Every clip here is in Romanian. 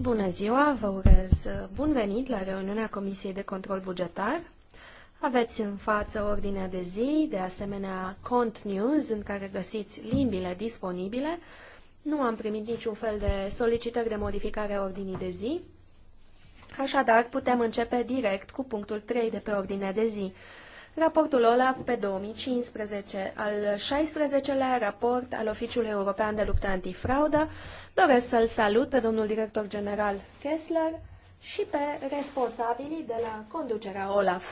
Bună ziua, vă urez uh, bun venit la reuniunea Comisiei de Control Bugetar. Aveți în față ordinea de zi, de asemenea cont news în care găsiți limbile disponibile. Nu am primit niciun fel de solicitări de modificare a ordinii de zi. Așadar, putem începe direct cu punctul 3 de pe ordinea de zi raportul OLAF pe 2015, al 16-lea raport al Oficiului European de Luptă Antifraudă. Doresc să-l salut pe domnul director general Kessler și pe responsabilii de la conducerea OLAF.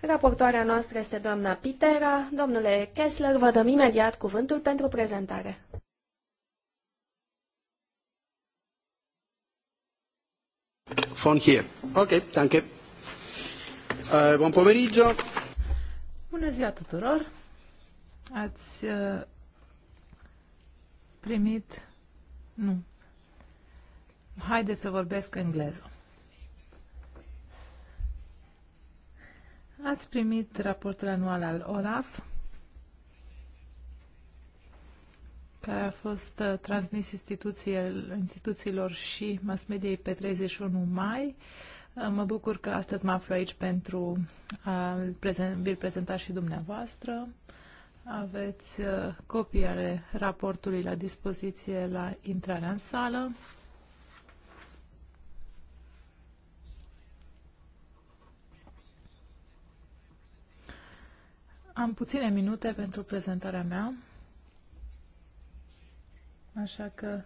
Raportoarea noastră este doamna Pitera. Domnule Kessler, vă dăm imediat cuvântul pentru prezentare. Von here. Ok, danke. Uh, buon pomeriggio. Bună ziua tuturor! Ați uh, primit... Nu. Haideți să vorbesc engleză. Ați primit raportul anual al OLAF, care a fost uh, transmis instituțiilor și mass mediei pe 31 mai. Uh, mă bucur că astăzi mă aflu aici pentru a vi-l prezenta și dumneavoastră. Aveți uh, copii ale raportului la dispoziție la intrarea în sală. Am puține minute pentru prezentarea mea, așa că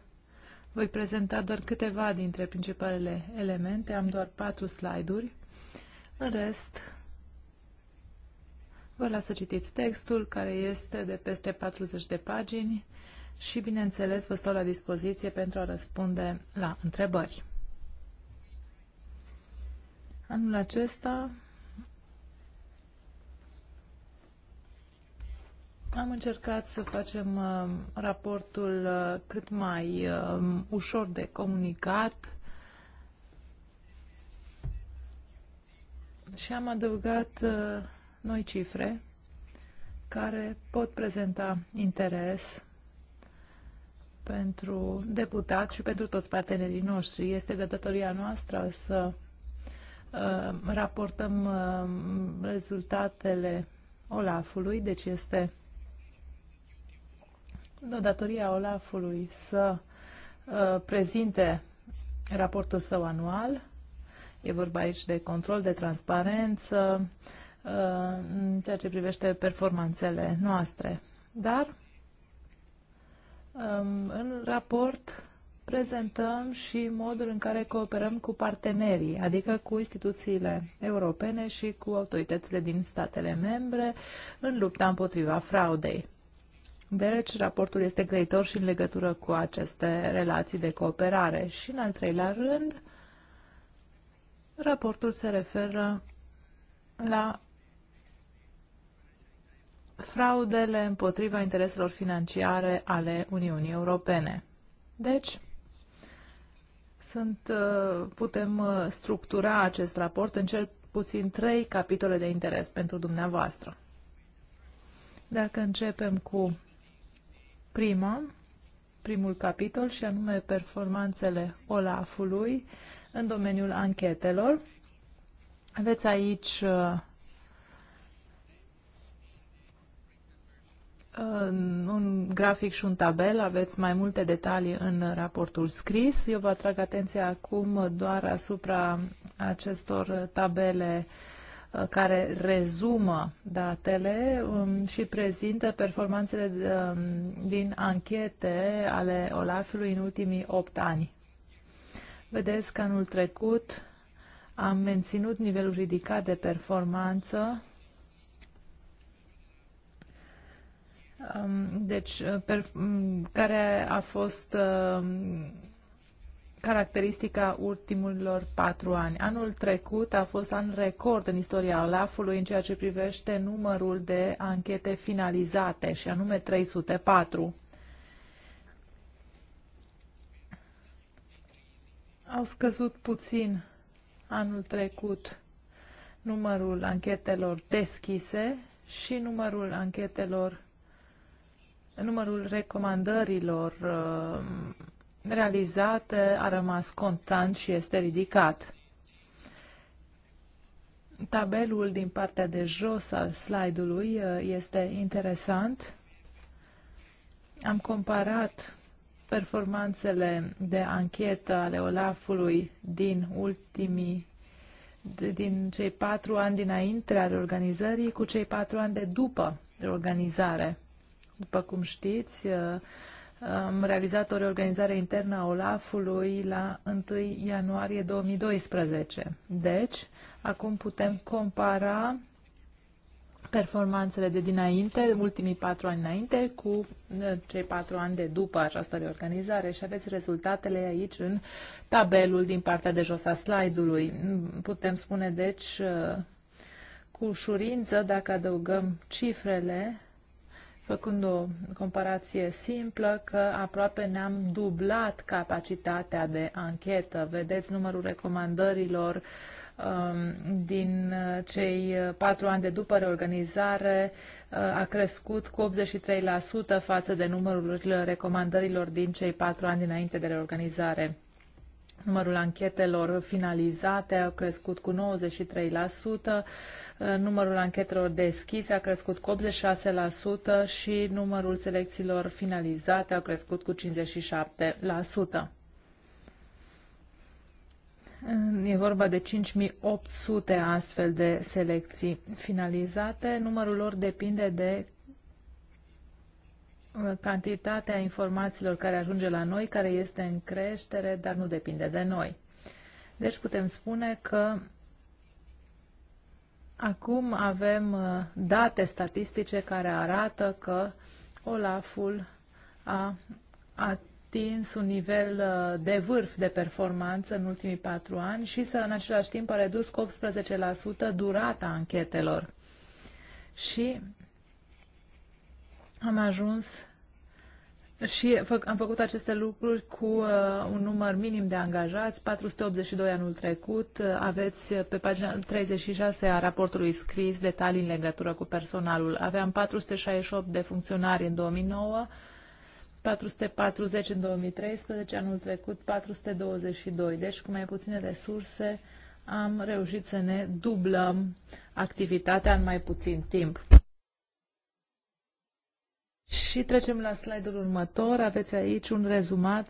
voi prezenta doar câteva dintre principalele elemente, am doar patru slide-uri. În rest, vă las să citiți textul, care este de peste 40 de pagini și, bineînțeles, vă stau la dispoziție pentru a răspunde la întrebări. Anul acesta Am încercat să facem uh, raportul uh, cât mai uh, ușor de comunicat și am adăugat noi cifre care pot prezenta interes pentru deputat și pentru toți partenerii noștri. Este de datoria noastră să raportăm rezultatele Olafului, deci este Datoria Olafului să uh, prezinte raportul său anual. E vorba aici de control, de transparență, uh, în ceea ce privește performanțele noastre. Dar um, în raport prezentăm și modul în care cooperăm cu partenerii, adică cu instituțiile europene și cu autoritățile din statele membre în lupta împotriva fraudei. Deci, raportul este grăitor și în legătură cu aceste relații de cooperare. Și, în al treilea rând, raportul se referă la fraudele împotriva intereselor financiare ale Uniunii Europene. Deci, sunt, uh, putem uh, structura acest raport în cel puțin trei capitole de interes pentru dumneavoastră. Dacă începem cu Prima, primul capitol și anume performanțele Olafului în domeniul anchetelor. Aveți aici uh, un grafic și un tabel, aveți mai multe detalii în raportul scris. Eu vă atrag atenția acum doar asupra acestor tabele Uh, care rezumă datele um, și prezintă performanțele um, din anchete ale Olafului în ultimii 8 ani. Vedeți că anul trecut am menținut nivelul ridicat de performanță um, deci, uh, per, care a fost uh, caracteristica ultimilor patru ani. Anul trecut a fost an record în istoria Olafului în ceea ce privește numărul de anchete finalizate, și anume 304. Au scăzut puțin anul trecut numărul anchetelor deschise și numărul anchetelor, numărul recomandărilor uh, realizate a rămas constant și este ridicat. Tabelul din partea de jos al slide-ului uh, este interesant. Am comparat performanțele de anchetă ale Olafului din ultimii din cei patru ani dinainte ale organizării cu cei patru ani de după reorganizare. După cum știți, uh, am realizat o reorganizare internă a OLAFului la 1 ianuarie 2012. Deci, acum putem compara performanțele de dinainte, ultimii patru ani înainte, cu uh, cei patru ani de după această reorganizare și aveți rezultatele aici în tabelul din partea de jos a slide-ului. Putem spune, deci, uh, cu ușurință, dacă adăugăm cifrele, făcând o comparație simplă, că aproape ne-am dublat capacitatea de anchetă. Vedeți numărul recomandărilor um, din cei patru ani de după reorganizare uh, a crescut cu 83% față de numărul recomandărilor din cei patru ani dinainte de reorganizare. Numărul anchetelor finalizate a crescut cu 93%, numărul anchetelor deschise a crescut cu 86% și numărul selecțiilor finalizate a crescut cu 57%. E vorba de 5800 astfel de selecții finalizate. Numărul lor depinde de uh, cantitatea informațiilor care ajunge la noi, care este în creștere, dar nu depinde de noi. Deci putem spune că Acum avem uh, date statistice care arată că Olaful a atins un nivel uh, de vârf de performanță în ultimii patru ani și să în același timp a redus cu 18% durata anchetelor. Și am ajuns și am făcut aceste lucruri cu uh, un număr minim de angajați, 482 anul trecut. Uh, aveți uh, pe pagina 36 a raportului scris detalii în legătură cu personalul. Aveam 468 de funcționari în 2009, 440 în 2013, anul trecut 422. Deci cu mai puține resurse am reușit să ne dublăm activitatea în mai puțin timp. Și trecem la slide-ul următor. Aveți aici un rezumat.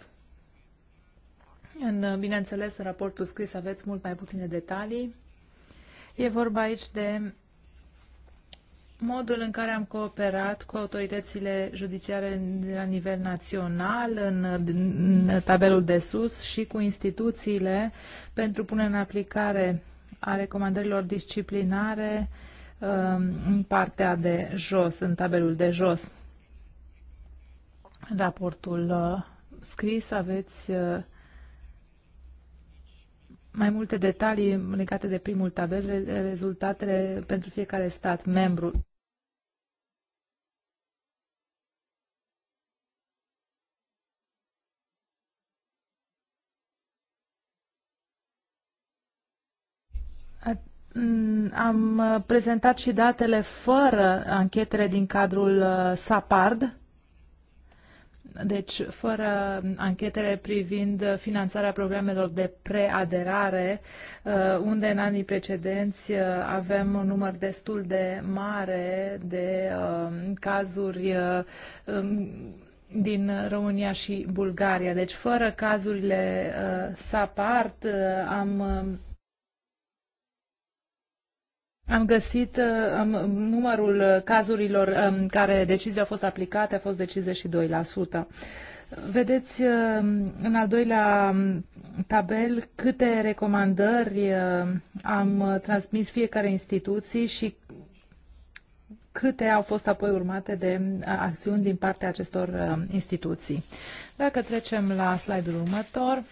În, bineînțeles, în raportul scris aveți mult mai puține detalii. E vorba aici de modul în care am cooperat cu autoritățile judiciare la nivel național, în, în tabelul de sus și cu instituțiile pentru punerea în aplicare a recomandărilor disciplinare um, în partea de jos, în tabelul de jos raportul uh, scris, aveți uh, mai multe detalii legate de primul tabel, rezultatele pentru fiecare stat membru. Mm, am uh, prezentat și datele fără anchetele din cadrul SAPARD. Deci, fără anchetele privind finanțarea programelor de preaderare, uh, unde în anii precedenți uh, avem un număr destul de mare de uh, cazuri din România și Bulgaria. Deci, fără cazurile SAPART, am am găsit um, numărul cazurilor um, care decizia a fost aplicată, a fost de 52%. Vedeți uh, în al doilea um, tabel câte recomandări uh, am transmis fiecare instituții și câte au fost apoi urmate de acțiuni din partea acestor instituții. Dacă trecem la slide-ul următor,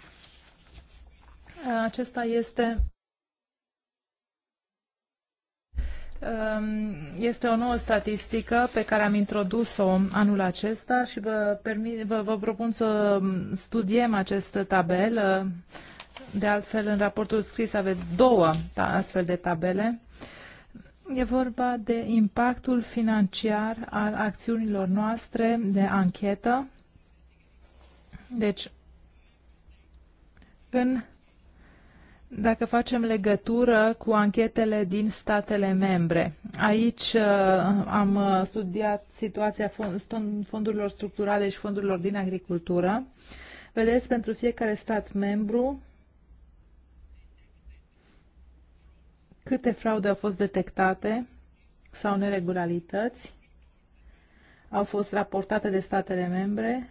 acesta este Um, este o nouă statistică pe care am introdus-o anul acesta și vă, permit, vă, vă propun să studiem această tabelă. De altfel, în raportul scris aveți două astfel de tabele. E vorba de impactul financiar al acțiunilor noastre de anchetă. Deci, în dacă facem legătură cu anchetele din statele membre. Aici uh, am uh, studiat situația fondurilor structurale și fondurilor din agricultură. Vedeți, pentru fiecare stat membru, câte fraude au fost detectate sau neregularități au fost raportate de statele membre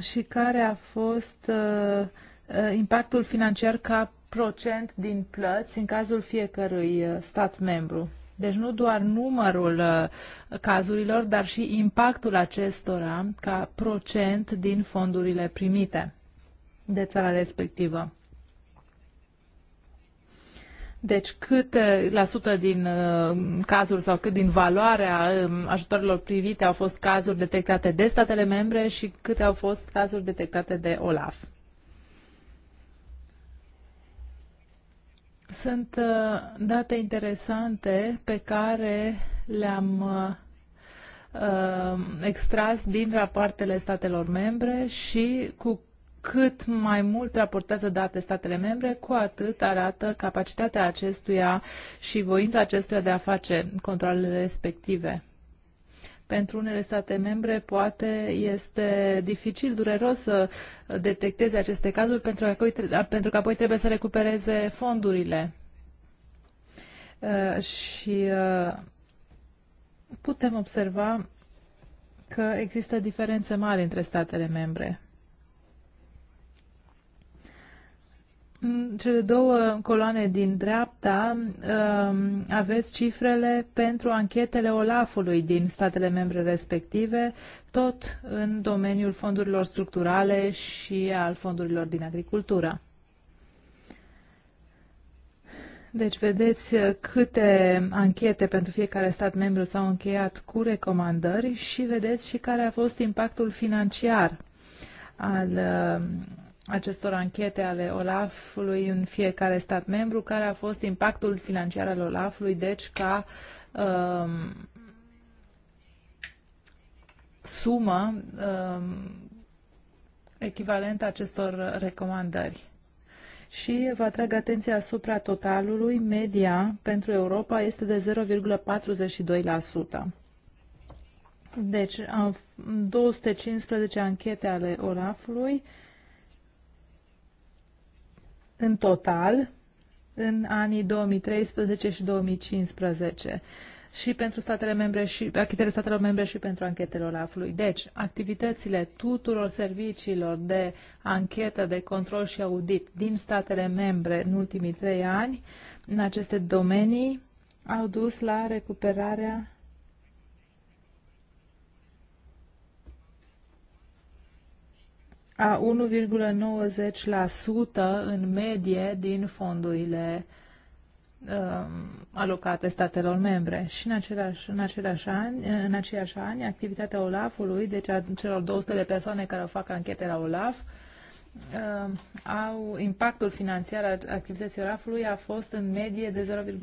și care a fost uh, Uh, impactul financiar ca procent din plăți în cazul fiecărui uh, stat membru. Deci nu doar numărul uh, cazurilor, dar și impactul acestora ca procent din fondurile primite de țara respectivă. Deci cât la sută din cazuri sau cât din valoarea um, ajutorilor privite au fost cazuri detectate de statele membre și câte au fost cazuri detectate de OLAF. Sunt uh, date interesante pe care le-am uh, uh, extras din rapoartele statelor membre și cu cât mai mult raportează date statele membre, cu atât arată capacitatea acestuia și voința acestuia de a face controlele respective pentru unele state membre poate este dificil, dureros să detecteze aceste cazuri pentru că, pentru că apoi trebuie să recupereze fondurile. Uh, și uh, putem observa că există diferențe mari între statele membre. cele două coloane din dreapta um, aveți cifrele pentru anchetele Olafului din statele membre respective, tot în domeniul fondurilor structurale și al fondurilor din agricultură. Deci vedeți câte anchete pentru fiecare stat membru s-au încheiat cu recomandări și vedeți și care a fost impactul financiar al um, acestor anchete ale OLAF-ului în fiecare stat membru, care a fost impactul financiar al OLAF-ului, deci ca um, sumă um, echivalentă acestor recomandări. Și vă atrag atenția asupra totalului, media pentru Europa este de 0,42%. Deci, 215 anchete ale OLAF-ului, în total în anii 2013 și 2015 și pentru statele membre și achitele statelor membre și pentru anchetele Olafului. Deci, activitățile tuturor serviciilor de anchetă, de control și audit din statele membre în ultimii trei ani, în aceste domenii, au dus la recuperarea a 1,90% în medie din fondurile uh, alocate statelor membre. Și în, același, în, același an, în aceiași ani, activitatea OLAF-ului, deci a celor 200 de persoane care fac anchete la OLAF, uh, au impactul financiar al activității OLAF-ului a fost în medie de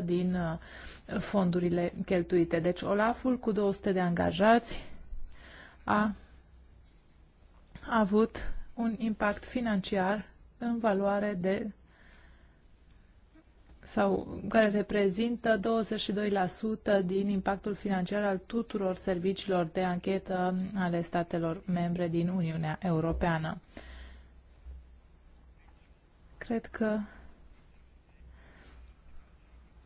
0,42% din uh, fondurile cheltuite. Deci OLAF-ul cu 200 de angajați a a avut un impact financiar în valoare de sau care reprezintă 22% din impactul financiar al tuturor serviciilor de anchetă ale statelor membre din Uniunea Europeană. Cred că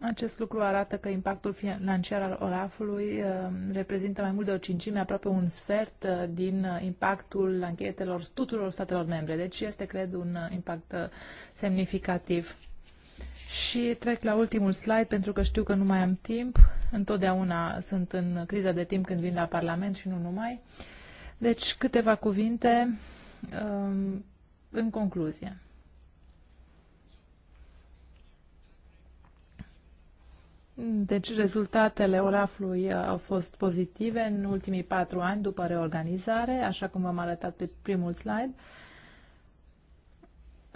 acest lucru arată că impactul financiar al Olafului uh, reprezintă mai mult de o cincime, aproape un sfert uh, din uh, impactul anchetelor tuturor statelor membre. Deci este, cred, un impact semnificativ. Și trec la ultimul slide pentru că știu că nu mai am timp. Întotdeauna sunt în criza de timp când vin la Parlament și nu numai. Deci câteva cuvinte um, în concluzie. Deci rezultatele Olafului uh, au fost pozitive în ultimii patru ani după reorganizare, așa cum am arătat pe primul slide.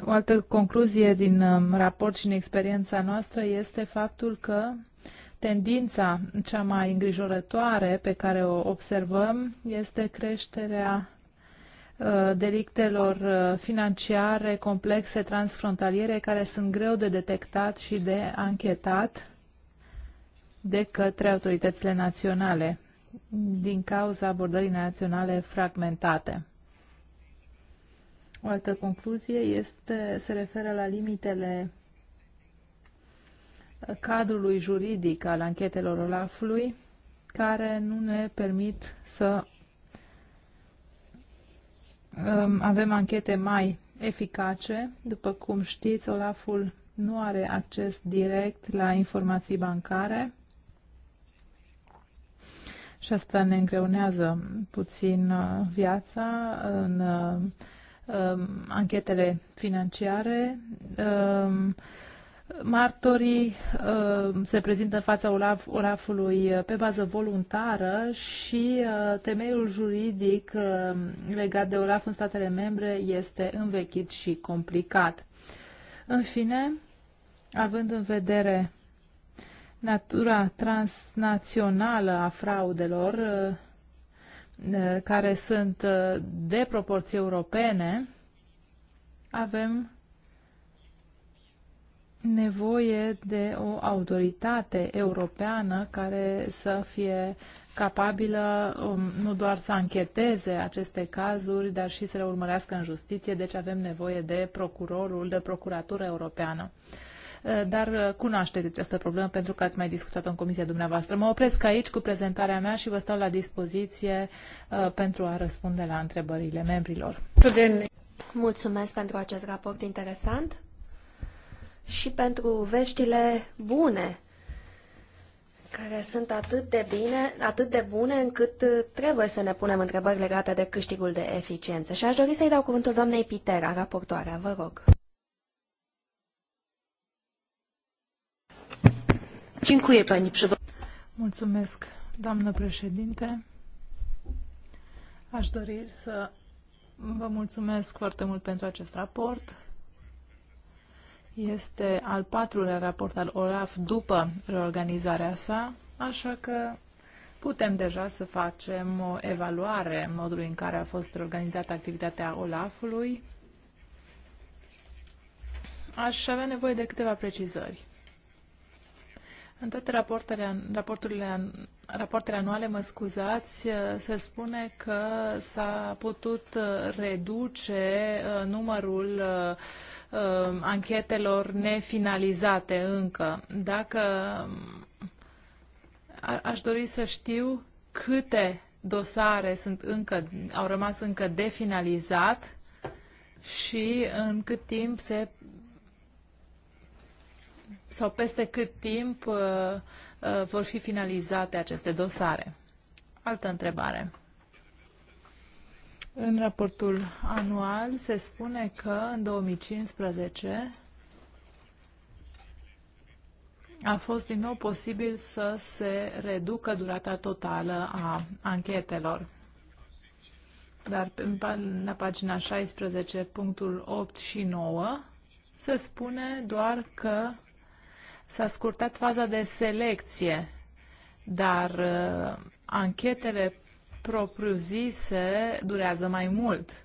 O altă concluzie din um, raport și în experiența noastră este faptul că tendința cea mai îngrijorătoare pe care o observăm este creșterea uh, delictelor uh, financiare complexe transfrontaliere care sunt greu de detectat și de anchetat de către autoritățile naționale din cauza abordării naționale fragmentate. O altă concluzie este, se referă la limitele cadrului juridic al anchetelor Olafului, care nu ne permit să um, avem anchete mai eficace. După cum știți, Olaful nu are acces direct la informații bancare și asta ne îngreunează puțin uh, viața în uh, um, anchetele financiare. Um, martorii uh, se prezintă în fața Olaf, Olafului pe bază voluntară și temeiul juridic legat de Olaf în statele membre este învechit și complicat. În fine, având în vedere natura transnațională a fraudelor uh, uh, care sunt uh, de proporții europene, avem nevoie de o autoritate europeană care să fie capabilă um, nu doar să ancheteze aceste cazuri, dar și să le urmărească în justiție, deci avem nevoie de procurorul, de procuratură europeană. Eh, dar eh, cunoașteți această problemă pentru că ați mai discutat-o în comisia dumneavoastră. Mă opresc aici cu prezentarea mea și vă stau la dispoziție eh, pentru a răspunde la întrebările membrilor. Mulțumesc pentru acest raport interesant și pentru veștile bune care sunt atât de bine, atât de bune încât trebuie să ne punem întrebări legate de câștigul de eficiență. Și aș dori să-i dau cuvântul doamnei Pitera, raportoarea, vă rog. a Mulțumesc, președinte. Aș dori să vă mulțumesc foarte mult pentru acest raport. Este al patrulea raport al OLAF după reorganizarea sa, așa că putem deja să facem o evaluare modului în care a fost reorganizată activitatea OLAF-ului. Aș avea nevoie de câteva precizări. În toate raportele, raporturile, raportele anuale, mă scuzați, uh, se spune că s-a putut uh, reduce uh, numărul anchetelor nefinalizate încă. Dacă um, aș dori să știu câte dosare sunt încă, au rămas încă definalizat și în cât timp se sau peste cât timp uh, uh, vor fi finalizate aceste dosare? Altă întrebare. În raportul anual se spune că în 2015 a fost din nou posibil să se reducă durata totală a anchetelor. Dar la pagina 16, punctul 8 și 9, se spune doar că S-a scurtat faza de selecție, dar uh, anchetele propriu-zise durează mai mult.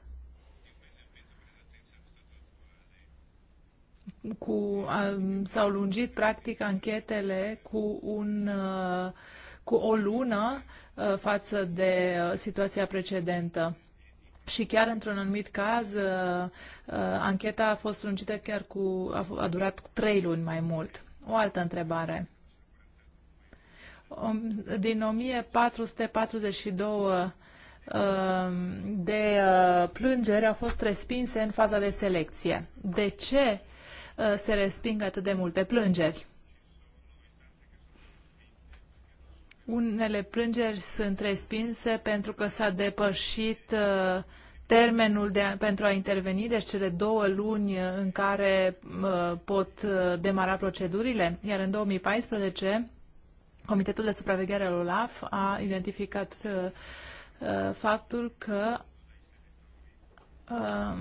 Cu, uh, s-au lungit practic anchetele cu un uh, cu o lună uh, față de uh, situația precedentă. Și chiar într-un anumit caz, uh, ancheta a fost lungită chiar cu, a, a durat trei luni mai mult. O altă întrebare. Um, din 1442 um, de uh, plângeri au fost respinse în faza de selecție. De ce uh, se resping atât de multe plângeri? Unele plângeri sunt respinse pentru că s-a depășit uh, termenul de, pentru a interveni, deci cele două luni în care uh, pot uh, demara procedurile, iar în 2014 Comitetul de Supraveghere al OLAF a identificat uh, faptul că um,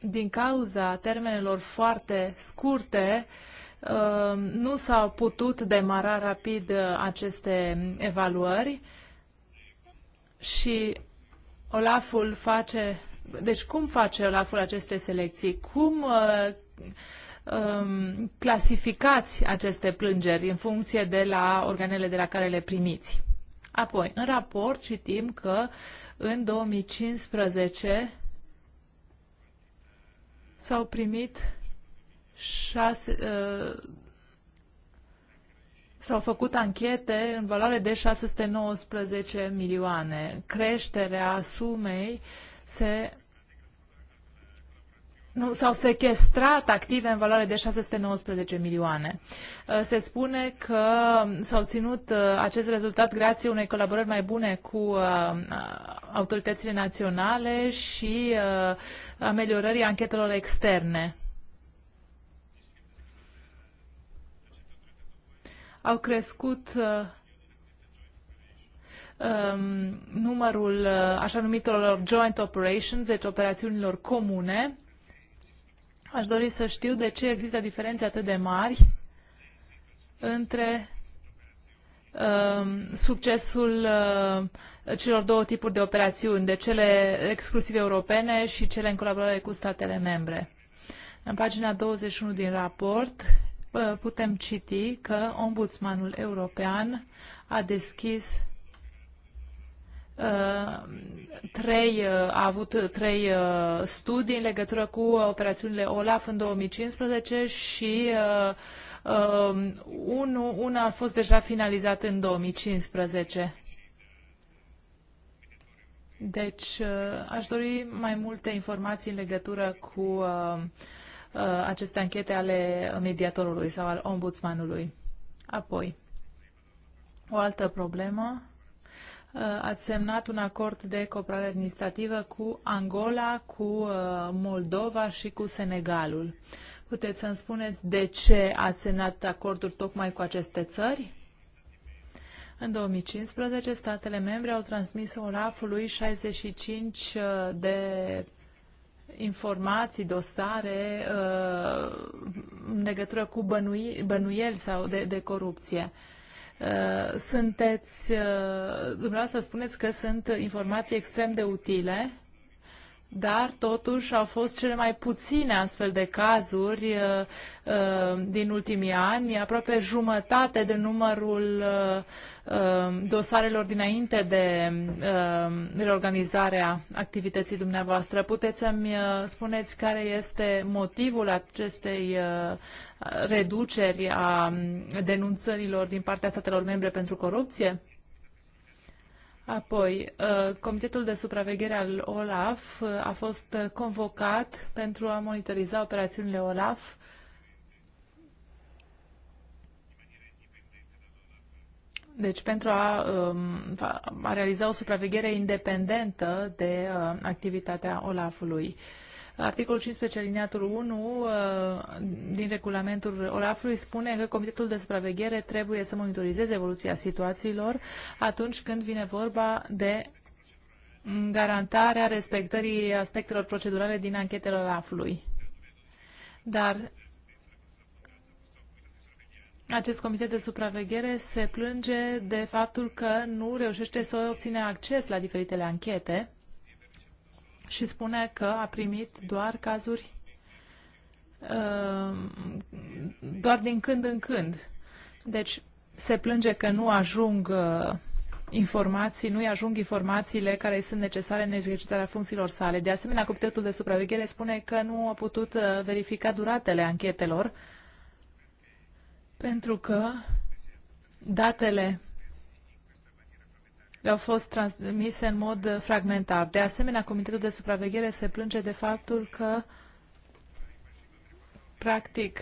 din cauza termenelor foarte scurte, um, nu s-au putut demara rapid aceste evaluări și Olaful face, deci cum face Olaful aceste selecții? Cum uh, um, clasificați aceste plângeri în funcție de la organele de la care le primiți? Apoi, în raport citim că în 2015 s-au primit 6, S-au făcut anchete în valoare de 619 milioane. Creșterea sumei se nu, s-au sequestrat active în valoare de 619 milioane. Uh, se spune că s-a obținut uh, acest rezultat grație unei colaborări mai bune cu uh, autoritățile naționale și ameliorării anchetelor externe. au crescut uh, um, numărul uh, așa numitelor joint operations, deci operațiunilor comune. Aș dori să știu de ce există diferențe atât de mari între um, succesul uh, celor două tipuri de operațiuni, de cele exclusiv europene și cele în colaborare cu statele membre. În pagina 21 din raport putem citi că ombudsmanul european a deschis uh, trei, uh, a avut trei uh, studii în legătură cu operațiunile OLAF în 2015 și um, una a fost deja finalizat în 2015. Deci, aș dori mai multe informații în legătură cu uh, Uh, aceste anchete ale mediatorului sau al ombudsmanului. Apoi, o altă problemă uh, ați semnat un acord de cooperare administrativă cu Angola, cu uh, Moldova și cu Senegalul. Puteți să-mi spuneți de ce ați semnat acorduri tocmai cu aceste țări? În 2015, statele membre au transmis Olafului 65 de informații, dosare uh, în legătură cu bănui, bănuieli sau de, de corupție. Uh, sunteți, uh, dumneavoastră spuneți că sunt informații extrem de utile dar totuși au fost cele mai puține astfel de cazuri uh, uh din ultimii ani, aproape jumătate de numărul uh, uh, dosarelor dinainte de uh, reorganizarea activității dumneavoastră. Puteți să-mi uh, spuneți care este motivul acestei reduceri a denunțărilor din partea statelor membre pentru corupție? Apoi, uh, Comitetul de Supraveghere al OLAF uh, a fost uh, convocat pentru a monitoriza operațiunile OLAF Deci pentru a, um, a realiza o supraveghere independentă de activitatea Olafului. ului Articolul 15, liniatul 1 din regulamentul oraf ului spune că Comitetul de Supraveghere trebuie să monitorizeze evoluția situațiilor atunci când vine vorba de garantarea respectării aspectelor procedurale din anchetele OLAF-ului. Dar acest comitet de supraveghere se plânge de faptul că nu reușește să obține acces la diferitele anchete și spune că a primit doar cazuri uh, doar din când în când. Deci se plânge că nu ajung uh, informații, nu-i ajung informațiile care sunt necesare în exercitarea funcțiilor sale. De asemenea, Comitetul de Supraveghere spune că nu a putut uh, verifica duratele anchetelor pentru că datele au fost transmise în mod fragmentar. De asemenea, Comitetul de Supraveghere se plânge de faptul că, practic,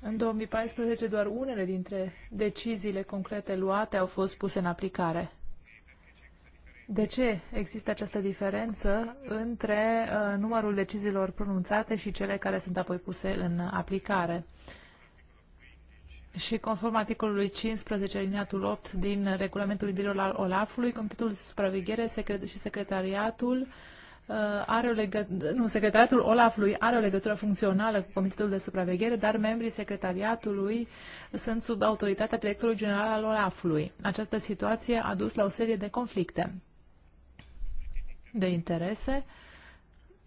în 2014 doar unele dintre deciziile concrete luate au fost puse în aplicare. De ce există această diferență între uh, numărul deciziilor pronunțate și cele care sunt apoi puse în aplicare? Uh, și conform articolului 15 liniatul 8 din regulamentul birou al Olafului, Comitetul de Supraveghere secret și Secretariatul uh, are o legătură, nu, secretariatul Olafului are o legătură funcțională cu Comitetul de Supraveghere, dar membrii secretariatului sunt sub autoritatea directorului general al Olafului. Această situație a dus la o serie de conflicte de interese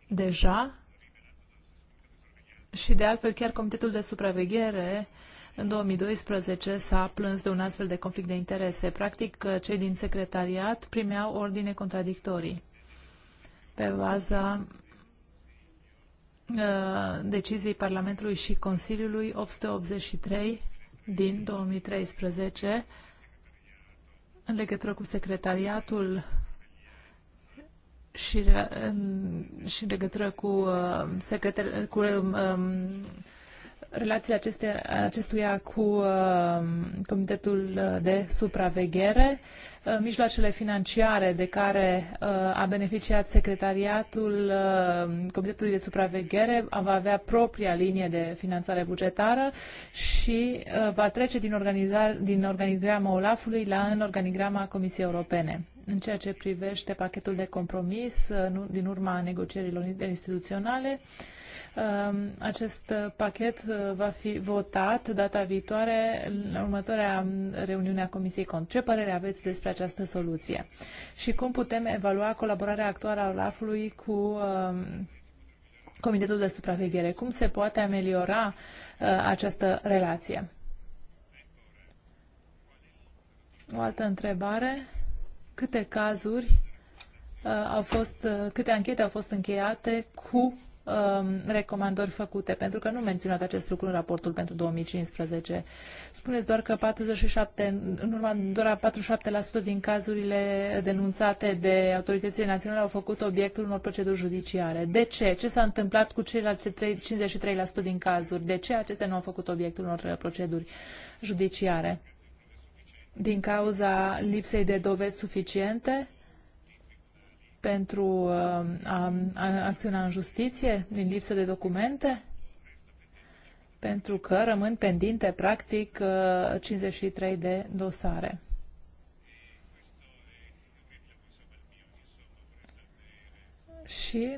deja și de altfel chiar Comitetul de Supraveghere uh, în 2012 s-a plâns de un astfel de conflict de interese. Practic, uh, cei din secretariat primeau ordine contradictorii pe baza uh, deciziei Parlamentului și Consiliului 883 din 2013 în legătură cu secretariatul și, uh, în, și în legătură cu, uh, secretar, cu um, relațiile aceste, acestuia cu uh, Comitetul de Supraveghere, uh, mijloacele financiare de care uh, a beneficiat secretariatul uh, Comitetului de Supraveghere va avea propria linie de finanțare bugetară și uh, va trece din, din organigrama Olafului la în organigrama Comisiei Europene. În ceea ce privește pachetul de compromis uh, din urma negocierilor interinstituționale, uh, Um, acest pachet uh, va fi votat data viitoare la următoarea reuniune a Comisiei Cont. Ce părere aveți despre această soluție? Și cum putem evalua colaborarea actuală a OLAF-ului cu um, Comitetul de Supraveghere? Cum se poate ameliora uh, această relație? O altă întrebare. Câte cazuri uh, au fost, uh, câte anchete au fost încheiate cu Um, recomandări făcute, pentru că nu menționat acest lucru în raportul pentru 2015. Spuneți doar că 47, în urma doar 47% din cazurile denunțate de autoritățile naționale au făcut obiectul unor proceduri judiciare. De ce? Ce s-a întâmplat cu ceilalți 53% din cazuri? De ce acestea nu au făcut obiectul unor proceduri judiciare? Din cauza lipsei de dovezi suficiente? pentru uh, a acționa în justiție din lipsă de documente? Pentru că rămân pendinte, practic, 53 uh, de dosare. Și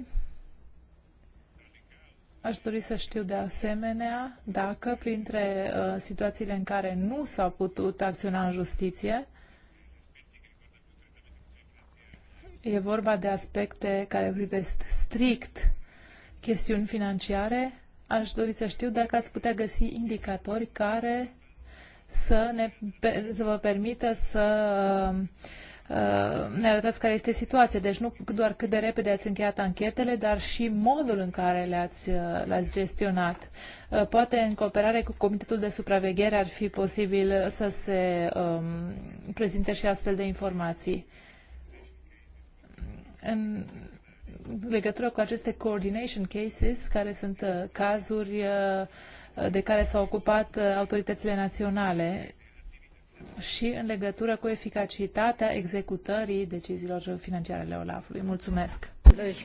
Aș dori să știu de asemenea dacă printre uh, situațiile în care nu s-a putut acționa în justiție E vorba de aspecte care privesc strict chestiuni financiare. Aș dori să știu dacă ați putea găsi indicatori care să, ne, să vă permită să uh, ne arătați care este situația. Deci nu doar cât de repede ați încheiat anchetele, dar și modul în care le-ați, uh, le gestionat. Uh, poate în cooperare cu Comitetul de Supraveghere ar fi posibil să se um, prezinte și astfel de informații în legătură cu aceste coordination cases, care sunt uh, cazuri uh, de care s-au ocupat uh, autoritățile naționale și în legătură cu eficacitatea executării deciziilor financiare ale OLAF-ului. Mulțumesc!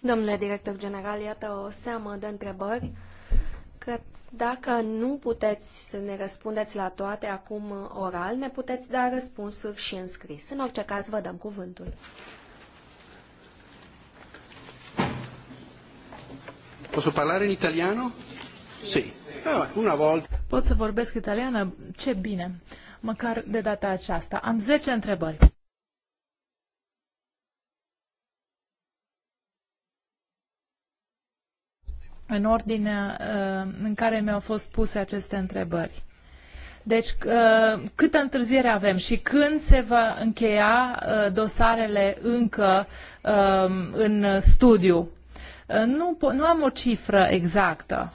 Domnule director general, iată o seamă de întrebări. Că dacă nu puteți să ne răspundeți la toate acum oral, ne puteți da răspunsuri și în scris. În orice caz, vă dăm cuvântul. Posso parlare in italiano? Sì. Ah, una volta. Pot să vorbesc italiană? Ce bine. Măcar de data aceasta. Am 10 întrebări. în ordine uh, în care mi-au fost puse aceste întrebări. Deci, uh, câtă întârziere avem și când se va încheia uh, dosarele încă uh, în studiu? Uh, nu, nu am o cifră exactă.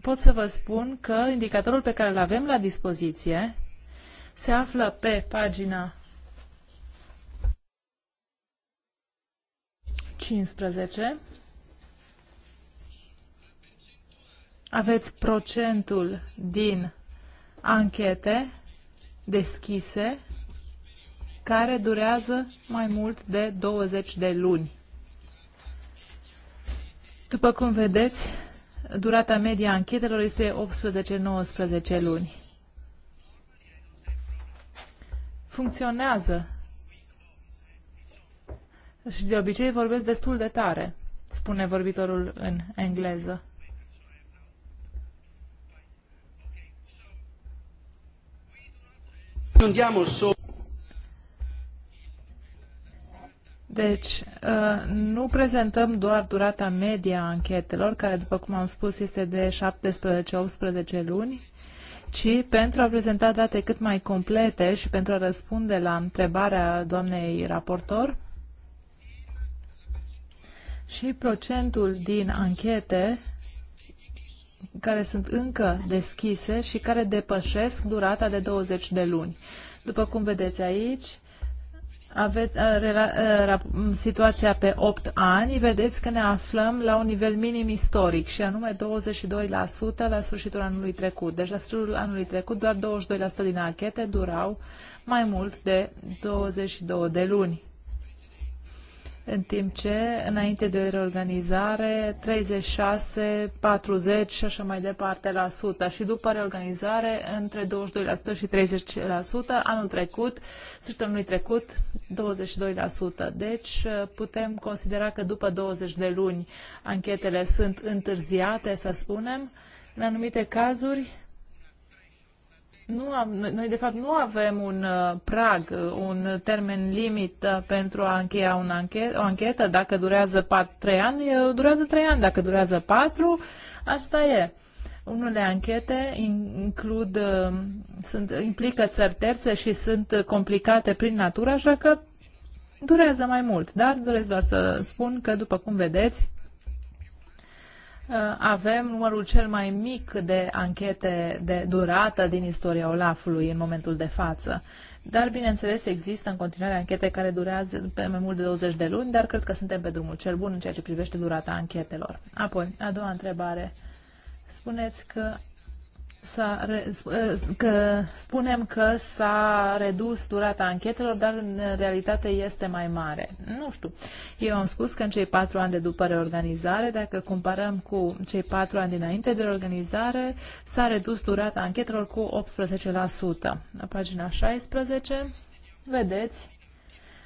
Pot să vă spun că indicatorul pe care îl avem la dispoziție se află pe pagina 15. Aveți procentul din anchete deschise care durează mai mult de 20 de luni. După cum vedeți, durata media a anchetelor este 18-19 luni. Funcționează. Și de obicei vorbesc destul de tare, spune vorbitorul în engleză. Deci, uh, nu prezentăm doar durata media a anchetelor, care, după cum am spus, este de 17-18 luni, ci pentru a prezenta date cât mai complete și pentru a răspunde la întrebarea doamnei raportor și procentul din anchete care sunt încă deschise și care depășesc durata de 20 de luni. După cum vedeți aici, aveți uh, uh, mm, situația pe 8 ani, vedeți că ne aflăm la un nivel minim istoric și anume 22% la sfârșitul anului trecut. Deci la sfârșitul anului trecut doar 22% din anchete durau mai mult de 22 de luni în timp ce înainte de reorganizare 36, 40 și așa mai departe la sută și după reorganizare între 22% și 30% anul trecut, săptămânii trecut 22%. Deci putem considera că după 20 de luni anchetele sunt întârziate, să spunem, în anumite cazuri nu am, noi, de fapt, nu avem un uh, prag, uh, un termen limit uh, pentru a încheia un anchet, o anchetă. Dacă durează 4, 3 ani, durează 3 ani. Dacă durează 4, asta e. Unele anchete includ, sunt, implică țări terțe și sunt complicate prin natură, așa că durează mai mult. Dar doresc doar să spun că, după cum vedeți, Uh, avem numărul cel mai mic de anchete de durată din istoria Olafului în momentul de față. Dar, bineînțeles, există în continuare anchete care durează pe mai mult de 20 de luni, dar cred că suntem pe drumul cel bun în ceea ce privește durata anchetelor. Apoi, a doua întrebare. Spuneți că s-a uh, că spunem că s-a redus durata anchetelor, dar în realitate este mai mare. Nu știu. Eu am spus că în cei patru ani de după reorganizare, dacă comparăm cu cei patru ani dinainte de reorganizare, s-a redus durata anchetelor cu 18%. La pagina 16 vedeți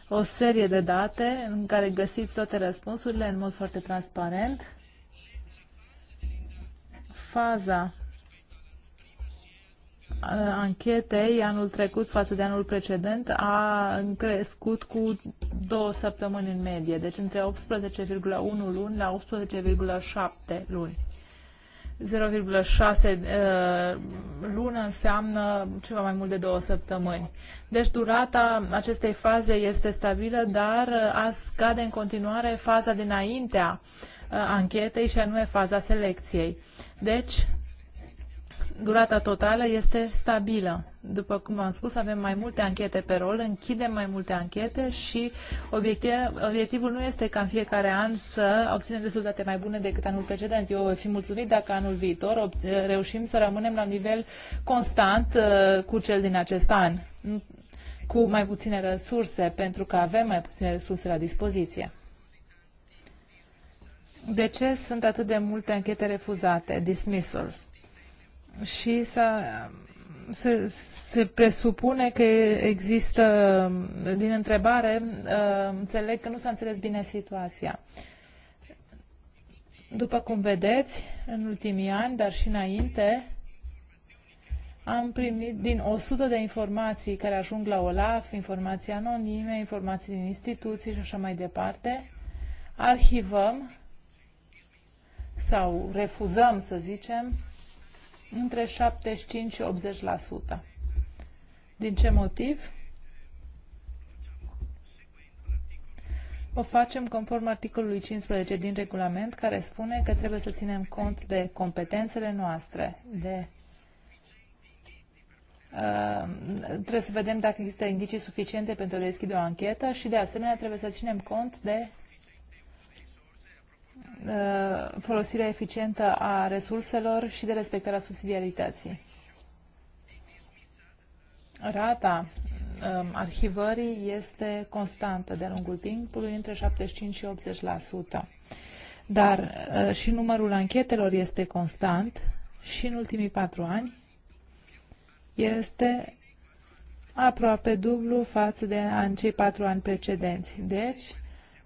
o serie de date în care găsiți toate răspunsurile în mod foarte transparent. Faza Uh, anchetei anul trecut față de anul precedent a crescut cu două săptămâni în medie, deci între 18,1 luni la 18,7 luni. 0,6 uh, lună înseamnă ceva mai mult de două săptămâni. Deci durata acestei faze este stabilă, dar uh, a scade în continuare faza dinaintea uh, anchetei și anume faza selecției. Deci durata totală este stabilă. După cum am spus, avem mai multe anchete pe rol, închidem mai multe anchete și obiectiv, obiectivul nu este ca în fiecare an să obținem rezultate mai bune decât anul precedent. Eu voi fi mulțumit dacă anul viitor reușim să rămânem la nivel constant uh, cu cel din acest an, cu mai puține resurse, pentru că avem mai puține resurse la dispoziție. De ce sunt atât de multe anchete refuzate, dismissals? și să se, se presupune că există, din întrebare, uh, înțeleg că nu s-a înțeles bine situația. După cum vedeți, în ultimii ani, dar și înainte, am primit din 100 de informații care ajung la OLAF, informații anonime, informații din instituții și așa mai departe, arhivăm sau refuzăm, să zicem, între 75 și 80%. Din ce motiv? O facem conform articolului 15 din regulament, care spune că trebuie să ținem cont de competențele noastre, de Uh, trebuie să vedem dacă există indicii suficiente pentru a deschide o anchetă și, de asemenea, trebuie să ținem cont de Uh, folosirea eficientă a resurselor și de respectarea subsidiarității. Rata um, arhivării este constantă de-a lungul timpului, între 75 și 80%. Dar uh, și numărul anchetelor este constant și în ultimii patru ani este aproape dublu față de în cei patru ani precedenți. Deci,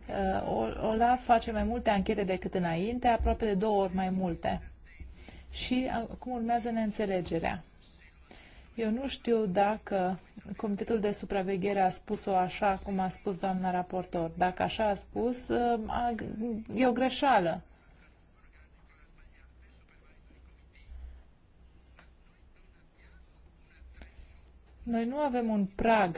Uh, Olaf face mai multe anchete decât înainte, aproape de două ori mai multe. Și acum urmează neînțelegerea. Eu nu știu dacă Comitetul de Supraveghere a spus-o așa cum a spus doamna raportor. Dacă așa a spus, uh, e o greșeală. Noi nu avem un prag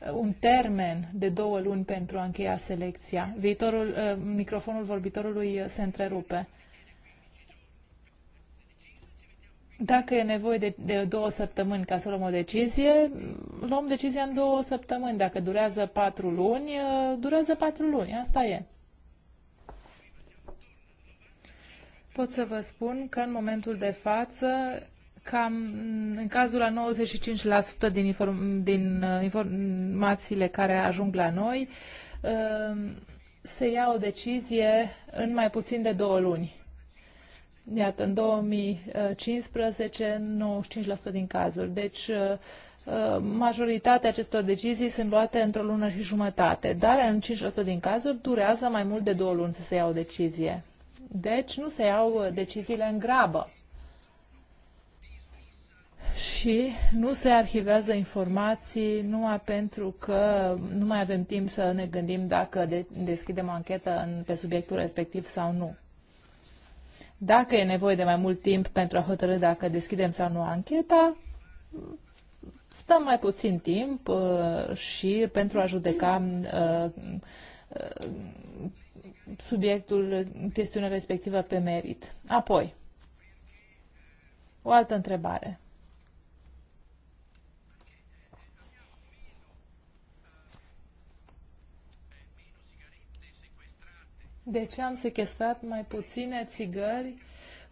Uh, un termen de două luni pentru a încheia selecția. Viitorul, uh, microfonul vorbitorului se întrerupe. Dacă e nevoie de, de două săptămâni ca să luăm o decizie, luăm decizia în două săptămâni. Dacă durează patru luni, uh, durează patru luni. Asta e. Pot să vă spun că în momentul de față cam în cazul la 95% din, inform, din uh, informațiile care ajung la noi, uh, se ia o decizie în mai puțin de două luni. Iată, în 2015, 95% din cazuri. Deci, uh, majoritatea acestor decizii sunt luate într-o lună și jumătate, dar în 5% din cazuri durează mai mult de două luni să se ia o decizie. Deci, nu se iau deciziile în grabă și nu se arhivează informații numai pentru că nu mai avem timp să ne gândim dacă de- deschidem o anchetă în, pe subiectul respectiv sau nu. Dacă e nevoie de mai mult timp pentru a hotărâ dacă deschidem sau nu ancheta, stăm mai puțin timp uh, și pentru a judeca uh, uh, subiectul, chestiunea respectivă pe merit. Apoi, o altă întrebare. de ce am sequestrat mai puține țigări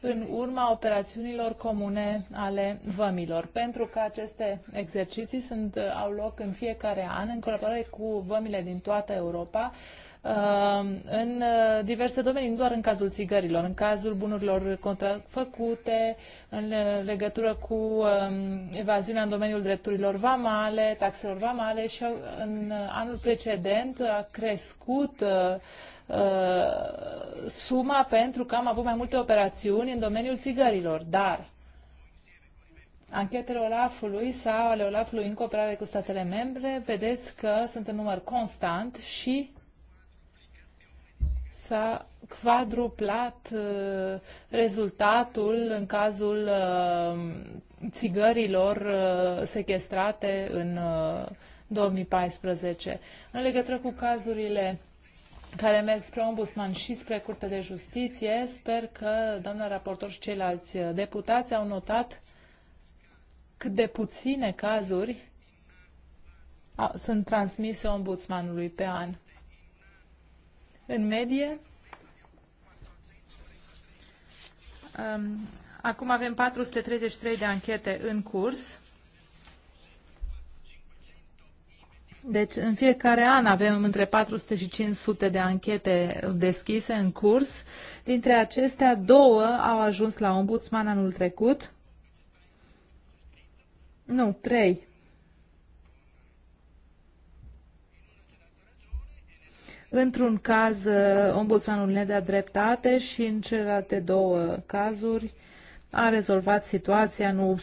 în urma operațiunilor comune ale vămilor. Pentru că aceste exerciții sunt, uh, au loc în fiecare an în colaborare cu vămile din toată Europa, uh, în uh, diverse domenii, nu doar în cazul țigărilor, în cazul bunurilor contrafăcute, în legătură cu um, evaziunea în domeniul drepturilor vamale, taxelor vamale și în anul precedent a crescut uh, suma pentru că am avut mai multe operațiuni în domeniul țigărilor, dar anchetele Olafului sau ale Olafului în cooperare cu statele membre, vedeți că sunt în număr constant și s-a quadruplat uh, rezultatul în cazul uh, țigărilor uh, sequestrate în 2014. Uh, în legătură cu cazurile care merg spre ombudsman și spre Curtea de Justiție. Sper că doamna raportor și ceilalți deputați au notat cât de puține cazuri sunt transmise ombudsmanului pe an. În medie, um, acum avem 433 de anchete în curs Deci, în fiecare an avem între 400 și 500 de anchete deschise în curs. Dintre acestea, două au ajuns la ombudsman anul trecut. Nu, trei. Într-un caz, ombudsmanul ne dea dreptate și în celelalte două cazuri, a rezolvat situația, nu,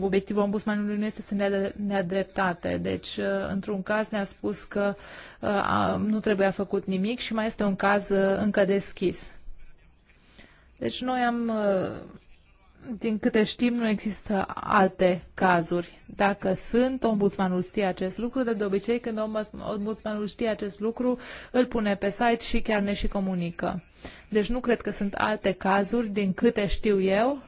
obiectivul ombudsmanului nu este să ne dea dreptate. Deci, uh, într-un caz ne-a spus că uh, a, nu trebuia făcut nimic și mai este un caz uh, încă deschis. Deci noi am, din câte știm, nu există alte cazuri. Dacă sunt, ombudsmanul știe acest lucru, dar de obicei când ombudsmanul știe acest lucru, îl pune pe site și chiar ne și comunică. Deci nu cred că sunt alte cazuri, din câte știu eu,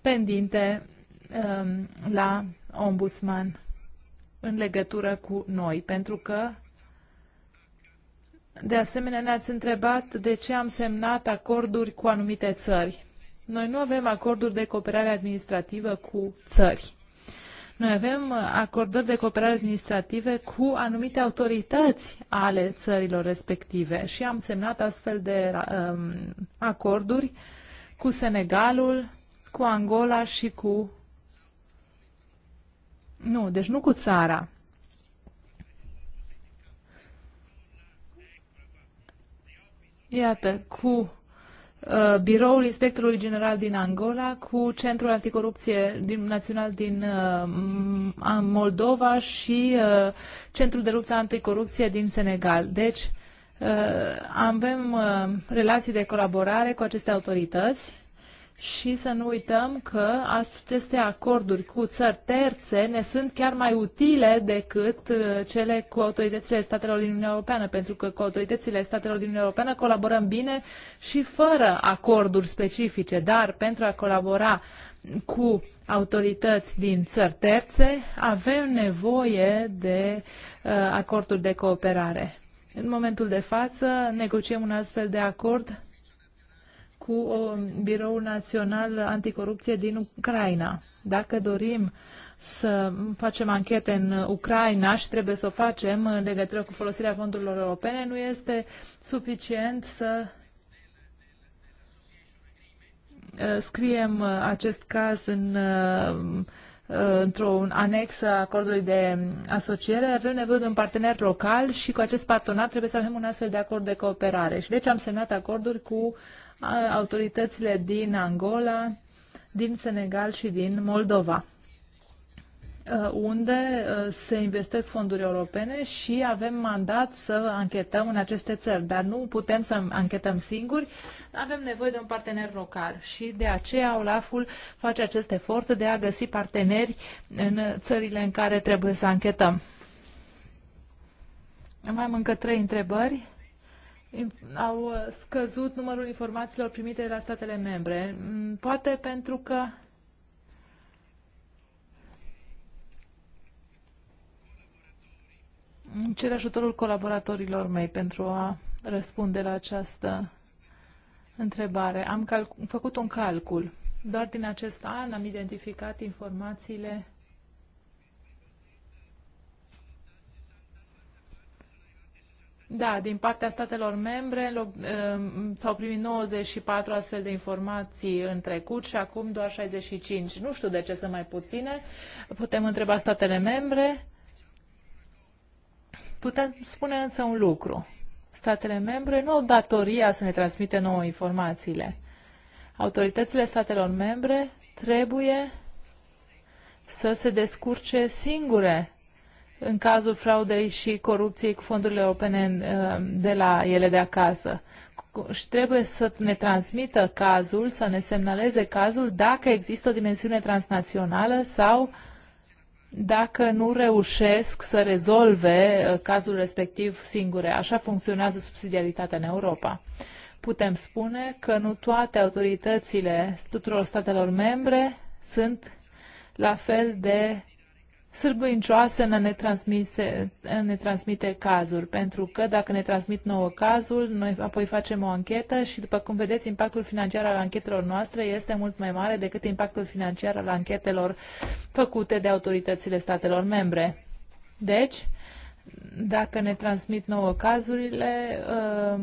pendinte um, la ombudsman în legătură cu noi, pentru că de asemenea ne-ați întrebat de ce am semnat acorduri cu anumite țări. Noi nu avem acorduri de cooperare administrativă cu țări. Noi avem acordări de cooperare administrative cu anumite autorități ale țărilor respective și am semnat astfel de um, acorduri cu Senegalul, cu Angola și cu... Nu, deci nu cu țara. Iată, cu uh, biroul inspectorului general din Angola, cu centrul anticorupție din, național din uh, Moldova și uh, centrul de luptă anticorupție din Senegal. Deci, uh, avem uh, relații de colaborare cu aceste autorități și să nu uităm că aceste acorduri cu țări terțe ne sunt chiar mai utile decât uh, cele cu autoritățile statelor din Uniunea Europeană, pentru că cu autoritățile statelor din Uniunea Europeană colaborăm bine și fără acorduri specifice, dar pentru a colabora cu autorități din țări terțe avem nevoie de uh, acorduri de cooperare. În momentul de față negociem un astfel de acord cu uh, Biroul Național Anticorupție din Ucraina. Dacă dorim să facem anchete în Ucraina și trebuie să o facem în legătură cu folosirea fondurilor europene, nu este suficient să uh, scriem uh, acest caz în, într un anexă a acordului de asociere, avem nevoie de un partener local și cu acest partener trebuie să avem un astfel de acord de cooperare. Și deci am semnat acorduri cu autoritățile din Angola, din Senegal și din Moldova unde se investesc fonduri europene și avem mandat să anchetăm în aceste țări, dar nu putem să anchetăm singuri, avem nevoie de un partener local și de aceea Olaful face acest efort de a găsi parteneri în țările în care trebuie să anchetăm. Mai am încă trei întrebări au uh, scăzut numărul informațiilor primite de la statele membre. Mm, poate pentru că cer ajutorul colaboratorilor mei pentru a răspunde la această întrebare. Am făcut un calcul. Doar din acest an am identificat informațiile Da, din partea statelor membre ehm, s-au primit 94 astfel de informații în trecut și acum doar 65. Nu știu de ce sunt mai puține. Putem întreba statele membre. Putem spune însă un lucru. Statele membre nu au datoria să ne transmite nouă informațiile. Autoritățile statelor membre trebuie să se descurce singure în cazul fraudei și corupției cu fondurile europene ehm, de la ele de acasă. Și trebuie să ne transmită cazul, să ne semnaleze cazul dacă există o dimensiune transnațională sau dacă nu reușesc să rezolve eh, cazul respectiv singure. Așa funcționează subsidiaritatea în Europa. Putem spune că nu toate autoritățile tuturor statelor membre sunt la fel de sârguincioasă în ne, ne transmite cazuri, pentru că dacă ne transmit nouă cazul, noi apoi facem o anchetă și, după cum vedeți, impactul financiar al anchetelor noastre este mult mai mare decât impactul financiar al anchetelor făcute de autoritățile statelor membre. Deci, dacă ne transmit nouă cazurile, um,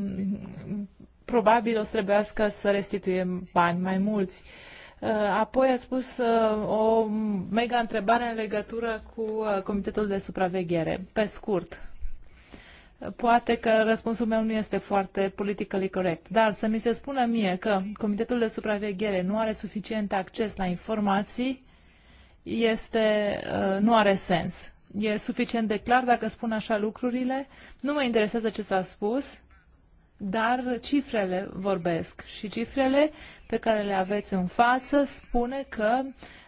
probabil o să trebuiască să restituim bani mai mulți Uh, apoi ați spus uh, o mega întrebare în legătură cu uh, Comitetul de Supraveghere. Pe scurt, Poate că răspunsul meu nu este foarte politically corect, dar să mi se spună mie că Comitetul de Supraveghere nu are suficient acces la informații, este, nu are sens. E suficient de clar dacă spun așa lucrurile, nu mă interesează ce s-a spus, dar cifrele vorbesc și cifrele pe care le aveți în față spune că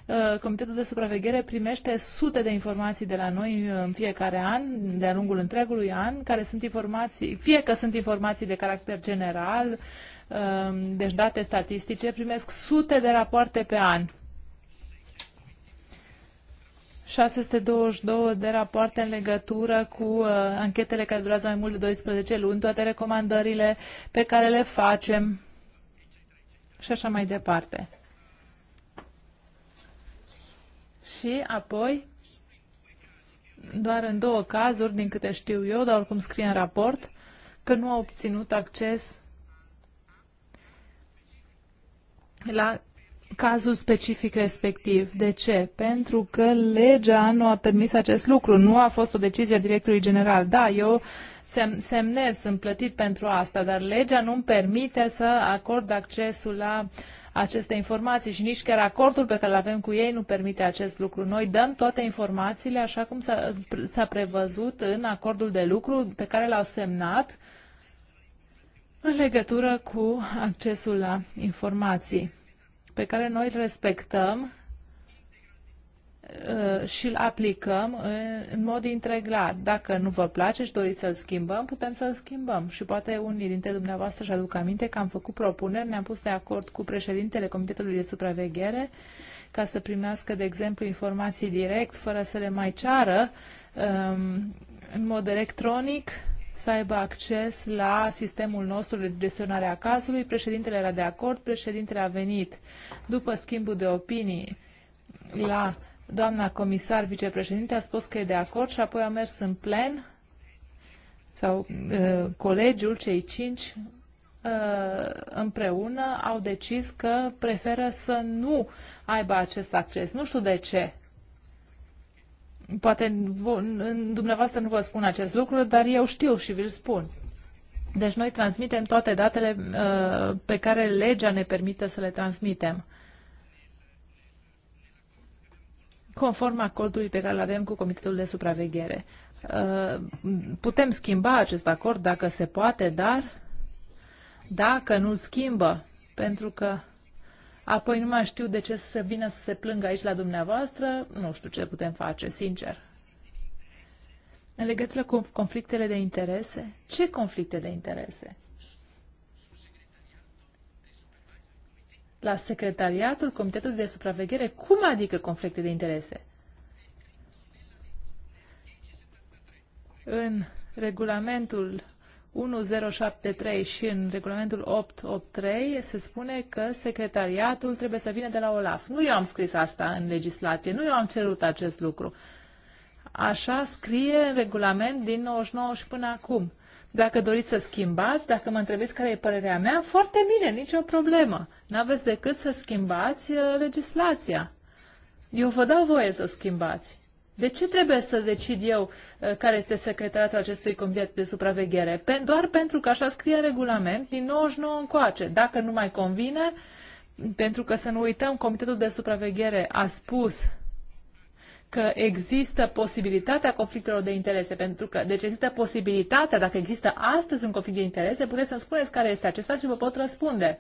uh, Comitetul de Supraveghere primește sute de informații de la noi uh, în fiecare an, de-a lungul întregului an, care sunt informații, fie că sunt informații de caracter general, uh, deci date statistice, primesc sute de rapoarte pe an. 622 de rapoarte în legătură cu uh, anchetele care durează mai mult de 12 luni, toate recomandările pe care le facem și așa mai departe. Și apoi, doar în două cazuri, din câte știu eu, dar oricum scrie în raport, că nu au obținut acces la cazul specific respectiv. De ce? Pentru că legea nu a permis acest lucru, nu a fost o decizie a directorului general. Da, eu sem- semnez, sunt plătit pentru asta, dar legea nu-mi permite să acord accesul la aceste informații și nici chiar acordul pe care îl avem cu ei nu permite acest lucru. Noi dăm toate informațiile așa cum s-a prevăzut în acordul de lucru pe care l-au semnat în legătură cu accesul la informații pe care noi îl respectăm uh, și îl aplicăm în mod integrat. Dacă nu vă place și doriți să-l schimbăm, putem să-l schimbăm. Și poate unii dintre dumneavoastră își aduc aminte că am făcut propuneri, ne-am pus de acord cu președintele Comitetului de Supraveghere ca să primească, de exemplu, informații direct, fără să le mai ceară, um, în mod electronic, să aibă acces la sistemul nostru de gestionare a cazului. Președintele era de acord, președintele a venit după schimbul de opinii la doamna comisar vicepreședinte, a spus că e de acord și apoi a mers în plen sau uh, colegiul, cei cinci, uh, împreună au decis că preferă să nu aibă acest acces. Nu știu de ce. Poate dumneavoastră nu vă spun acest lucru, dar eu știu și vi-l spun. Deci noi transmitem toate datele uh, pe care legea ne permite să le transmitem. Conform acordului pe care îl avem cu Comitetul de Supraveghere. Uh, putem schimba acest acord dacă se poate, dar dacă nu-l schimbă, pentru că apoi nu mai știu de ce să vină să se plângă aici la dumneavoastră, nu știu ce putem face, sincer. În legătură cu conflictele de interese, ce conflicte de interese? La secretariatul Comitetului de Supraveghere, cum adică conflicte de interese? În regulamentul 1073 și în regulamentul 883 se spune că secretariatul trebuie să vină de la OLAF. Nu eu am scris asta în legislație, nu eu am cerut acest lucru. Așa scrie în regulament din 99 și până acum. Dacă doriți să schimbați, dacă mă întrebiți care e părerea mea, foarte bine, nicio problemă. N-aveți decât să schimbați uh, legislația. Eu vă dau voie să schimbați. De ce trebuie să decid eu uh, care este secretariatul acestui comitet de supraveghere? Doar pentru că așa scrie în regulament din 99 încoace. Dacă nu mai convine, pentru că să nu uităm, comitetul de supraveghere a spus că există posibilitatea conflictelor de interese, pentru că, deci există posibilitatea, dacă există astăzi un conflict de interese, puteți să-mi spuneți care este acesta și vă pot răspunde.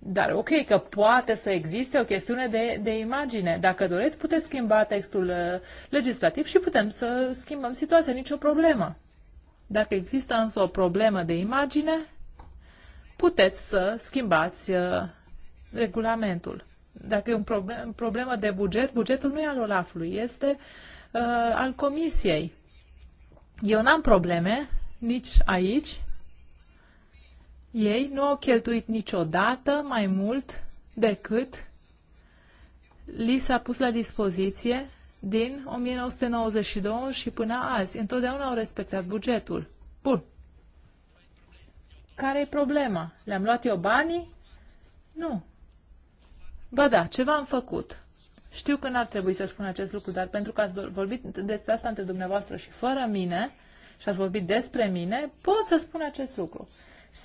Dar ok că poate să existe o chestiune de, de imagine. Dacă doriți, puteți schimba textul uh, legislativ și putem să schimbăm situația, nicio problemă. Dacă există însă o problemă de imagine, puteți să schimbați uh, regulamentul. Dacă e un problem, problemă de buget, bugetul nu e al Olafului, este uh, al Comisiei. Eu n-am probleme nici aici ei nu au cheltuit niciodată mai mult decât li s-a pus la dispoziție din 1992 și până azi. Întotdeauna au respectat bugetul. Bun. Care e problema? Le-am luat eu banii? Nu. Ba da, ceva am făcut. Știu că n-ar trebui să spun acest lucru, dar pentru că ați vorbit despre asta între dumneavoastră și fără mine și ați vorbit despre mine, pot să spun acest lucru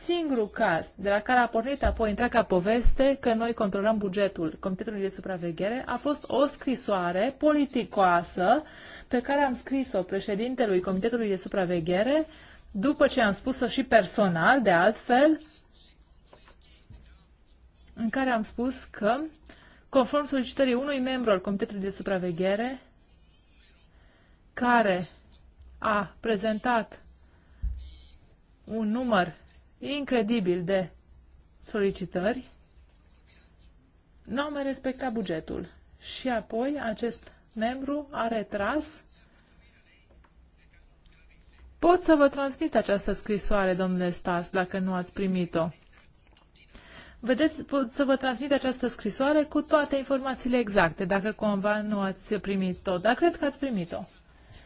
singurul caz de la care a pornit apoi întreaga poveste că noi controlăm bugetul Comitetului de Supraveghere a fost o scrisoare politicoasă pe care am scris-o președintelui Comitetului de Supraveghere după ce am spus-o și personal, de altfel, în care am spus că, conform solicitării unui membru al Comitetului de Supraveghere, care a prezentat un număr incredibil de solicitări, nu au mai respectat bugetul. Și apoi acest membru a retras. Pot să vă transmit această scrisoare, domnule Stas, dacă nu ați primit-o. Vedeți, pot să vă transmit această scrisoare cu toate informațiile exacte, dacă cumva nu ați primit-o, dar cred că ați primit-o.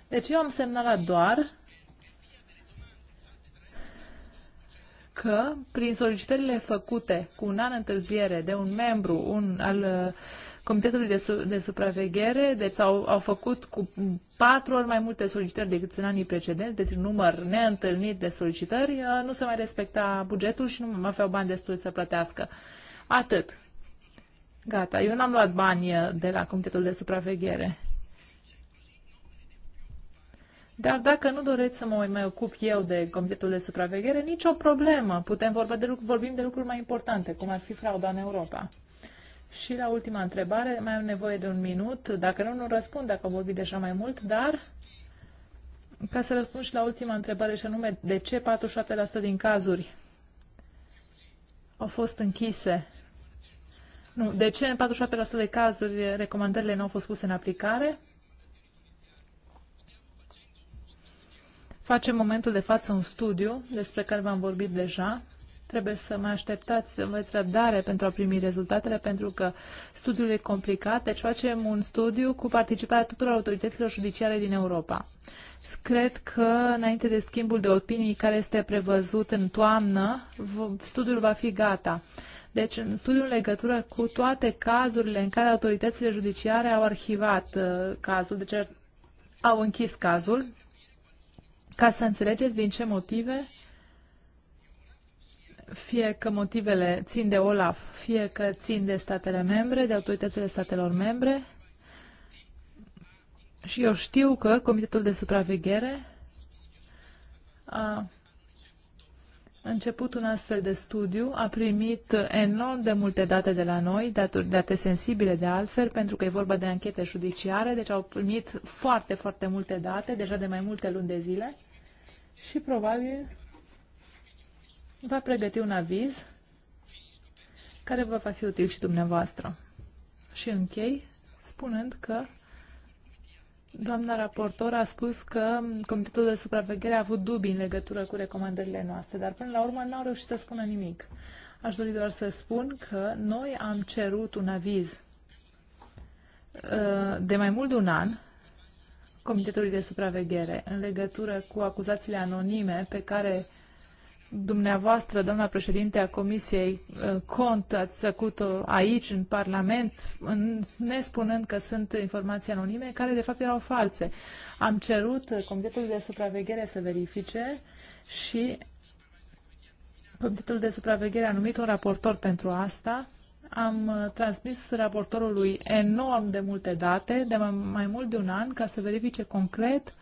Deci eu am semnalat doar că prin solicitările făcute cu un an întârziere de un membru un, al uh, Comitetului de, su- de Supraveghere, deci au, au făcut cu patru ori mai multe solicitări decât în anii precedenți, deci un număr neîntâlnit de solicitări, uh, nu se mai respecta bugetul și nu mai aveau bani destul să plătească. Atât. Gata, eu n-am luat bani uh, de la Comitetul de Supraveghere. Dar dacă nu doreți să mă mai ocup eu de Comitetul de Supraveghere, nicio problemă. Putem vorba de lucruri, vorbim de lucruri mai importante, cum ar fi frauda în Europa. Și la ultima întrebare, mai am nevoie de un minut. Dacă nu, nu răspund dacă vorbi deja mai mult, dar ca să răspund și la ultima întrebare, și anume, de ce 47% din cazuri au fost închise? Nu, de ce în 47% de cazuri recomandările nu au fost puse în aplicare? Facem momentul de față un studiu despre care v-am vorbit deja. Trebuie să mă așteptați, să aveți răbdare pentru a primi rezultatele, pentru că studiul e complicat. Deci facem un studiu cu participarea tuturor autorităților judiciare din Europa. Cred că, înainte de schimbul de opinii care este prevăzut în toamnă, studiul va fi gata. Deci, în studiul în legătură cu toate cazurile în care autoritățile judiciare au arhivat uh, cazul, deci au închis cazul, ca să înțelegeți din ce motive, fie că motivele țin de OLAF, fie că țin de statele membre, de autoritățile statelor membre, și eu știu că Comitetul de Supraveghere a început un astfel de studiu, a primit enorm de multe date de la noi, date sensibile de altfel, pentru că e vorba de anchete judiciare, deci au primit foarte, foarte multe date, deja de mai multe luni de zile și probabil va pregăti un aviz care vă va fi util și dumneavoastră. Și închei spunând că doamna raportor a spus că Comitetul de Supraveghere a avut dubii în legătură cu recomandările noastre, dar până la urmă n-au reușit să spună nimic. Aș dori doar să spun că noi am cerut un aviz uh, de mai mult de un an Comitetului de Supraveghere în legătură cu acuzațiile anonime pe care dumneavoastră, doamna președinte a Comisiei uh, Cont, ați făcut-o aici, în Parlament, în, ne spunând că sunt informații anonime, care de fapt erau false. Am cerut uh, Comitetului de Supraveghere să verifice și Comitetul de Supraveghere a numit un raportor pentru asta am uh, transmis raportorului enorm de multe date, de mai mult de un an, ca să verifice concret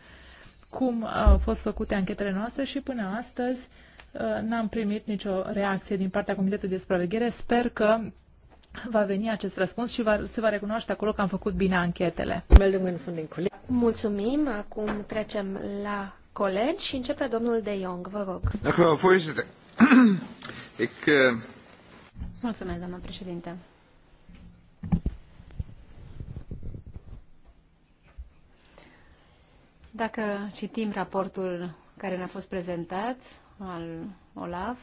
cum au fost făcute anchetele noastre și până astăzi uh, n-am primit nicio reacție din partea Comitetului de Supraveghere. Sper că va veni acest răspuns și va, se va recunoaște acolo că am făcut bine anchetele. Mulțumim. Acum trecem la colegi și începe domnul De Jong. Vă rog. Dacă vă Mulțumesc, președinte. Dacă citim raportul care ne-a fost prezentat al OLAF,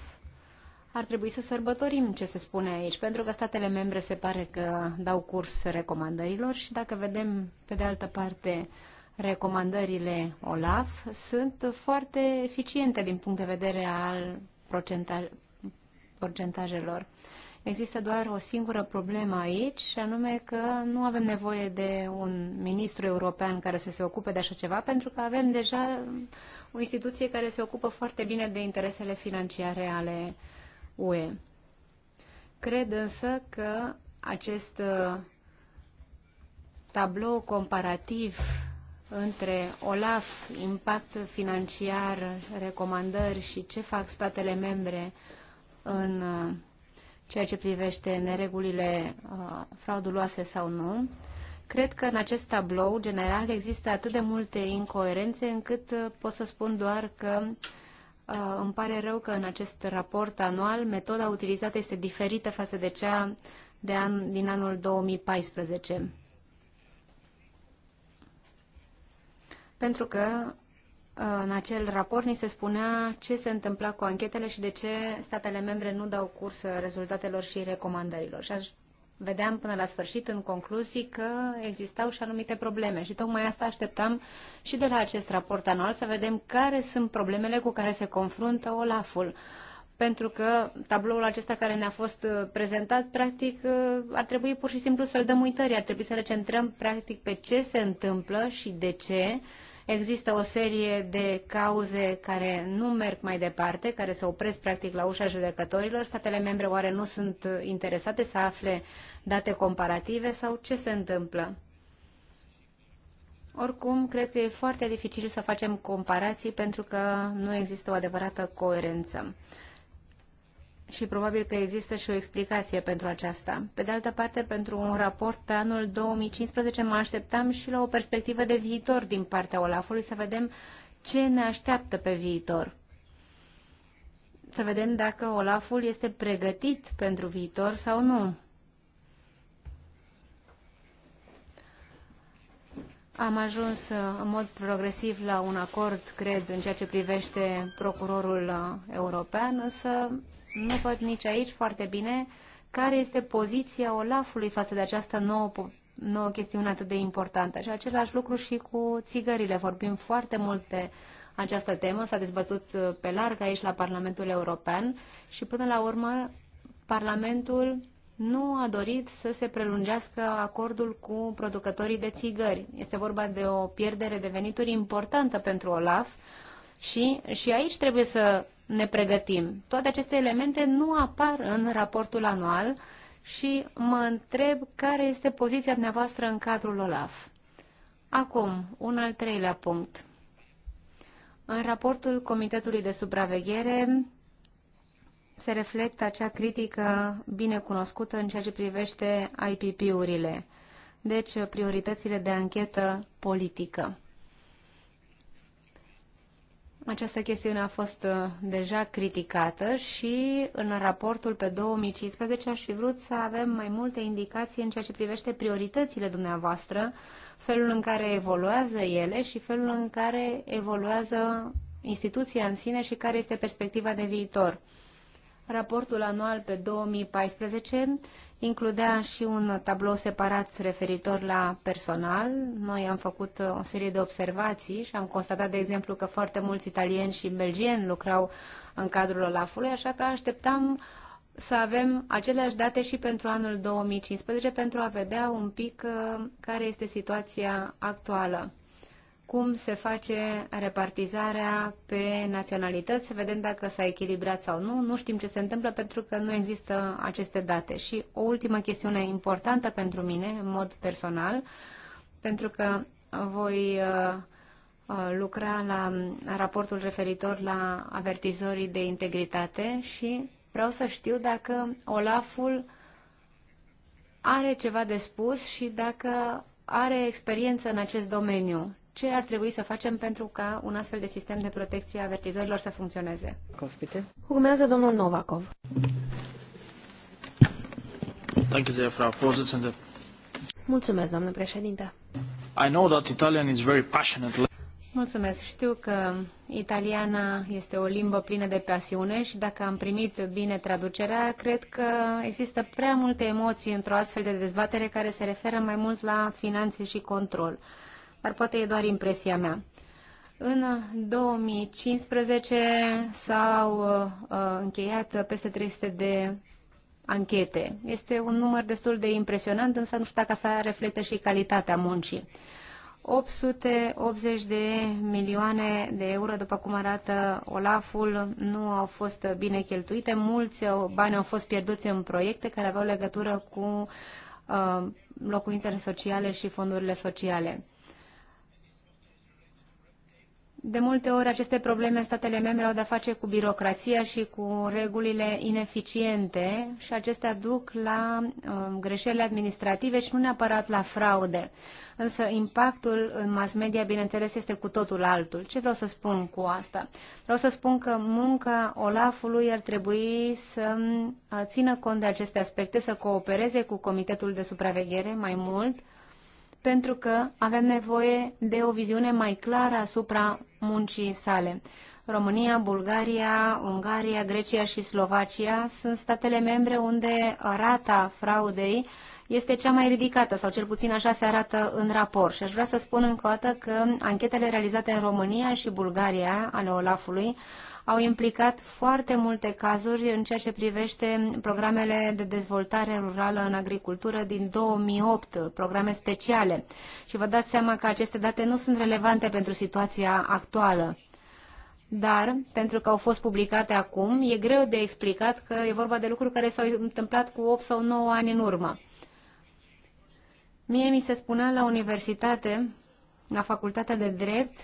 ar trebui să sărbătorim ce se spune aici, pentru că statele membre se pare că dau curs recomandărilor și dacă vedem, pe de altă parte, recomandările OLAF sunt foarte eficiente din punct de vedere al procenta- procentajelor. Uh, Există doar o singură problemă aici, și anume că nu avem nevoie de un ministru european care să se ocupe de așa ceva, pentru că avem deja o instituție care se ocupă foarte bine de interesele financiare ale UE. Cred însă că acest uh, tablou comparativ între OLAF, impact financiar, recomandări și ce fac statele membre în uh, ceea ce privește neregulile uh, frauduloase sau nu, cred că în acest tablou general există atât de multe incoerențe încât uh, pot să spun doar că uh, îmi pare rău că în acest raport anual metoda utilizată este diferită față de cea de an, din anul 2014. Pentru că în acel raport ni se spunea ce se întâmpla cu anchetele și de ce statele membre nu dau curs rezultatelor și recomandărilor. Și aș vedeam până la sfârșit în concluzii că existau și anumite probleme și tocmai asta așteptam și de la acest raport anual să vedem care sunt problemele cu care se confruntă Olaful. Pentru că tabloul acesta care ne-a fost prezentat, practic, ar trebui pur și simplu să-l dăm uitării, ar trebui să recentrăm practic pe ce se întâmplă și de ce, Există o serie de cauze care nu merg mai departe, care se opresc practic la ușa judecătorilor. Statele membre oare nu sunt interesate să afle date comparative sau ce se întâmplă? Oricum, cred că e foarte dificil să facem comparații pentru că nu există o adevărată coerență și probabil că există și o explicație pentru aceasta. Pe de altă parte, pentru un raport pe anul 2015 mă așteptam și la o perspectivă de viitor din partea Olafului, să vedem ce ne așteaptă pe viitor. Să vedem dacă Olaful este pregătit pentru viitor sau nu. Am ajuns uh, în mod progresiv la un acord, cred, în ceea ce privește procurorul uh, european, însă nu văd nici aici foarte bine care este poziția Olafului față de această nouă, nouă chestiune atât de importantă. Și același lucru și cu țigările. Vorbim foarte multe această temă, s-a dezbătut uh, pe larg aici la Parlamentul European și până la urmă Parlamentul nu a dorit să se prelungească acordul cu producătorii de țigări. Este vorba de o pierdere de venituri importantă pentru OLAF și, și aici trebuie să ne pregătim. Toate aceste elemente nu apar în raportul anual și mă întreb care este poziția dumneavoastră în cadrul OLAF. Acum, un al treilea punct. În raportul Comitetului de Supraveghere se reflectă acea critică binecunoscută în ceea ce privește IPP-urile, deci prioritățile de anchetă politică. Această chestiune a fost uh, deja criticată și în raportul pe 2015 aș fi vrut să avem mai multe indicații în ceea ce privește prioritățile dumneavoastră, felul în care evoluează ele și felul în care evoluează instituția în sine și care este perspectiva de viitor. Raportul anual pe 2014 includea și un tablou separat referitor la personal. Noi am făcut o serie de observații și am constatat, de exemplu, că foarte mulți italieni și belgieni lucrau în cadrul Olafului, așa că așteptam să avem aceleași date și pentru anul 2015 pentru a vedea un pic uh, care este situația actuală cum se face repartizarea pe naționalități, să vedem dacă s-a echilibrat sau nu. Nu știm ce se întâmplă pentru că nu există aceste date. Și o ultimă chestiune importantă pentru mine, în mod personal, pentru că voi uh, uh, lucra la raportul referitor la avertizorii de integritate și vreau să știu dacă Olaful are ceva de spus și dacă are experiență în acest domeniu ce ar trebui să facem pentru ca un astfel de sistem de protecție a avertizorilor să funcționeze? Urmează domnul Novakov. Mulțumesc, doamnă președinte. I know that Italian is very passionate. Mulțumesc. Știu că italiana este o limbă plină de pasiune și dacă am primit bine traducerea, cred că există prea multe emoții într-o astfel de dezbatere care se referă mai mult la finanțe și control. Uh, dar poate e doar impresia mea. În 2015 s-au uh, uh, încheiat peste 300 de anchete. Este un număr destul de impresionant, însă nu știu dacă asta reflectă și calitatea muncii. 880 de milioane de euro, după cum arată Olaful, nu au fost bine cheltuite. Mulți uh, bani au fost pierduți în proiecte care aveau legătură cu uh, locuințele sociale și fondurile sociale. De multe ori aceste probleme în statele membre au de-a face cu birocrația și cu regulile ineficiente și acestea duc la um, greșelile administrative și nu neapărat la fraude. Însă impactul în mass media, bineînțeles, este cu totul altul. Ce vreau să spun cu asta? Vreau să spun că munca Olafului ar trebui să uh, țină cont de aceste aspecte, să coopereze cu Comitetul de Supraveghere mai mult, pentru că avem nevoie de o viziune mai clară asupra muncii sale. România, Bulgaria, Ungaria, Grecia și Slovacia sunt statele membre unde rata fraudei este cea mai ridicată, sau cel puțin așa se arată în raport. Și aș vrea să spun încă o dată că anchetele realizate în România și Bulgaria ale Olafului au implicat foarte multe cazuri în ceea ce privește programele de dezvoltare rurală în agricultură din 2008, programe speciale. Și vă dați seama că aceste date nu sunt relevante pentru situația actuală dar, pentru că au fost publicate acum, e greu de explicat că e vorba de lucruri care s-au întâmplat cu 8 sau 9 ani în urmă. Mie mi se spunea la universitate, la facultatea de drept,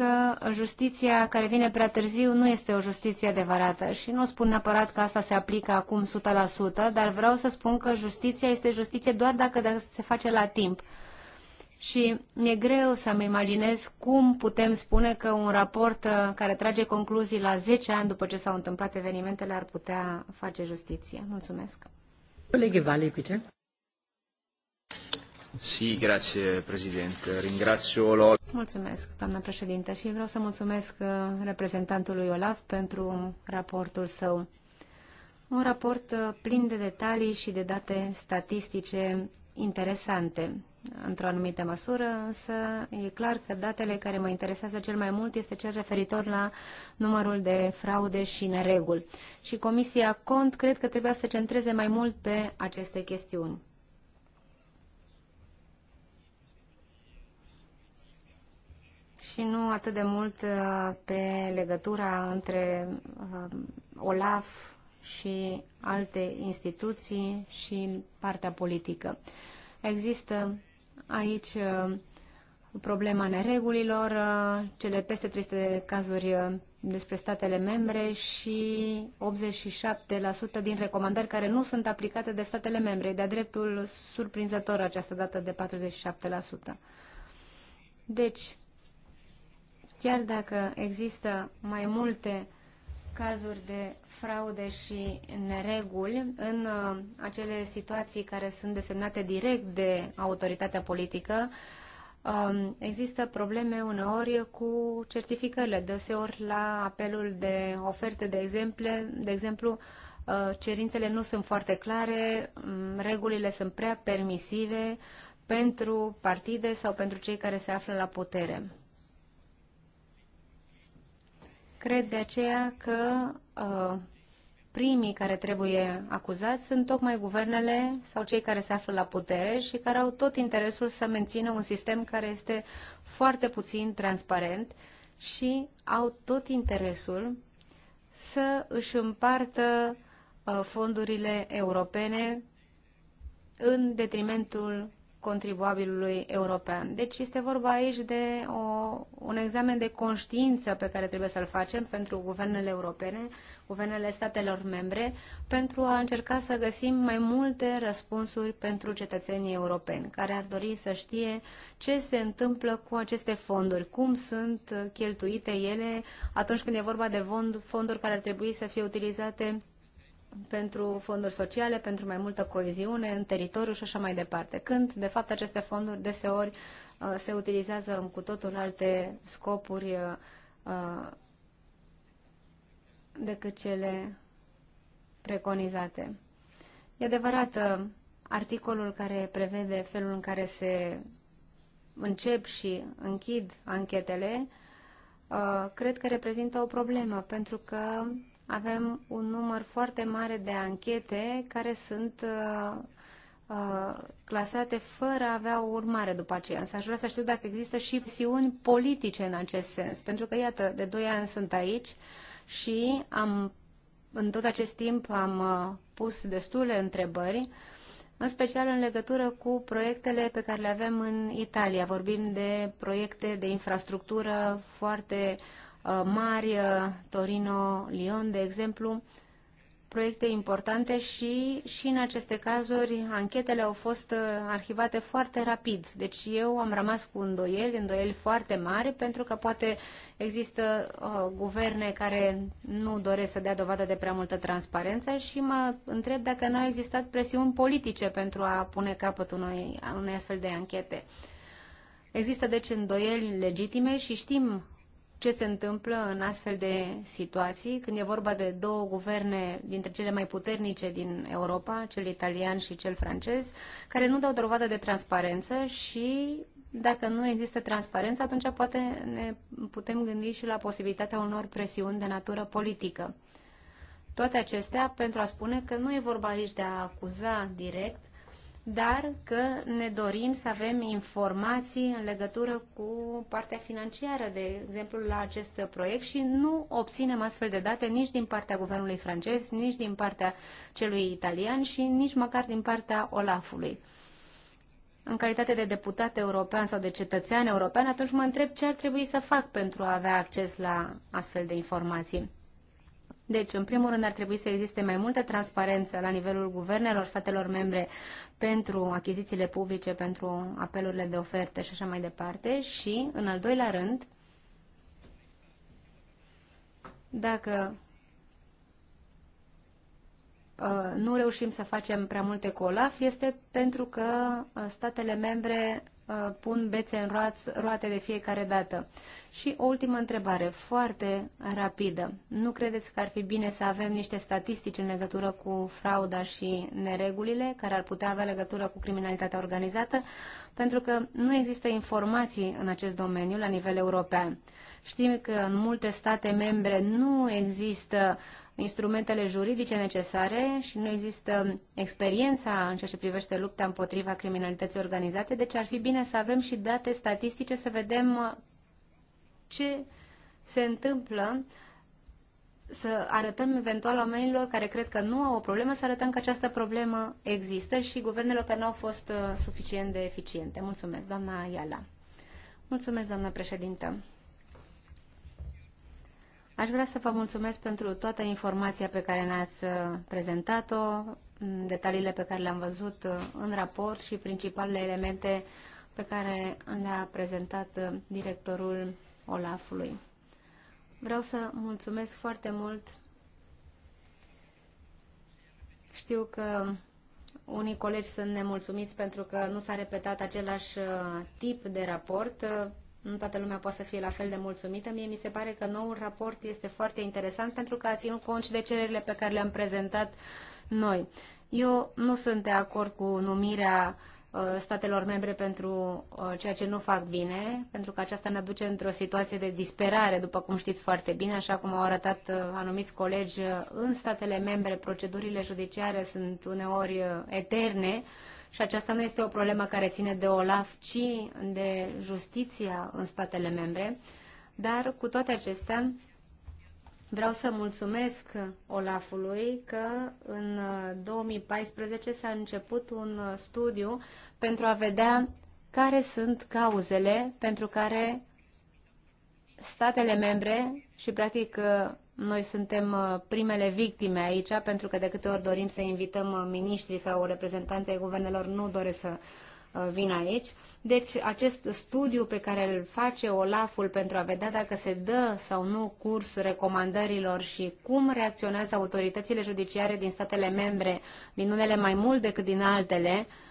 că justiția care vine prea târziu nu este o justiție adevărată și nu spun neapărat că asta se aplică acum 100%, dar vreau să spun că justiția este justiție doar dacă se face la timp. Și mi-e greu să-mi imaginez cum putem spune că un raport uh, care trage concluzii la 10 ani după ce s-au întâmplat evenimentele ar putea face justiție. Mulțumesc. Colegii Vali, bitte. Mulțumesc, doamna și vreau să mulțumesc uh, reprezentantului Olaf pentru raportul său. Un raport uh, plin de detalii și de date statistice interesante, într-o anumită măsură, însă e clar că datele care mă interesează cel mai mult este cel referitor la numărul de fraude și nereguli. Și Comisia Cont cred că trebuia să se centreze mai mult pe aceste chestiuni. și nu atât de mult uh, pe legătura între uh, OLAF și alte instituții și partea politică. Există aici uh, problema neregulilor, cele peste 300 de cazuri despre statele membre și 87% din recomandări care nu sunt aplicate de statele membre. De-a dreptul surprinzător această dată de 47%. Deci, Chiar dacă există mai multe cazuri de fraude și nereguli în uh, acele situații care sunt desemnate direct de autoritatea politică, um, există probleme uneori cu certificările, deseori la apelul de oferte, de, exemple, de exemplu, uh, cerințele nu sunt foarte clare, um, regulile sunt prea permisive pentru partide sau pentru cei care se află la putere. Cred de aceea că uh, primii care trebuie acuzați sunt tocmai guvernele sau cei care se află la putere și care au tot interesul să mențină un sistem care este foarte puțin transparent și au tot interesul să își împartă uh, fondurile europene în detrimentul contribuabilului european. Deci este vorba aici de o, un examen de conștiință pe care trebuie să-l facem pentru guvernele europene, guvernele statelor membre, pentru a încerca să găsim mai multe răspunsuri pentru cetățenii europeni, care ar dori să știe ce se întâmplă cu aceste fonduri, cum sunt cheltuite ele atunci când e vorba de fonduri care ar trebui să fie utilizate pentru fonduri sociale, pentru mai multă coeziune în teritoriu și așa mai departe. Când, de fapt, aceste fonduri deseori uh, se utilizează cu totul alte scopuri uh, uh, decât cele preconizate. E adevărat, articolul care prevede felul în care se încep și închid anchetele, cred că reprezintă o problemă, pentru că avem un număr foarte mare de anchete care sunt uh, uh, clasate fără a avea o urmare după aceea. Însă aș vrea să știu dacă există și presiuni politice în acest sens. Pentru că, iată, de 2 ani sunt aici și am, în tot acest timp am uh, pus destule întrebări în special în legătură cu proiectele pe care le avem în Italia. Vorbim de proiecte de infrastructură foarte Uh, mari, uh, Torino-Lyon, de exemplu, proiecte importante și, și în aceste cazuri anchetele au fost uh, arhivate foarte rapid. Deci eu am rămas cu îndoieli, îndoieli foarte mari, pentru că poate există uh, guverne care nu doresc să dea dovadă de prea multă transparență și mă întreb dacă nu au existat presiuni politice pentru a pune capăt unui unei astfel de anchete. Există deci îndoieli legitime și știm ce se întâmplă în astfel de situații, când e vorba de două guverne dintre cele mai puternice din Europa, cel italian și cel francez, care nu dau dovadă de transparență și dacă nu există transparență, atunci poate ne putem gândi și la posibilitatea unor presiuni de natură politică. Toate acestea pentru a spune că nu e vorba aici de a acuza direct, dar că ne dorim să avem informații în legătură cu partea financiară, de exemplu, la acest proiect și nu obținem astfel de date nici din partea guvernului francez, nici din partea celui italian și nici măcar din partea Olafului în calitate de deputat european sau de cetățean european, atunci mă întreb ce ar trebui să fac pentru a avea acces la astfel de informații. Deci, în primul rând, ar trebui să existe mai multă transparență la nivelul guvernelor statelor membre pentru achizițiile publice, pentru apelurile de oferte și așa mai departe. Și, în al doilea rând, dacă Uh, nu reușim să facem prea multe cu OLAF este pentru că uh, statele membre uh, pun bețe în roate de fiecare dată. Și o ultimă întrebare, foarte rapidă. Nu credeți că ar fi bine să avem niște statistici în legătură cu frauda și neregulile, care ar putea avea legătură cu criminalitatea organizată? Pentru că nu există informații în acest domeniu la nivel european. Știm că în multe state membre nu există uh, instrumentele juridice necesare și nu există experiența în ceea ce privește lupta împotriva criminalității organizate, deci ar fi bine să avem și date statistice să vedem uh, ce se întâmplă să arătăm eventual oamenilor care cred că nu au o problemă, să arătăm că această problemă există și guvernelor care nu au fost uh, suficient de eficiente. Mulțumesc, doamna Iala. Mulțumesc, doamna președintă. Aș vrea să vă mulțumesc pentru toată informația pe care ne-ați uh, prezentat-o, detaliile pe care le-am văzut uh, în raport și principalele elemente pe care le-a prezentat uh, directorul Olafului. Vreau să mulțumesc foarte mult. Știu că unii colegi sunt nemulțumiți pentru că nu s-a repetat același tip de raport nu toată lumea poate să fie la fel de mulțumită. Mie mi se pare că noul raport este foarte interesant pentru că a ținut cont și de cererile pe care le-am prezentat noi. Eu nu sunt de acord cu numirea uh, statelor membre pentru uh, ceea ce nu fac bine, pentru că aceasta ne aduce într-o situație de disperare, după cum știți foarte bine, așa cum au arătat uh, anumiți colegi în statele membre, procedurile judiciare sunt uneori eterne, și aceasta nu este o problemă care ține de OLAF, ci de justiția în statele membre, dar cu toate acestea vreau să mulțumesc Olafului că în 2014 uh, s-a început un uh, studiu pentru a vedea care sunt cauzele pentru care statele membre și practic uh, noi suntem uh, primele victime aici, pentru că de câte ori dorim să invităm uh, miniștrii sau reprezentanții ai guvernelor, nu doresc să uh, vin aici. Deci acest studiu pe care îl face Olaful pentru a vedea dacă se dă sau nu curs recomandărilor și cum reacționează autoritățile judiciare din statele membre, din unele mai mult decât din altele, uh,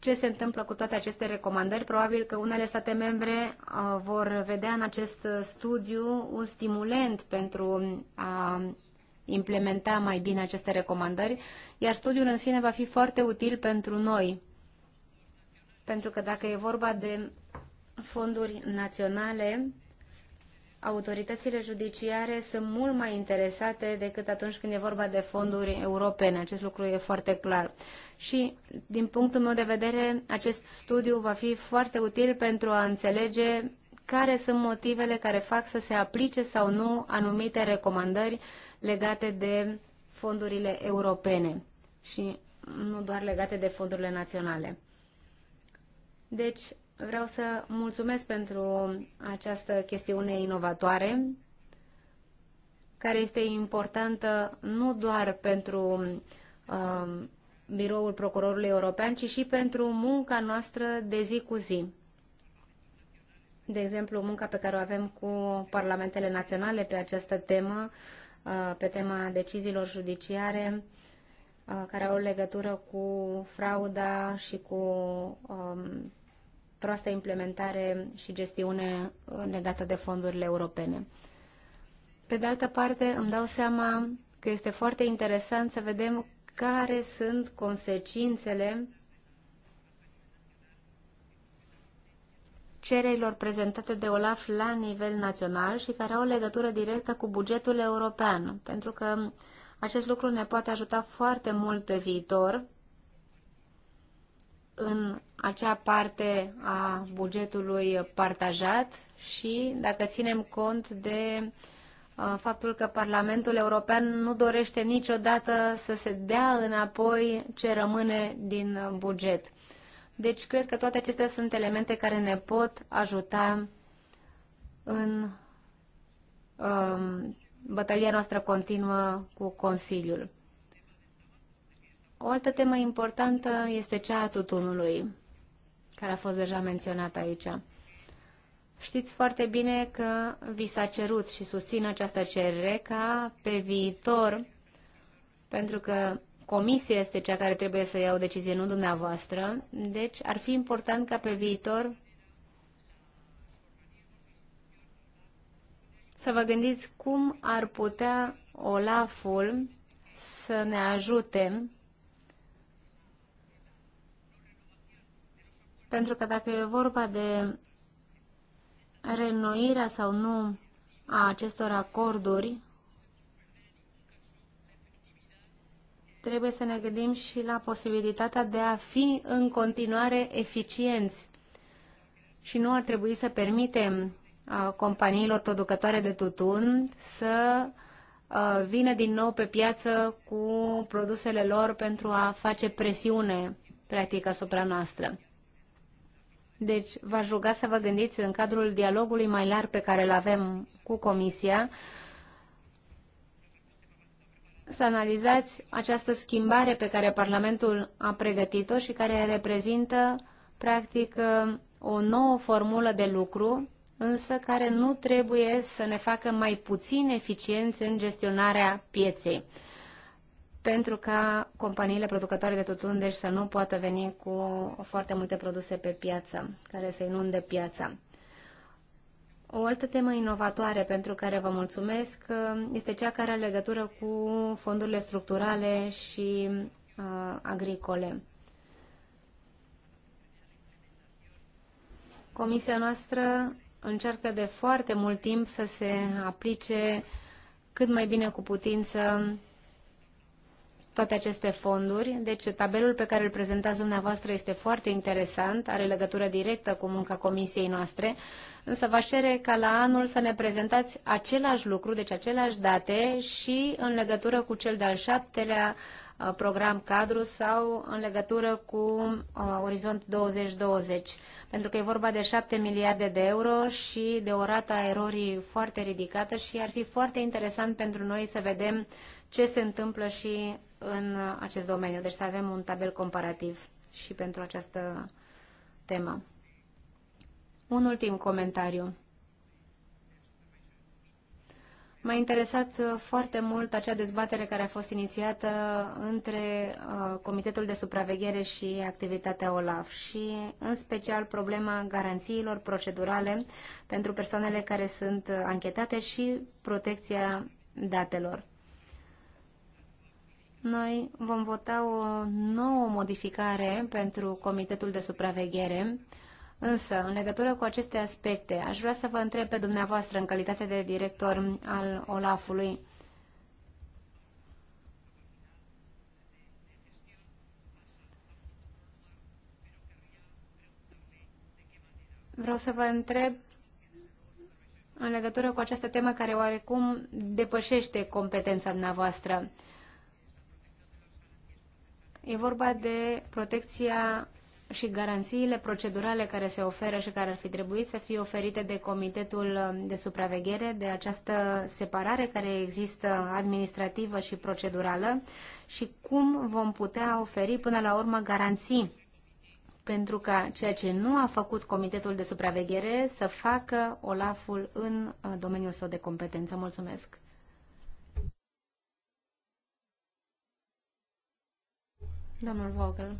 ce se întâmplă cu toate aceste recomandări. Probabil că unele state membre uh, vor vedea în acest studiu un stimulent pentru a implementa mai bine aceste recomandări, iar studiul în sine va fi foarte util pentru noi. Pentru că dacă e vorba de fonduri naționale, autoritățile judiciare sunt mult mai interesate decât atunci când e vorba de fonduri europene. Acest lucru e foarte clar. Și, din punctul meu de vedere, acest studiu va fi foarte util pentru a înțelege care sunt motivele care fac să se aplice sau nu anumite recomandări legate de fondurile europene și nu doar legate de fondurile naționale. Deci, vreau să mulțumesc pentru această chestiune inovatoare, care este importantă nu doar pentru uh, biroul procurorului european, ci și pentru munca noastră de zi cu zi. De exemplu, munca pe care o avem cu parlamentele naționale pe această temă, uh, pe tema deciziilor judiciare, uh, care au legătură cu frauda și cu Uh, proastă implementare și gestiune uh, legată de fondurile europene. Pe de altă parte, îmi dau seama că este foarte interesant să vedem care sunt consecințele cererilor prezentate de OLAF la nivel național și care au legătură directă cu bugetul european, pentru că acest lucru ne poate ajuta foarte mult pe viitor în acea parte a bugetului partajat și dacă ținem cont de uh, faptul că Parlamentul European nu dorește niciodată să se dea înapoi ce rămâne din buget. Deci cred că toate acestea sunt elemente care ne pot ajuta în um, bătălia noastră continuă cu Consiliul. O altă temă importantă este cea a tutunului, care a fost deja menționată aici. Știți foarte bine că vi s-a cerut și susțin această cerere ca pe viitor, pentru că comisia este cea care trebuie să ia o decizie, nu dumneavoastră, deci ar fi important ca pe viitor să vă gândiți cum ar putea Olaful să ne ajute Pentru că dacă e vorba de reînnoirea sau nu a acestor acorduri, trebuie să ne gândim și la posibilitatea de a fi în continuare eficienți. Și nu ar trebui să permitem companiilor producătoare de tutun să vină din nou pe piață cu produsele lor pentru a face presiune practic asupra noastră. Deci v-aș ruga să vă gândiți în cadrul dialogului mai larg pe care îl avem cu Comisia, să analizați această schimbare pe care Parlamentul a pregătit-o și care reprezintă, practic, o nouă formulă de lucru, însă care nu trebuie să ne facă mai puțin eficienți în gestionarea pieței pentru ca companiile producătoare de tutun deci să nu poată veni cu foarte multe produse pe piață, care să inunde piața. O altă temă inovatoare pentru care vă mulțumesc uh, este cea care are legătură cu fondurile structurale și uh, agricole. Comisia noastră încearcă de foarte mult timp să se aplice cât mai bine cu putință toate aceste fonduri. Deci tabelul pe care îl prezentați dumneavoastră este foarte interesant, are legătură directă cu munca comisiei noastre, însă vă cere ca la anul să ne prezentați același lucru, deci aceleași date și în legătură cu cel de-al șaptelea uh, program cadru sau în legătură cu uh, Orizont 2020, pentru că e vorba de 7 miliarde de euro și de o rată a erorii foarte ridicată și ar fi foarte interesant pentru noi să vedem ce se întâmplă și în acest domeniu. Deci să avem un tabel comparativ și pentru această temă. Un ultim comentariu. M-a interesat uh, foarte mult acea dezbatere care a fost inițiată între uh, Comitetul de Supraveghere și activitatea OLAF și în special problema garanțiilor procedurale pentru persoanele care sunt uh, anchetate și protecția datelor noi vom vota o nouă modificare pentru Comitetul de Supraveghere, însă, în legătură cu aceste aspecte, aș vrea să vă întreb pe dumneavoastră, în calitate de director al OLAF-ului, Vreau să vă întreb în legătură cu această temă care oarecum depășește competența dumneavoastră. E vorba de protecția și garanțiile procedurale care se oferă și care ar fi trebuit să fie oferite de Comitetul de Supraveghere, de această separare care există administrativă și procedurală și cum vom putea oferi până la urmă garanții pentru ca ceea ce nu a făcut Comitetul de Supraveghere să facă Olaful în uh, domeniul său de competență. Mulțumesc! Domnul Vogel,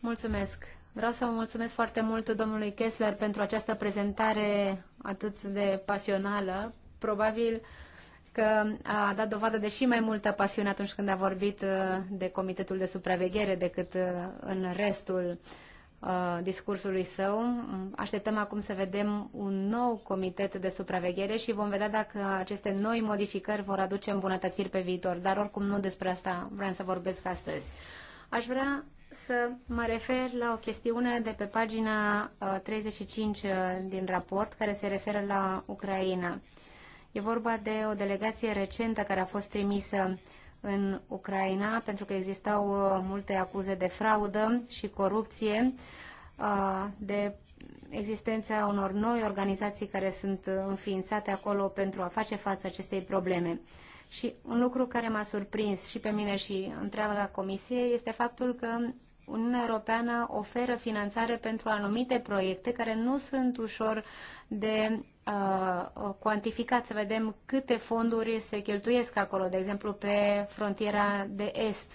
mulțumesc. Vreau să vă mulțumesc foarte mult domnului Kessler pentru această prezentare atât de pasională. Probabil că a dat dovadă de și mai multă pasiune atunci când a vorbit uh, de Comitetul de Supraveghere decât uh, în restul uh, discursului său. Așteptăm acum să vedem un nou comitet de supraveghere și vom vedea dacă aceste noi modificări vor aduce îmbunătățiri pe viitor, dar oricum nu despre asta vreau să vorbesc astăzi. Aș vrea să mă refer la o chestiune de pe pagina 35 uh, uh, din raport, care se referă la Ucraina. E vorba de o delegație recentă care a fost trimisă în Ucraina, pentru că existau uh, multe acuze de fraudă și corupție, de existența unor noi organizații care sunt înființate acolo pentru a face față acestei probleme. Și un lucru care m-a surprins și pe mine și întreaga comisie este faptul că Uniunea Europeană oferă finanțare pentru anumite proiecte care nu sunt ușor de uh, cuantificat, să vedem câte fonduri se cheltuiesc acolo, de exemplu pe frontiera de est.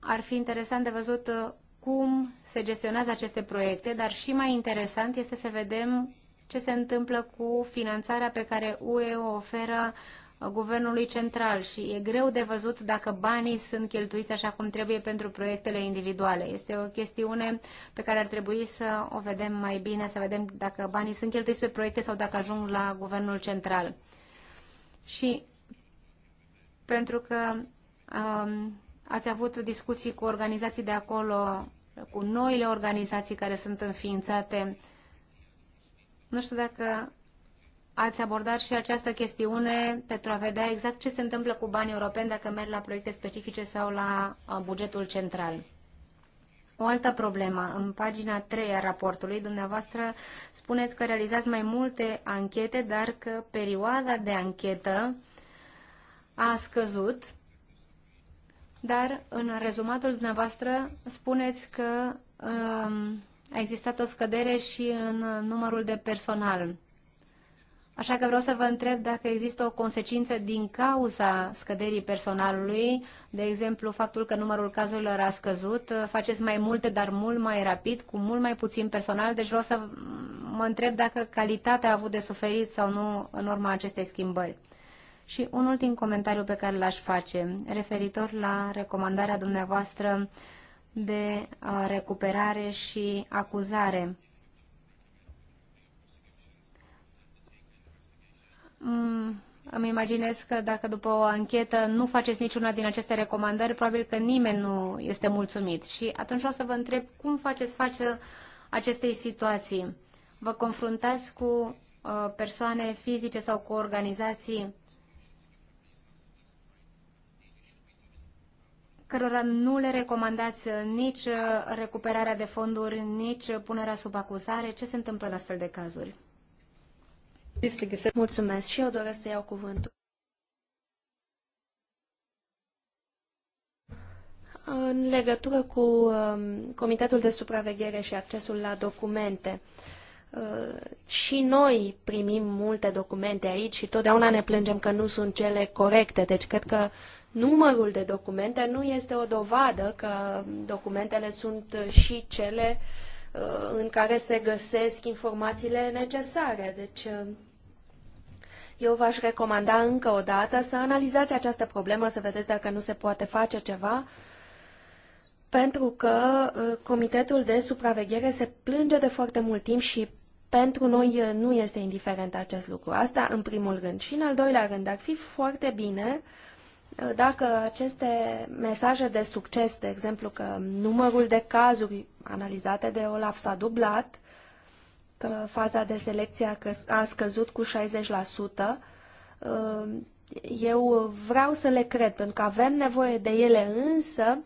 Ar fi interesant de văzut uh, cum se gestionează aceste proiecte, dar și mai interesant este să vedem ce se întâmplă cu finanțarea pe care UE o oferă uh, guvernului central și e greu de văzut dacă banii sunt cheltuiți așa cum trebuie pentru proiectele individuale. Este o chestiune pe care ar trebui să o vedem mai bine, să vedem dacă banii sunt cheltuiți pe proiecte sau dacă ajung la guvernul central. Și pentru că um, ați avut discuții cu organizații de acolo, cu noile organizații care sunt înființate. Nu știu dacă ați abordat și această chestiune pentru a vedea exact ce se întâmplă cu banii europeni dacă merg la proiecte specifice sau la uh, bugetul central. O altă problemă. În pagina 3 a raportului, dumneavoastră spuneți că realizați mai multe anchete, dar că perioada de anchetă a scăzut, dar în rezumatul dumneavoastră spuneți că um, a existat o scădere și în numărul de personal. Așa că vreau să vă întreb dacă există o consecință din cauza scăderii personalului, de exemplu faptul că numărul cazurilor a scăzut, faceți mai multe, dar mult mai rapid, cu mult mai puțin personal, deci vreau să mă întreb dacă calitatea a avut de suferit sau nu în urma acestei schimbări. Și un ultim comentariu pe care l-aș face, referitor la recomandarea dumneavoastră de uh, recuperare și acuzare Mm, îmi imaginez că dacă după o anchetă nu faceți niciuna din aceste recomandări, probabil că nimeni nu este mulțumit. Și atunci vreau să vă întreb cum faceți față acestei situații. Vă confruntați cu uh, persoane fizice sau cu organizații cărora nu le recomandați nici uh, recuperarea de fonduri, nici punerea sub acuzare? Ce se întâmplă în astfel de cazuri? Mulțumesc și eu doresc să iau cuvântul. În legătură cu um, Comitetul de Supraveghere și accesul la documente, uh, și noi primim multe documente aici și totdeauna ne plângem că nu sunt cele corecte, deci cred că numărul de documente nu este o dovadă că documentele sunt și cele uh, în care se găsesc informațiile necesare. Deci uh, eu v-aș recomanda încă o dată să analizați această problemă, să vedeți dacă nu se poate face ceva, pentru că uh, Comitetul de Supraveghere se plânge de foarte mult timp și pentru noi uh, nu este indiferent acest lucru. Asta în primul rând. Și în al doilea rând, ar fi foarte bine uh, dacă aceste mesaje de succes, de exemplu că numărul de cazuri analizate de Olaf s-a dublat, că faza de selecție a scăzut cu 60%. Eu vreau să le cred, pentru că avem nevoie de ele, însă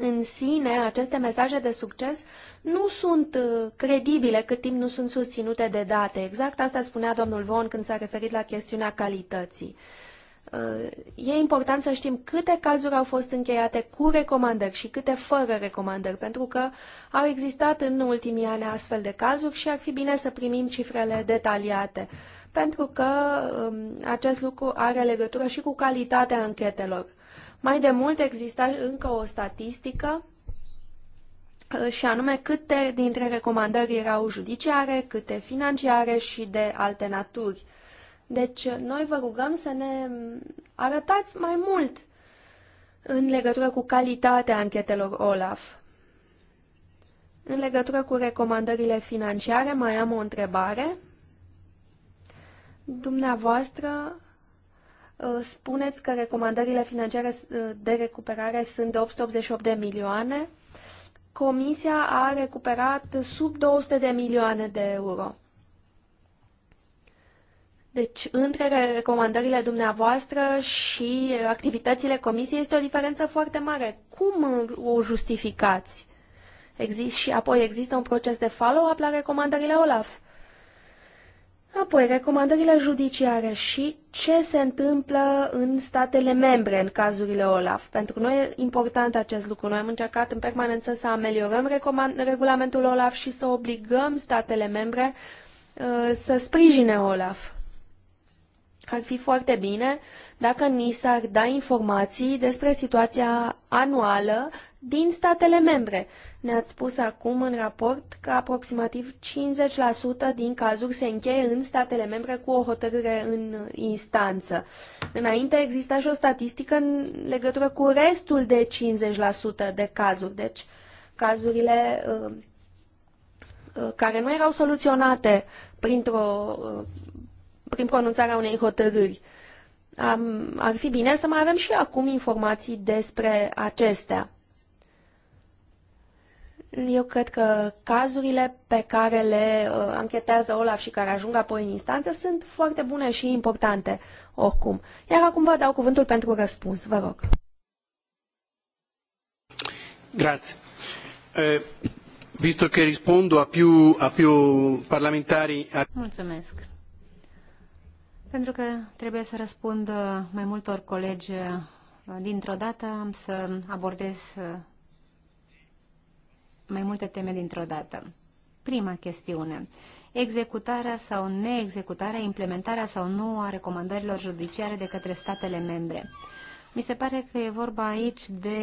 în sine aceste mesaje de succes nu sunt uh, credibile cât timp nu sunt susținute de date. Exact asta spunea domnul Von când s-a referit la chestiunea calității. Uh, e important să știm câte cazuri au fost încheiate cu recomandări și câte fără recomandări, pentru că au existat în ultimii ani astfel de cazuri și ar fi bine să primim cifrele detaliate, pentru că um, acest lucru are legătură și cu calitatea anchetelor. Mai de mult există încă o statistică uh, și anume câte dintre recomandări erau judiciare, câte financiare și de alte naturi. Deci, noi vă rugăm să ne arătați mai mult în legătură cu calitatea anchetelor OLAF. În legătură cu recomandările financiare, mai am o întrebare. Dumneavoastră uh, spuneți că recomandările financiare uh, de recuperare sunt de 888 de milioane. Comisia a recuperat sub 200 de milioane de euro. Deci, între recomandările dumneavoastră și activitățile comisiei este o diferență foarte mare. Cum o justificați? Exist și apoi există un proces de follow-up la recomandările OLAF. Apoi, recomandările judiciare și ce se întâmplă în statele membre în cazurile OLAF. Pentru noi e important acest lucru. Noi am încercat în permanență să ameliorăm regulamentul OLAF și să obligăm statele membre uh, să sprijine OLAF ar fi foarte bine dacă ni s-ar da informații despre situația anuală din statele membre. Ne-ați spus acum în raport că aproximativ 50% din cazuri se încheie în statele membre cu o hotărâre în instanță. Înainte exista și o statistică în legătură cu restul de 50% de cazuri, deci cazurile uh, uh, care nu erau soluționate printr-o uh, prin pronunțarea unei hotărâri. Am, ar fi bine să mai avem și acum informații despre acestea. Eu cred că cazurile pe care le uh, anchetează Olaf și care ajung apoi în instanță sunt foarte bune și importante, oricum. Iar acum vă dau cuvântul pentru răspuns, vă rog. Grazie. Eh, visto che rispondo a più, a più parlamentari... A... Mulțumesc. Pentru că trebuie să răspund uh, mai multor colegi uh, dintr-o dată, am să abordez uh, mai multe teme dintr-o dată. Prima chestiune. Executarea sau neexecutarea, implementarea sau nu a recomandărilor judiciare de către statele membre. Mi se pare că e vorba aici de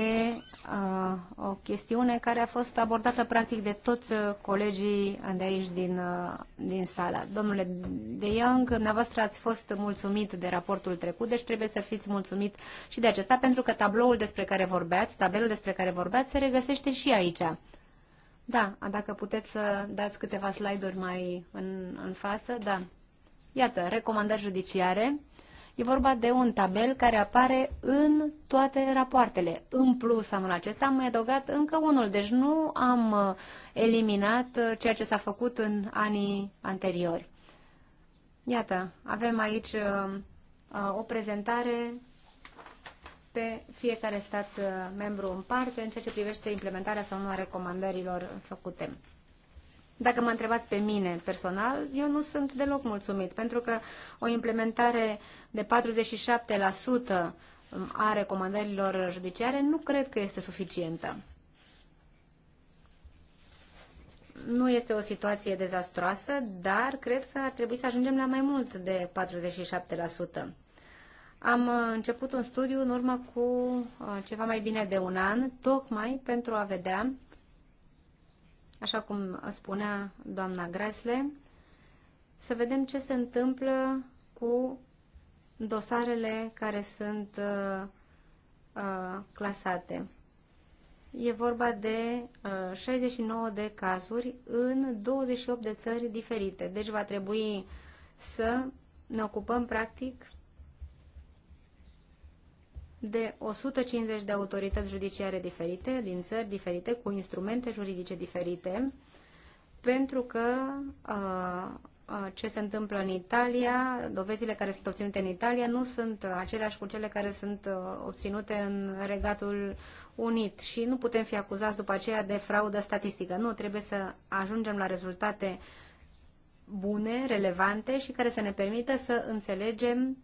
Uh, o chestiune care a fost abordată practic de toți uh, colegii de aici din, uh, din sala. Domnule De Young, dumneavoastră ați fost mulțumit de raportul trecut, deci trebuie să fiți mulțumit și de acesta, pentru că tabloul despre care vorbeați, tabelul despre care vorbeați, se regăsește și aici. Da, dacă puteți să dați câteva slide-uri mai în, în față, da. Iată, recomandări judiciare. Uh, E vorba de un tabel care apare în toate rapoartele. În plus, anul acesta am mai adăugat încă unul, deci nu am uh, eliminat uh, ceea ce s-a făcut în anii anteriori. Iată, avem aici uh, o prezentare pe fiecare stat membru în parte în ceea ce privește implementarea sau nu a recomandărilor făcute. Dacă mă întrebați pe mine personal, eu nu sunt deloc mulțumit, pentru că o implementare de 47% a recomandărilor judiciare nu cred că este suficientă. Nu este o situație dezastroasă, dar cred că ar trebui să ajungem la mai mult de 47%. Am început un studiu în urmă cu uh, ceva mai bine de un an, tocmai pentru a vedea așa cum spunea doamna Gresle, să vedem ce se întâmplă cu dosarele care sunt uh, uh, clasate. E vorba de uh, 69 de cazuri în 28 de țări diferite. Deci va trebui să ne ocupăm practic de 150 de autorități judiciare diferite, din țări diferite, cu instrumente juridice diferite, pentru că uh, uh, ce se întâmplă în Italia, dovezile care sunt obținute în Italia nu sunt aceleași cu cele care sunt uh, obținute în Regatul Unit și nu putem fi acuzați după aceea de fraudă statistică. Nu, trebuie să ajungem la rezultate bune, relevante și care să ne permită să înțelegem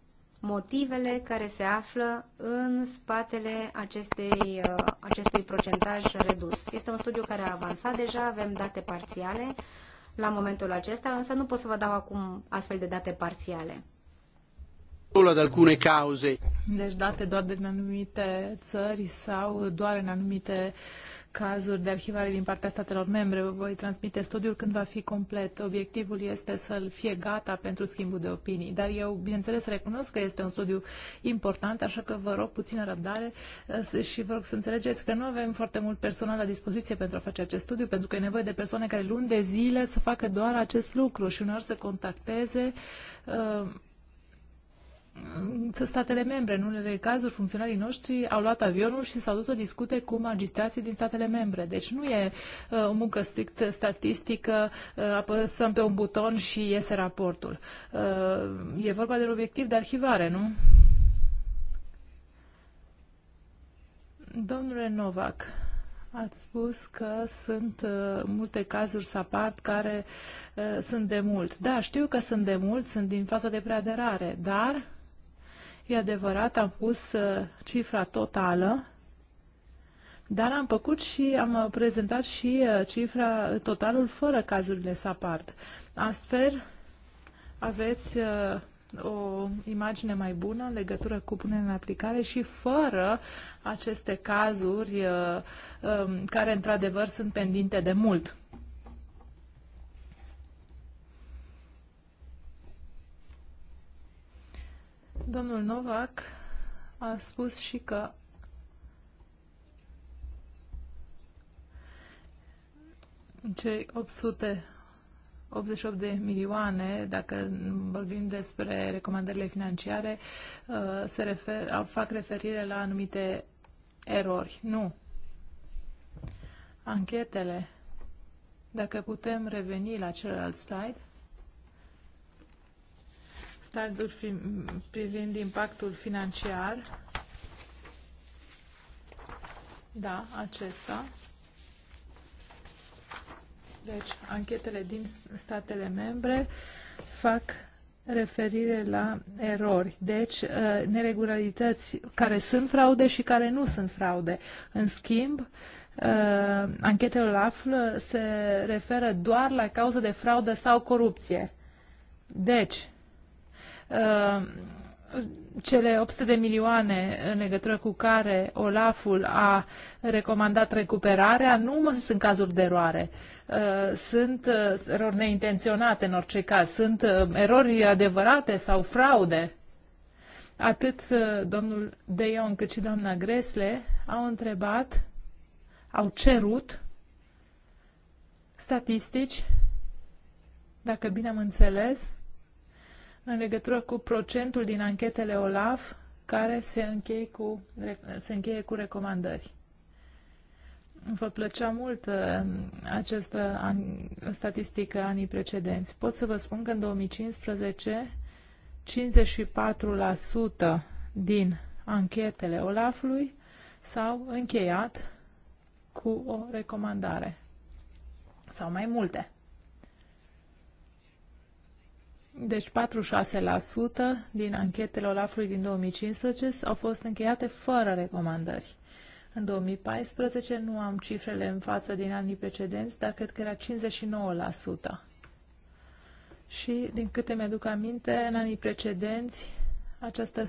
motivele care se află în spatele acestei, uh, acestui procentaj redus. Este un studiu care a avansat deja, avem date parțiale la momentul acesta, însă nu pot să vă dau acum astfel de date parțiale. alcune cauze. Deci date doar din anumite țări sau doar în anumite cazuri de arhivare din partea statelor membre. Vă voi transmite studiul când va fi complet. Obiectivul este să-l fie gata pentru schimbul de opinii. Dar eu, bineînțeles, recunosc că este un studiu important, așa că vă rog puțină răbdare uh, și vă rog să înțelegeți că nu avem foarte mult personal la dispoziție pentru a face acest studiu, pentru că e nevoie de persoane care luni de zile să facă doar acest lucru și uneori să contacteze uh, statele membre. În unele cazuri, funcționarii noștri au luat avionul și s-au dus să discute cu magistrații din statele membre. Deci nu e uh, o muncă strict statistică, uh, apăsăm pe un buton și iese raportul. Uh, e vorba de un obiectiv de arhivare, nu? Domnule Novak, Ați spus că sunt uh, multe cazuri sapat care uh, sunt de mult. Da, știu că sunt de mult, sunt din faza de preaderare, dar E adevărat, am pus uh, cifra totală, dar am făcut și am uh, prezentat și uh, cifra totalul fără cazurile SAPART. Astfel, aveți o imagine mai bună în legătură cu punerea în aplicare și fără aceste cazuri um, care într-adevăr sunt pendinte de mult. Domnul Novak a spus și că cei 888 de milioane, dacă vorbim despre recomandările financiare, uh, se refer, fac referire la anumite erori. Nu. Anchetele. Dacă putem reveni la celălalt slide standul privind impactul financiar. Da, acesta. Deci, anchetele din statele membre fac referire la erori, deci uh, neregularități care sunt fraude și care nu sunt fraude. În schimb, uh, anchetele OLAF se referă doar la cauze de fraudă sau corupție. Deci, Uh, cele 800 de milioane în legătură cu care Olaful a recomandat recuperarea nu sunt cazuri de eroare. Uh, sunt uh, erori neintenționate în orice caz. Sunt erori adevărate sau fraude. Atât domnul De Jong cât și doamna Gresle au întrebat, au cerut statistici, dacă bine am înțeles, în legătură cu procentul din anchetele OLAF care se încheie cu, se încheie cu recomandări. Vă plăcea mult uh, această an, statistică anii precedenți. Pot să vă spun că în 2015 54% din anchetele Olaf OLAF-ului s-au încheiat cu o recomandare sau mai multe. Deci 46% din anchetele Olafului din 2015 au fost încheiate fără recomandări. În 2014 nu am cifrele în față din anii precedenți, dar cred că era 59%. Și, din câte mi-aduc aminte, în anii precedenți această,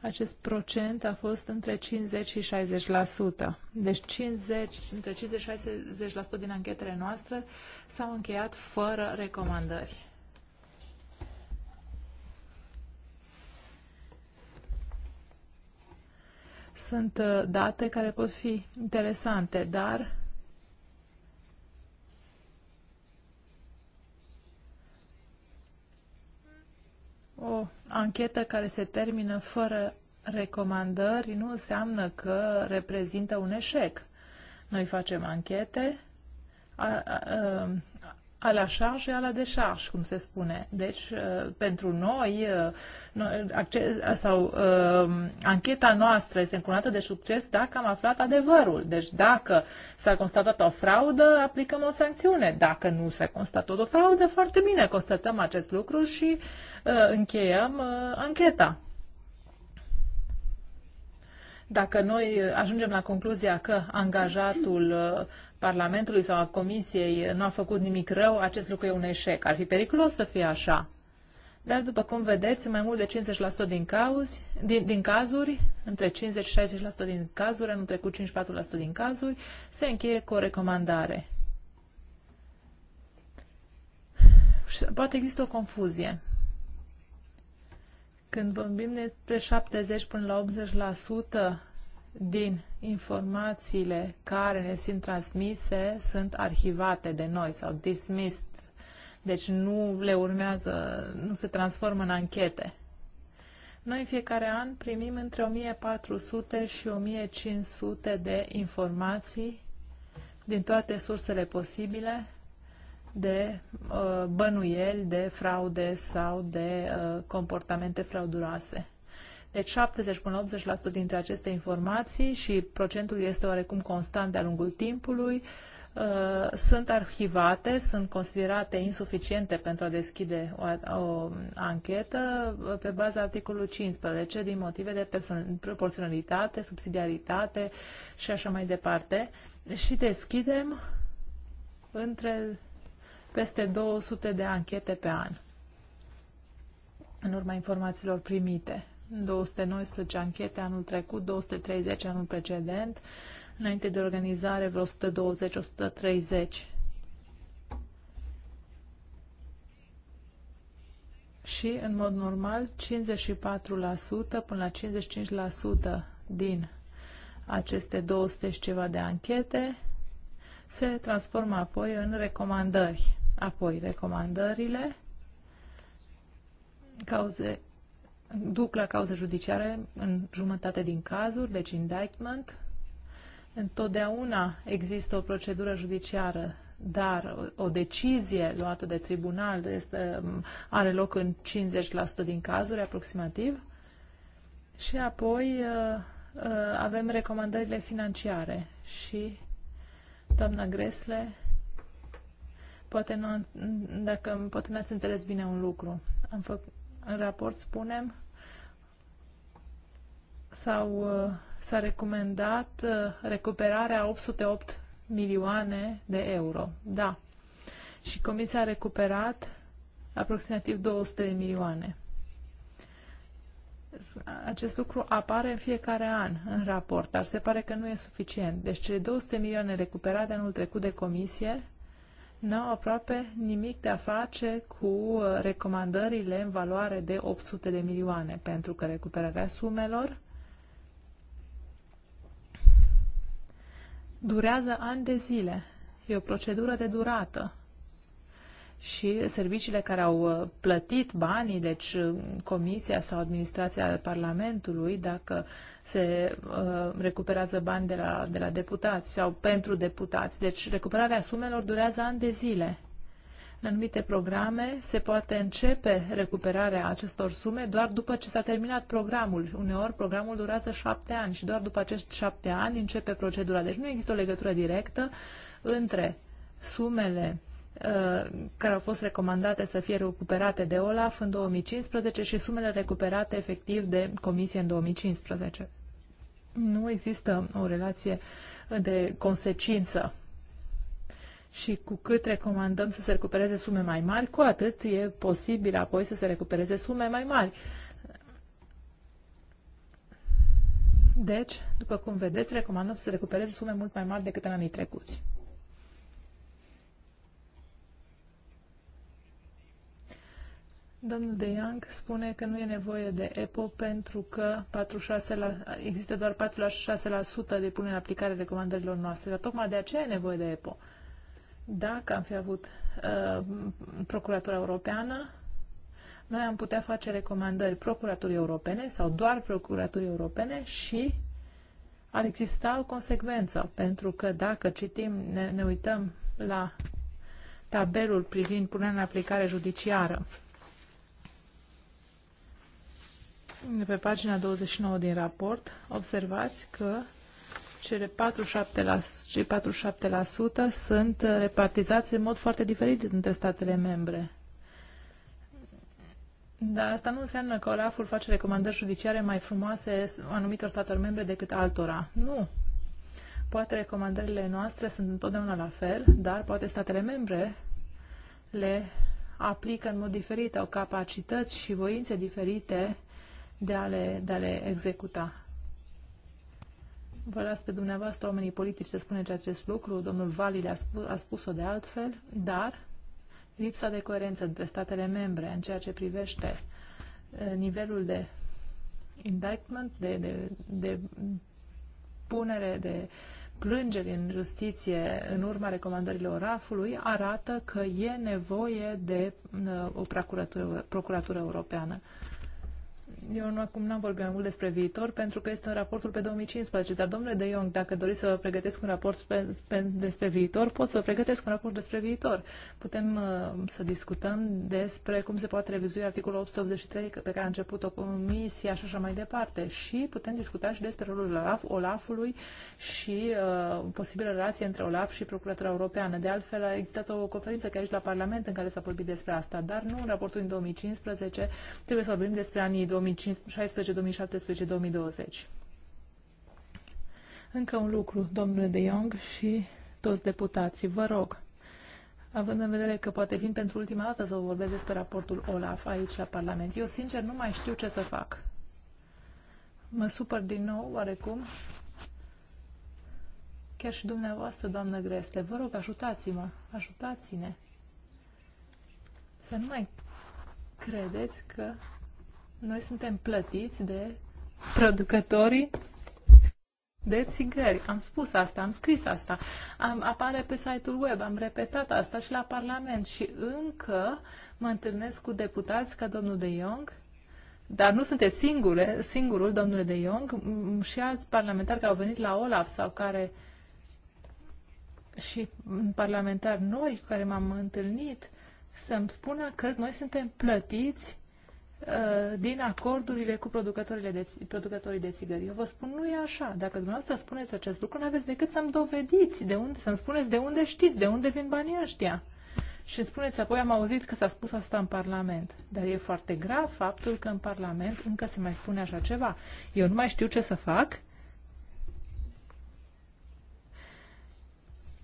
acest procent a fost între 50 și 60%. Deci 50, între 50 și 60% din anchetele noastre s-au încheiat fără recomandări. Sunt uh, date care pot fi interesante, dar o anchetă care se termină fără recomandări nu înseamnă că reprezintă un eșec. Noi facem anchete, a, a, a, a la charge și a la deșarj, cum se spune. Deci, uh, pentru noi, uh, sau uh, ancheta noastră este încurată de succes dacă am aflat adevărul. Deci, dacă s-a constatat o fraudă, aplicăm o sancțiune. Dacă nu s-a constatat o fraudă, foarte bine, constatăm acest lucru și încheiem ancheta dacă noi ajungem la concluzia că angajatul Parlamentului sau a Comisiei nu a făcut nimic rău, acest lucru e un eșec. Ar fi periculos să fie așa. Dar, după cum vedeți, mai mult de 50% din, cauzi, din, din cazuri, între 50-60% și din cazuri, anul trecut 54% din cazuri, se încheie cu o recomandare. Și poate există o confuzie. Când vorbim despre 70 până la din informațiile care ne sunt transmise sunt arhivate de noi sau dismissed. Deci nu le urmează, nu se transformă în anchete. Noi în fiecare an primim între 1400 și 1500 de informații din toate sursele posibile de uh, bănuieli, de fraude sau de uh, comportamente frauduroase. Deci 70 până la 80% dintre aceste informații și procentul este oarecum constant de-a lungul timpului, uh, sunt arhivate, sunt considerate insuficiente pentru a deschide o, o anchetă uh, pe baza articolului 15 din motive de proporționalitate, subsidiaritate și așa mai departe și deschidem între peste 200 de anchete pe an în urma informațiilor primite. 219 anchete anul trecut, 230 anul precedent, înainte de organizare vreo 120-130. Și, în mod normal, 54% până la 55% din aceste 200 și ceva de anchete se transformă apoi în recomandări. Apoi, recomandările cauze, duc la cauze judiciare în jumătate din cazuri, deci indictment. Întotdeauna există o procedură judiciară, dar o decizie luată de tribunal este, are loc în 50% din cazuri aproximativ. Și apoi uh, uh, avem recomandările financiare și doamna Gresle, poate nu, dacă poate n-ați înțeles bine un lucru. Am făcut în raport spunem sau uh, s-a recomandat uh, recuperarea 808 milioane de euro. Da. Și Comisia a recuperat aproximativ 200 de milioane. Acest lucru apare în fiecare an în raport, dar se pare că nu e suficient. Deci cele 200 milioane recuperate anul trecut de comisie n-au aproape nimic de a face cu uh, recomandările în valoare de 800 de milioane, pentru că recuperarea sumelor durează ani de zile. E o procedură de durată și serviciile care au uh, plătit banii, deci uh, Comisia sau Administrația Parlamentului, dacă se uh, recuperează bani de la, de la deputați sau pentru deputați. Deci recuperarea sumelor durează ani de zile. În anumite programe se poate începe recuperarea acestor sume doar după ce s-a terminat programul. Uneori programul durează șapte ani și doar după acești șapte ani începe procedura. Deci nu există o legătură directă între sumele Uh, care au fost recomandate să fie recuperate de OLAF în 2015 și sumele recuperate efectiv de Comisie în 2015. Nu există o relație de consecință și cu cât recomandăm să se recupereze sume mai mari, cu atât e posibil apoi să se recupereze sume mai mari. Deci, după cum vedeți, recomandăm să se recupereze sume mult mai mari decât în anii trecuți. Domnul De Young spune că nu e nevoie de EPO pentru că 46 la, există doar 46% de punere în aplicare recomandărilor noastre, dar tocmai de aceea e nevoie de EPO. Dacă am fi avut uh, Procuratura Europeană, noi am putea face recomandări Procuraturii Europene sau doar Procuraturii Europene și ar exista o consecvență, pentru că dacă citim, ne, ne uităm la tabelul privind punerea în aplicare judiciară, pe pagina 29 din raport, observați că cele 47%, 47 sunt repartizați în mod foarte diferit între statele membre. Dar asta nu înseamnă că Olaful face recomandări judiciare mai frumoase anumitor statelor membre decât altora. Nu. Poate recomandările noastre sunt întotdeauna la fel, dar poate statele membre le aplică în mod diferit, au capacități și voințe diferite de a le, de a le executa. Vă las pe dumneavoastră, oamenii politici, să spuneți acest lucru. Domnul Vali le-a spus, a spus-o de altfel, dar lipsa de coerență între statele membre în ceea ce privește eh, nivelul de indictment, de, de, de punere de plângeri în justiție în urma recomandărilor RAF-ului arată că e nevoie de eh, o procuratură, procuratură europeană eu nu, acum n-am vorbit mai mult despre viitor, pentru că este în raportul pe 2015. Dar, domnule De Jong, dacă doriți să vă pregătesc un raport pe, pe, despre viitor, pot să vă pregătesc un raport despre viitor. Putem uh, să discutăm despre cum se poate revizui articolul 883 pe care a început-o comisia și așa mai departe. Și putem discuta și despre rolul Olaf, Olafului și uh, posibilă relație între Olaf și Procuratura Europeană. De altfel, a existat o conferință chiar și la Parlament în care s-a vorbit despre asta, dar nu în raportul din 2015. Trebuie să vorbim despre anii 2000 2016, 2017, 2020. Încă un lucru, domnule de Jong și toți deputații, vă rog, având în vedere că poate vin pentru ultima dată să vorbesc despre raportul OLAF aici la Parlament, eu sincer nu mai știu ce să fac. Mă supăr din nou, oarecum, chiar și dumneavoastră, doamnă Greste, vă rog, ajutați-mă, ajutați-ne. Să nu mai credeți că noi suntem plătiți de producătorii de țigări. Am spus asta, am scris asta, am, apare pe site-ul web, am repetat asta și la Parlament și încă mă întâlnesc cu deputați ca domnul de Jong, dar nu sunteți singure, singurul, domnule de Jong, și alți parlamentari care au venit la Olaf sau care și parlamentari noi cu care m-am întâlnit să-mi spună că noi suntem plătiți Uh, din acordurile cu producătorile de, producătorii de țigări. Eu vă spun, nu e așa. Dacă dumneavoastră spuneți acest lucru, nu aveți decât să-mi dovediți, de unde, să-mi spuneți de unde știți, de unde vin banii ăștia. Și spuneți apoi, am auzit că s-a spus asta în Parlament. Dar e foarte grav faptul că în Parlament încă se mai spune așa ceva. Eu nu mai știu ce să fac.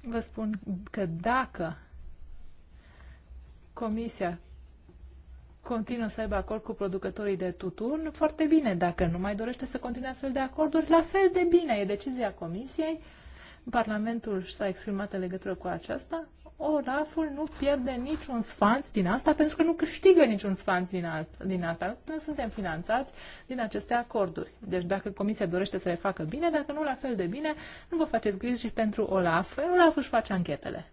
Vă spun că dacă Comisia continuă să aibă acord cu producătorii de tutun, foarte bine. Dacă nu mai dorește să continue astfel de acorduri, la fel de bine. E decizia Comisiei. Parlamentul s-a exprimat în legătură cu aceasta. Oraful nu pierde niciun sfanț din asta pentru că nu câștigă niciun sfanț din, alt, din asta. Nu suntem finanțați din aceste acorduri. Deci dacă Comisia dorește să le facă bine, dacă nu la fel de bine, nu vă faceți griji pentru Olaf. Olaf își face anchetele.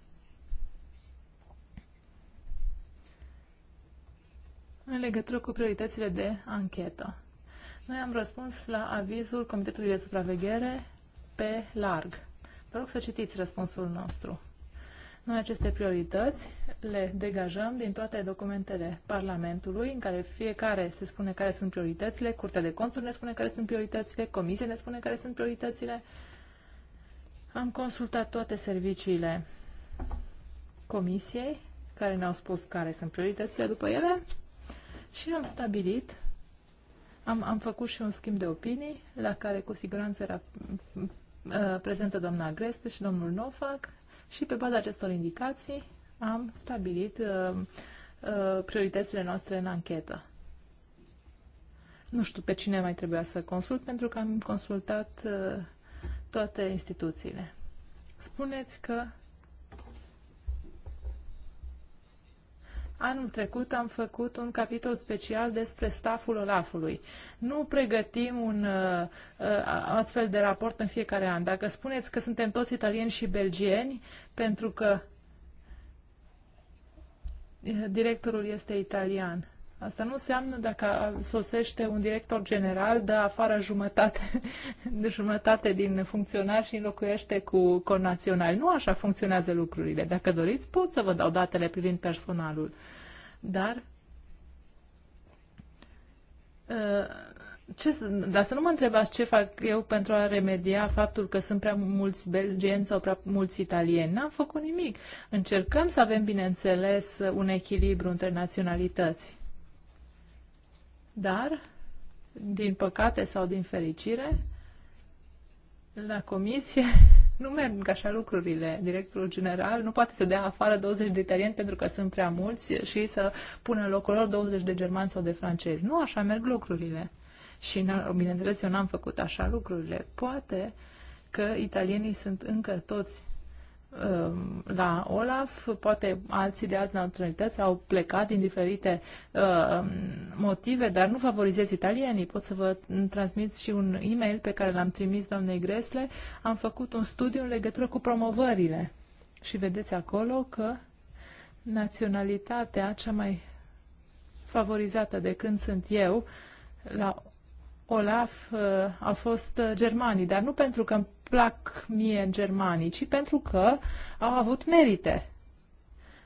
în legătură cu prioritățile de anchetă. Noi am răspuns la avizul Comitetului de Supraveghere pe larg. Vă rog să citiți răspunsul nostru. Noi aceste priorități le degajăm din toate documentele Parlamentului, în care fiecare se spune care sunt prioritățile, Curtea de Conturi ne spune care sunt prioritățile, Comisia ne spune care sunt prioritățile. Am consultat toate serviciile Comisiei, care ne-au spus care sunt prioritățile după ele și am stabilit, am, am făcut și un schimb de opinii, la care cu siguranță era uh, prezentă doamna Agreste și domnul Nofac și pe baza acestor indicații am stabilit uh, uh, prioritățile noastre în anchetă. Nu știu pe cine mai trebuia să consult, pentru că am consultat uh, toate instituțiile. Spuneți că Anul trecut am făcut un capitol special despre staful Olafului. Nu pregătim un uh, uh, astfel de raport în fiecare an. Dacă spuneți că suntem toți italieni și belgieni, pentru că uh, directorul este italian Asta nu înseamnă dacă sosește un director general, dă afară jumătate, de jumătate din funcționari și înlocuiește cu conațional. Nu așa funcționează lucrurile. Dacă doriți, pot să vă dau datele privind personalul. Dar uh, ce, dar să nu mă întrebați ce fac eu pentru a remedia faptul că sunt prea mulți belgeni sau prea mulți italieni. N-am făcut nimic. Încercăm să avem, bineînțeles, un echilibru între naționalități. Dar, din păcate sau din fericire, la comisie nu merg așa lucrurile. Directorul general nu poate să dea afară 20 de italieni pentru că sunt prea mulți și să pună în locul lor 20 de germani sau de francezi. Nu așa merg lucrurile. Și, bineînțeles, eu n-am făcut așa lucrurile. Poate că italienii sunt încă toți Um, la Olaf, poate alții de azi naționalități au plecat din diferite uh, motive, dar nu favorizez italienii. Pot să vă transmit și un e-mail pe care l-am trimis doamnei Gresle. Am făcut un studiu în legătură cu promovările și vedeți acolo că naționalitatea cea mai favorizată de când sunt eu la Olaf uh, au fost uh, germanii, dar nu pentru că îmi plac mie în germanii, ci pentru că au avut merite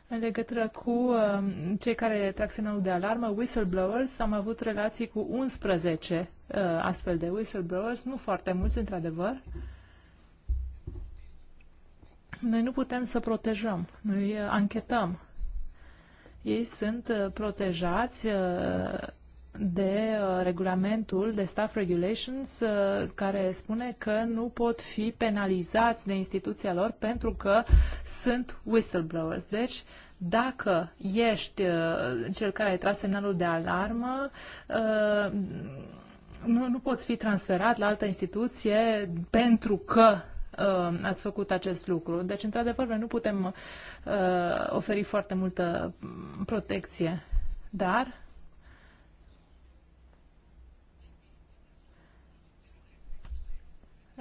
în legătură cu uh, cei care trag semnalul de alarmă, whistleblowers, am avut relații cu 11 uh, astfel de whistleblowers, nu foarte mulți, într-adevăr. Noi nu putem să protejăm, noi uh, anchetăm. Ei sunt protejați de uh, regulamentul de staff regulations uh, care spune că nu pot fi penalizați de instituția lor pentru că sunt whistleblowers. Deci, dacă ești uh, cel care ai tras semnalul de alarmă, nu, nu poți fi transferat la altă instituție pentru că ați făcut acest lucru. Deci, într-adevăr, noi nu putem uh, oferi foarte multă protecție, dar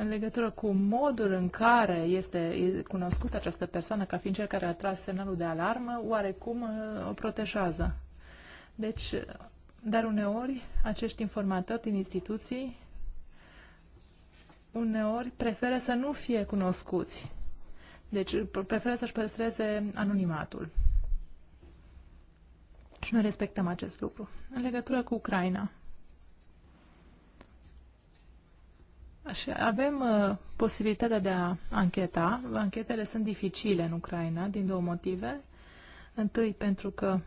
în legătură cu modul în care este cunoscută această persoană ca fiind cel care a tras semnalul de alarmă, oarecum uh, o protejează. Deci, dar uneori, acești informatori din instituții uneori preferă să nu fie cunoscuți. Deci preferă să-și păstreze anonimatul. Și noi respectăm acest lucru. În legătură cu Ucraina, Și avem uh, posibilitatea de a ancheta. Anchetele sunt dificile în Ucraina din două motive. Întâi, pentru că,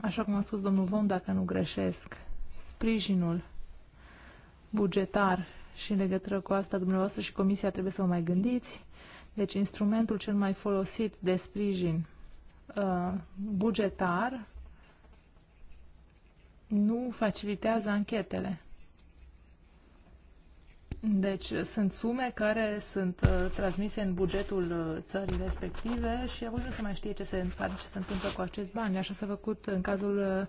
așa cum a spus domnul Vom, dacă nu greșesc, sprijinul bugetar și în legătură cu asta dumneavoastră și Comisia trebuie să vă mai gândiți. Deci instrumentul cel mai folosit de sprijin uh, bugetar nu facilitează anchetele. Deci sunt sume care sunt uh, transmise în bugetul uh, țării respective și apoi nu se mai știe ce se, ce se întâmplă cu acești bani. Așa s-a făcut în cazul uh,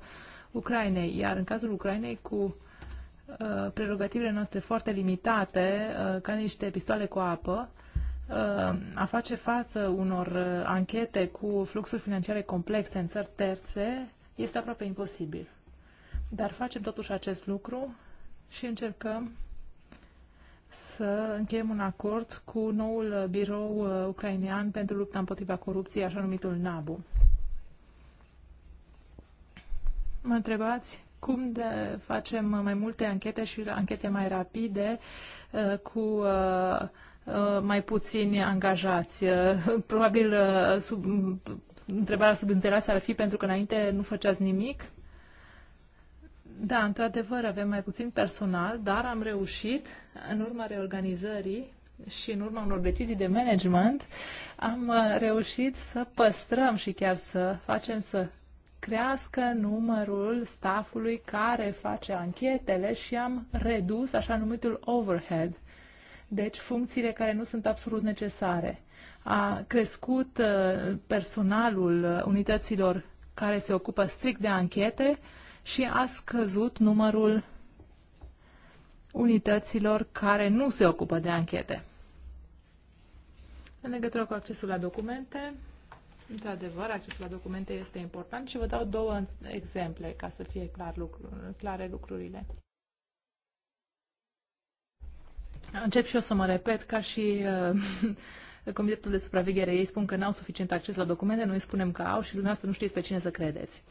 Ucrainei. Iar în cazul Ucrainei, cu uh, prerogativele noastre foarte limitate, uh, ca niște pistoale cu apă, uh, a face față unor anchete cu fluxuri financiare complexe în țări terțe este aproape imposibil. Dar facem totuși acest lucru și încercăm să încheiem un acord cu noul birou uh, ucrainean pentru lupta împotriva corupției, așa numitul NABU. Mă întrebați cum de facem mai multe anchete și anchete mai rapide uh, cu uh, mai puțini angajați. Probabil sub, întrebarea subînțeleasă ar fi pentru că înainte nu făceați nimic. Da, într-adevăr, avem mai puțin personal, dar am reușit, în urma reorganizării și în urma unor decizii de management, am uh, reușit să păstrăm și chiar să facem să crească numărul staffului care face anchetele și am redus așa numitul overhead, deci funcțiile care nu sunt absolut necesare. A crescut uh, personalul uh, unităților care se ocupă strict de anchete, și a scăzut numărul unităților care nu se ocupă de anchete. În legătură cu accesul la documente, într-adevăr, accesul la documente este important și vă dau două exemple ca să fie clar lucru, clare lucrurile. Încep și eu să mă repet ca și uh, Comitetul de supraveghere, ei spun că n-au suficient acces la documente, noi spunem că au și dumneavoastră nu știți pe cine să credeți.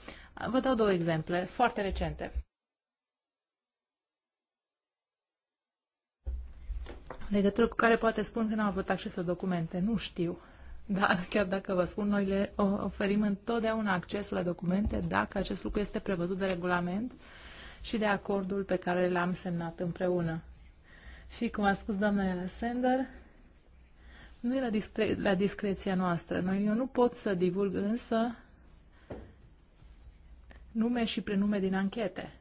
Vă dau două exemple foarte recente. legătură cu care poate spun că n-au avut acces la documente. Nu știu. Dar chiar dacă vă spun, noi le oferim întotdeauna acces la documente dacă acest lucru este prevăzut de regulament și de acordul pe care l-am semnat împreună. Și cum a spus doamna Sender, nu e la, discre- la discreția noastră. Noi, eu nu pot să divulg însă nume și prenume din anchete.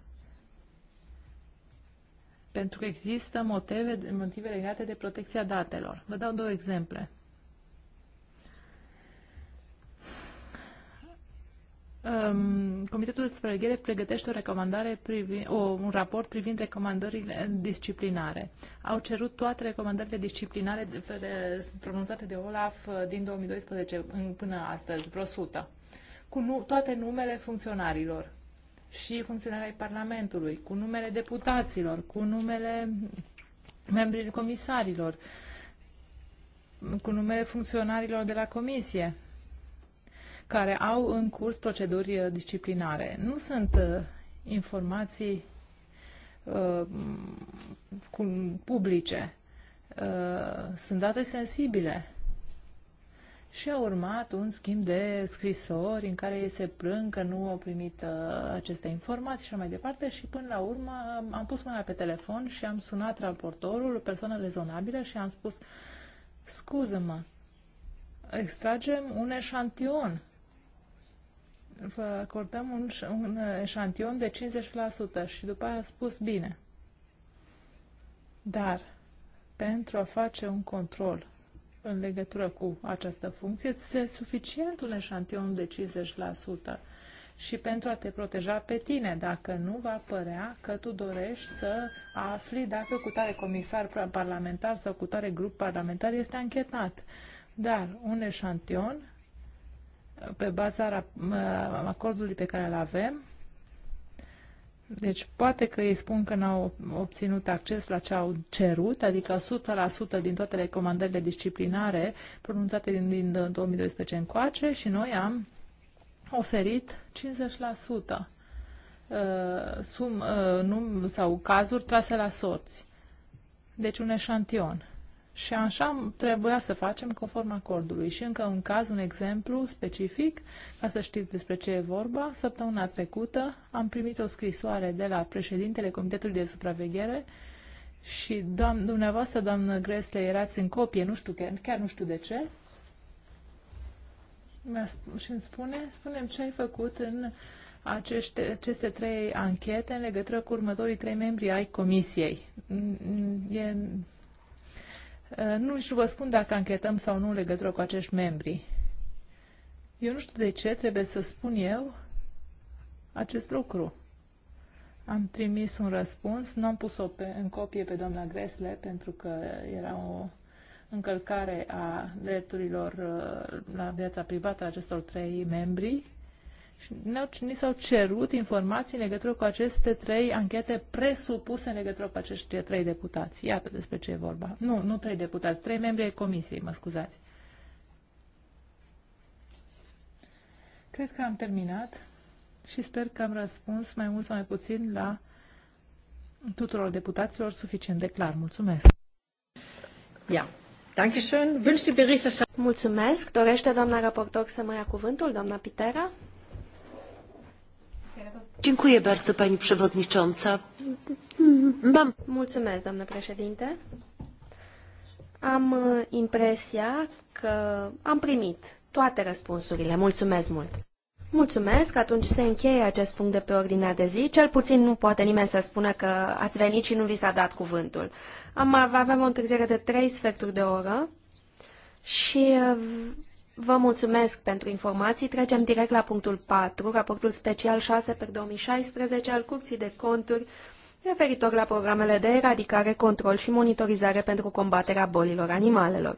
Pentru că există motive, motive legate de protecția datelor. Vă dau două exemple. Comitetul de Supraveghere pregătește o recomandare privind, o, un raport privind recomandările disciplinare. Au cerut toate recomandările disciplinare pronunțate de Olaf uh, din 2012 până astăzi, vreo 100, cu nu, toate numele funcționarilor și funcționarii Parlamentului, cu numele deputaților, cu numele membrilor comisarilor, cu numele funcționarilor de la comisie care au în curs proceduri uh, disciplinare. Nu sunt uh, informații uh, publice. Uh, sunt date sensibile. Și a urmat un schimb de scrisori în care ei se plâng că nu au primit uh, aceste informații și mai departe și până la urmă am pus mâna pe telefon și am sunat raportorul, persoană rezonabilă și am spus scuză-mă, extragem un eșantion vă acordăm un, un eșantion de 50% și după aia a spus bine. Dar pentru a face un control în legătură cu această funcție, este suficient un eșantion de 50% și pentru a te proteja pe tine, dacă nu va părea că tu dorești să afli dacă cu tare comisar parlamentar sau cu tare grup parlamentar este anchetat. Dar un eșantion pe baza acordului pe care îl avem. Deci poate că ei spun că n-au obținut acces la ce au cerut, adică 100% din toate recomandările disciplinare pronunțate din, din 2012 încoace și noi am oferit 50% uh, sum, uh, num, sau cazuri trase la sorți. Deci un eșantion. Și așa trebuia să facem conform acordului. Și încă un caz, un exemplu specific, ca să știți despre ce e vorba, săptămâna trecută am primit o scrisoare de la președintele Comitetului de Supraveghere și doam, dumneavoastră, doamnă Gresle, erați în copie, nu știu chiar, chiar nu știu de ce. Și îmi spune, spunem ce ai făcut în acești, aceste trei anchete în legătură cu următorii trei membri ai comisiei. E Uh, nu știu, vă spun dacă anchetăm sau nu în legătură cu acești membri. Eu nu știu de ce trebuie să spun eu acest lucru. Am trimis un răspuns, nu am pus-o în copie pe doamna Gresle pentru că era o încălcare a drepturilor uh, la viața privată a acestor trei membri Ni s-au cerut informații în legătură cu aceste trei anchete presupuse în legătură cu acești trei deputați. Iată despre ce e vorba. Nu, nu trei deputați, trei membri ai comisiei, mă scuzați. Cred că am terminat și sper că am răspuns mai mult sau mai puțin la tuturor deputaților suficient de clar. Mulțumesc! Ia. Dankeschön. Wünscht die Berichterstatter... Mulțumesc. Dorește doamna raportor să mai ia cuvântul, doamna Pitera? Dziękuję bardzo, pani przewodnicząca. Mam... Mulțumesc, doamnă președinte. Am impresia că am primit toate răspunsurile. Mulțumesc mult! Mulțumesc, atunci se încheie acest punct de pe ordinea de zi. Cel puțin nu poate nimeni să spună că ați venit și nu vi s-a dat cuvântul. Am, avea o întârziere de trei sferturi de oră și Vă mulțumesc pentru informații. Trecem direct la punctul 4, raportul special 6 pe 2016 al Curții de Conturi referitor la programele de eradicare, control și monitorizare pentru combaterea bolilor animalelor.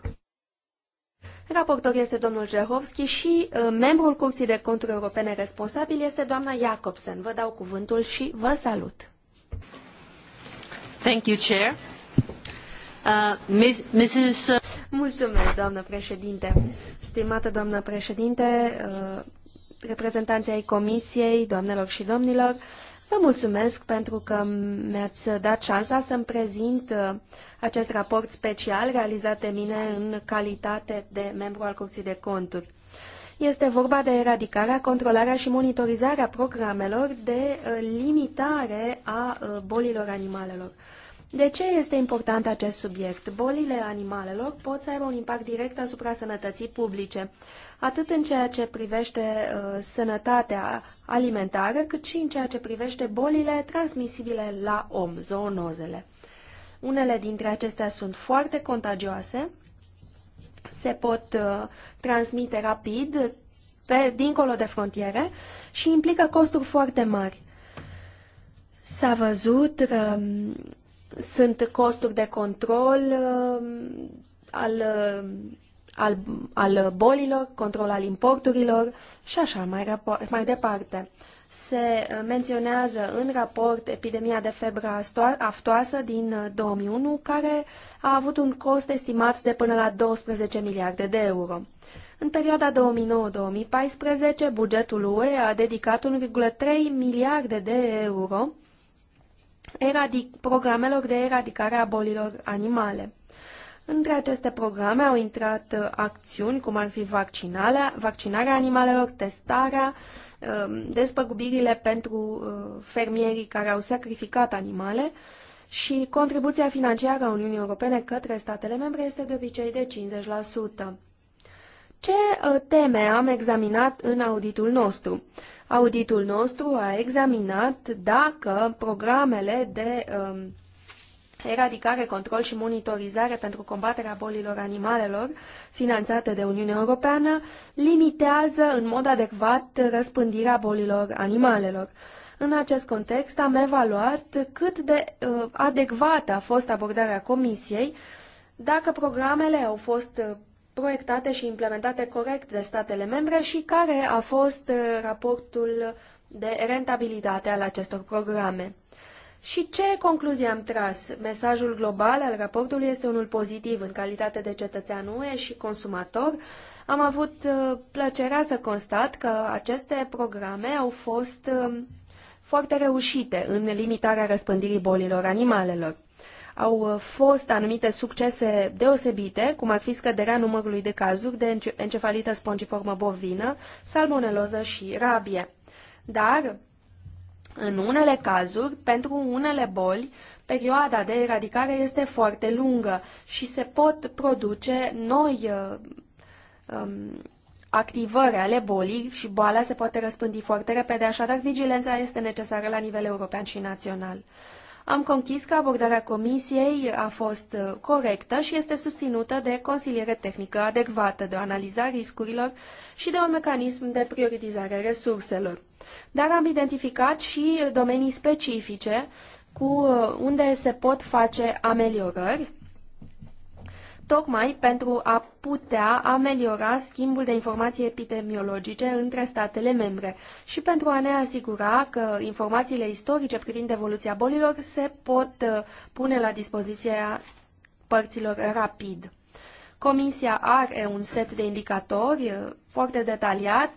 Raportor este domnul Jehovski și uh, membrul Curții de Conturi Europene responsabil este doamna Jacobsen. Vă dau cuvântul și vă salut. Thank you, Chair. Uh, uh, mulțumesc, doamnă președinte. Stimată doamnă președinte, uh, reprezentanții ai Comisiei, doamnelor și domnilor, vă mulțumesc pentru că mi-ați dat șansa să-mi prezint acest raport special realizat de mine în calitate de membru al Curții de Conturi. Este vorba de eradicarea, controlarea și monitorizarea programelor de limitare a bolilor animalelor. De ce este important acest subiect? Bolile animalelor pot să aibă un impact direct asupra sănătății publice, atât în ceea ce privește uh, sănătatea alimentară, cât și în ceea ce privește bolile transmisibile la om, zoonozele. Unele dintre acestea sunt foarte contagioase, se pot uh, transmite rapid, pe, dincolo de frontiere, și implică costuri foarte mari. S-a văzut că uh, sunt costuri de control uh, al, uh, al, al bolilor, control al importurilor și așa mai, mai departe. Se uh, menționează în raport epidemia de febră aftoasă din 2001, care a avut un cost estimat de până la 12 miliarde de euro. În perioada 2009-2014, bugetul UE a dedicat 1,3 miliarde de euro eradic, programelor de eradicare a bolilor animale. Între aceste programe au intrat uh, acțiuni cum ar fi vaccinarea, vaccinarea animalelor, testarea, um, despăgubirile pentru uh, fermierii care au sacrificat animale și contribuția financiară a Uniunii Europene către statele membre este de obicei de 50%. Ce uh, teme am examinat în auditul nostru? Auditul nostru a examinat dacă programele de um, eradicare, control și monitorizare pentru combaterea bolilor animalelor finanțate de Uniunea Europeană limitează în mod adecvat răspândirea bolilor animalelor. În acest context am evaluat cât de uh, adecvată a fost abordarea Comisiei, dacă programele au fost uh, proiectate și implementate corect de statele membre și care a fost uh, raportul de rentabilitate al acestor programe. Și ce concluzie am tras? Mesajul global al raportului este unul pozitiv în calitate de cetățean UE și consumator. Am avut uh, plăcerea să constat că aceste programe au fost uh, foarte reușite în limitarea răspândirii bolilor animalelor. Au uh, fost anumite succese deosebite, cum ar fi scăderea numărului de cazuri de encefalită spongiformă bovină, salmoneloză și rabie. Dar, în unele cazuri, pentru unele boli, perioada de eradicare este foarte lungă și se pot produce noi uh, um, activări ale bolii și boala se poate răspândi foarte repede, așadar vigilența este necesară la nivel european și național. Am conchis că abordarea comisiei a fost uh, corectă și este susținută de consiliere tehnică adecvată, de o analiză a riscurilor și de un mecanism de prioritizare a resurselor. Dar am identificat și domenii specifice cu uh, unde se pot face ameliorări tocmai pentru a putea ameliora schimbul de informații epidemiologice între statele membre și pentru a ne asigura că informațiile istorice privind evoluția bolilor se pot uh, pune la dispoziția părților rapid. Comisia are un set de indicatori uh, foarte detaliat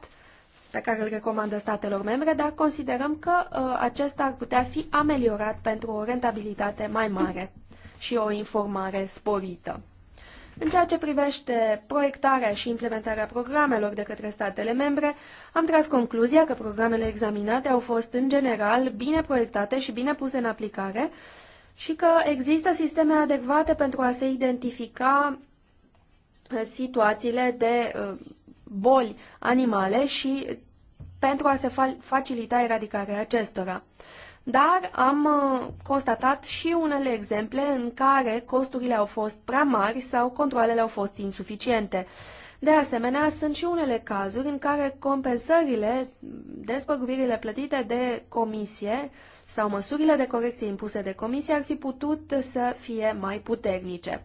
pe care îl recomandă statelor membre, dar considerăm că uh, acesta ar putea fi ameliorat pentru o rentabilitate mai mare și o informare sporită. În ceea ce privește proiectarea și implementarea programelor de către statele membre, am tras concluzia că programele examinate au fost, în general, bine proiectate și bine puse în aplicare și că există sisteme adecvate pentru a se identifica uh, situațiile de uh, boli animale și pentru a se facilita eradicarea acestora dar am uh, constatat și unele exemple în care costurile au fost prea mari sau controlele au fost insuficiente. De asemenea, sunt și unele cazuri în care compensările, despăgubirile plătite de comisie sau măsurile de corecție impuse de comisie ar fi putut să fie mai puternice.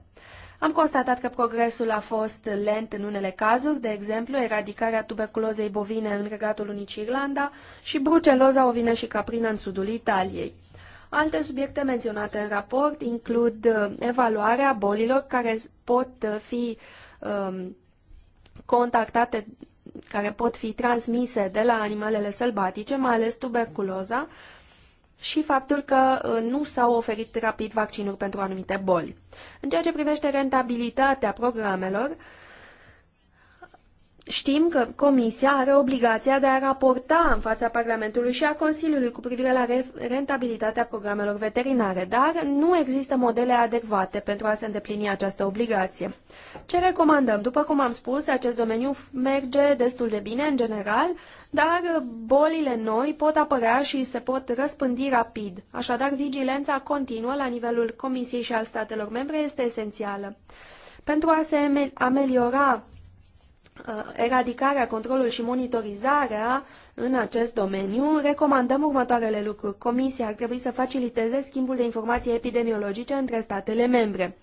Am constatat că progresul a fost lent în unele cazuri, de exemplu, eradicarea tuberculozei bovine în Regatul Unicii Irlanda și bruceloza ovină și caprină în sudul Italiei. Alte subiecte menționate în raport includ uh, evaluarea bolilor care pot uh, fi um, contactate, care pot fi transmise de la animalele sălbatice, mai ales tuberculoza, uh, și faptul că uh, nu s-au oferit rapid vaccinuri pentru anumite boli. În ceea ce privește rentabilitatea programelor, Știm că Comisia are obligația de a raporta în fața Parlamentului și a Consiliului cu privire la rentabilitatea programelor veterinare, dar nu există modele adecvate pentru a se îndeplini această obligație. Ce recomandăm? După cum am spus, acest domeniu merge destul de bine în general, dar bolile noi pot apărea și se pot răspândi rapid. Așadar, vigilența continuă la nivelul Comisiei și al statelor membre este esențială. Pentru a se ameliora Uh, eradicarea, controlul și monitorizarea în acest domeniu, recomandăm următoarele lucruri. Comisia ar trebui să faciliteze schimbul de informații epidemiologice între statele membre.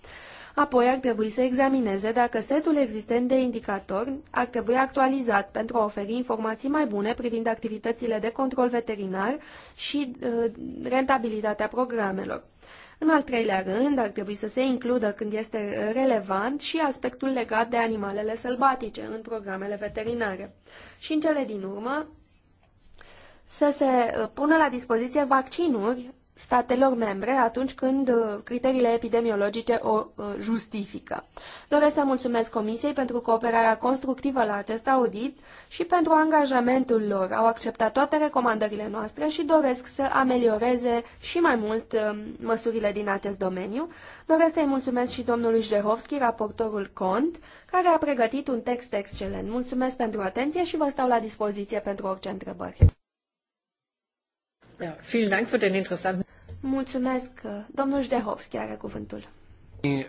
Apoi ar trebui să examineze dacă setul existent de indicatori ar trebui actualizat pentru a oferi informații mai bune privind activitățile de control veterinar și uh, rentabilitatea programelor. În al treilea rând, ar trebui să se includă când este relevant și aspectul legat de animalele sălbatice în programele veterinare. Și în cele din urmă, să se uh, pună la dispoziție vaccinuri statelor membre atunci când uh, criteriile epidemiologice o uh, justifică. Doresc să mulțumesc Comisiei pentru cooperarea constructivă la acest audit și pentru angajamentul lor. Au acceptat toate recomandările noastre și doresc să amelioreze și mai mult uh, măsurile din acest domeniu. Doresc să-i mulțumesc și domnului Jehovski, raportorul Cont, care a pregătit un text excelent. Mulțumesc pentru atenție și vă stau la dispoziție pentru orice întrebări. Mulțumesc. Domnul Jdehovski are cuvântul. Eh,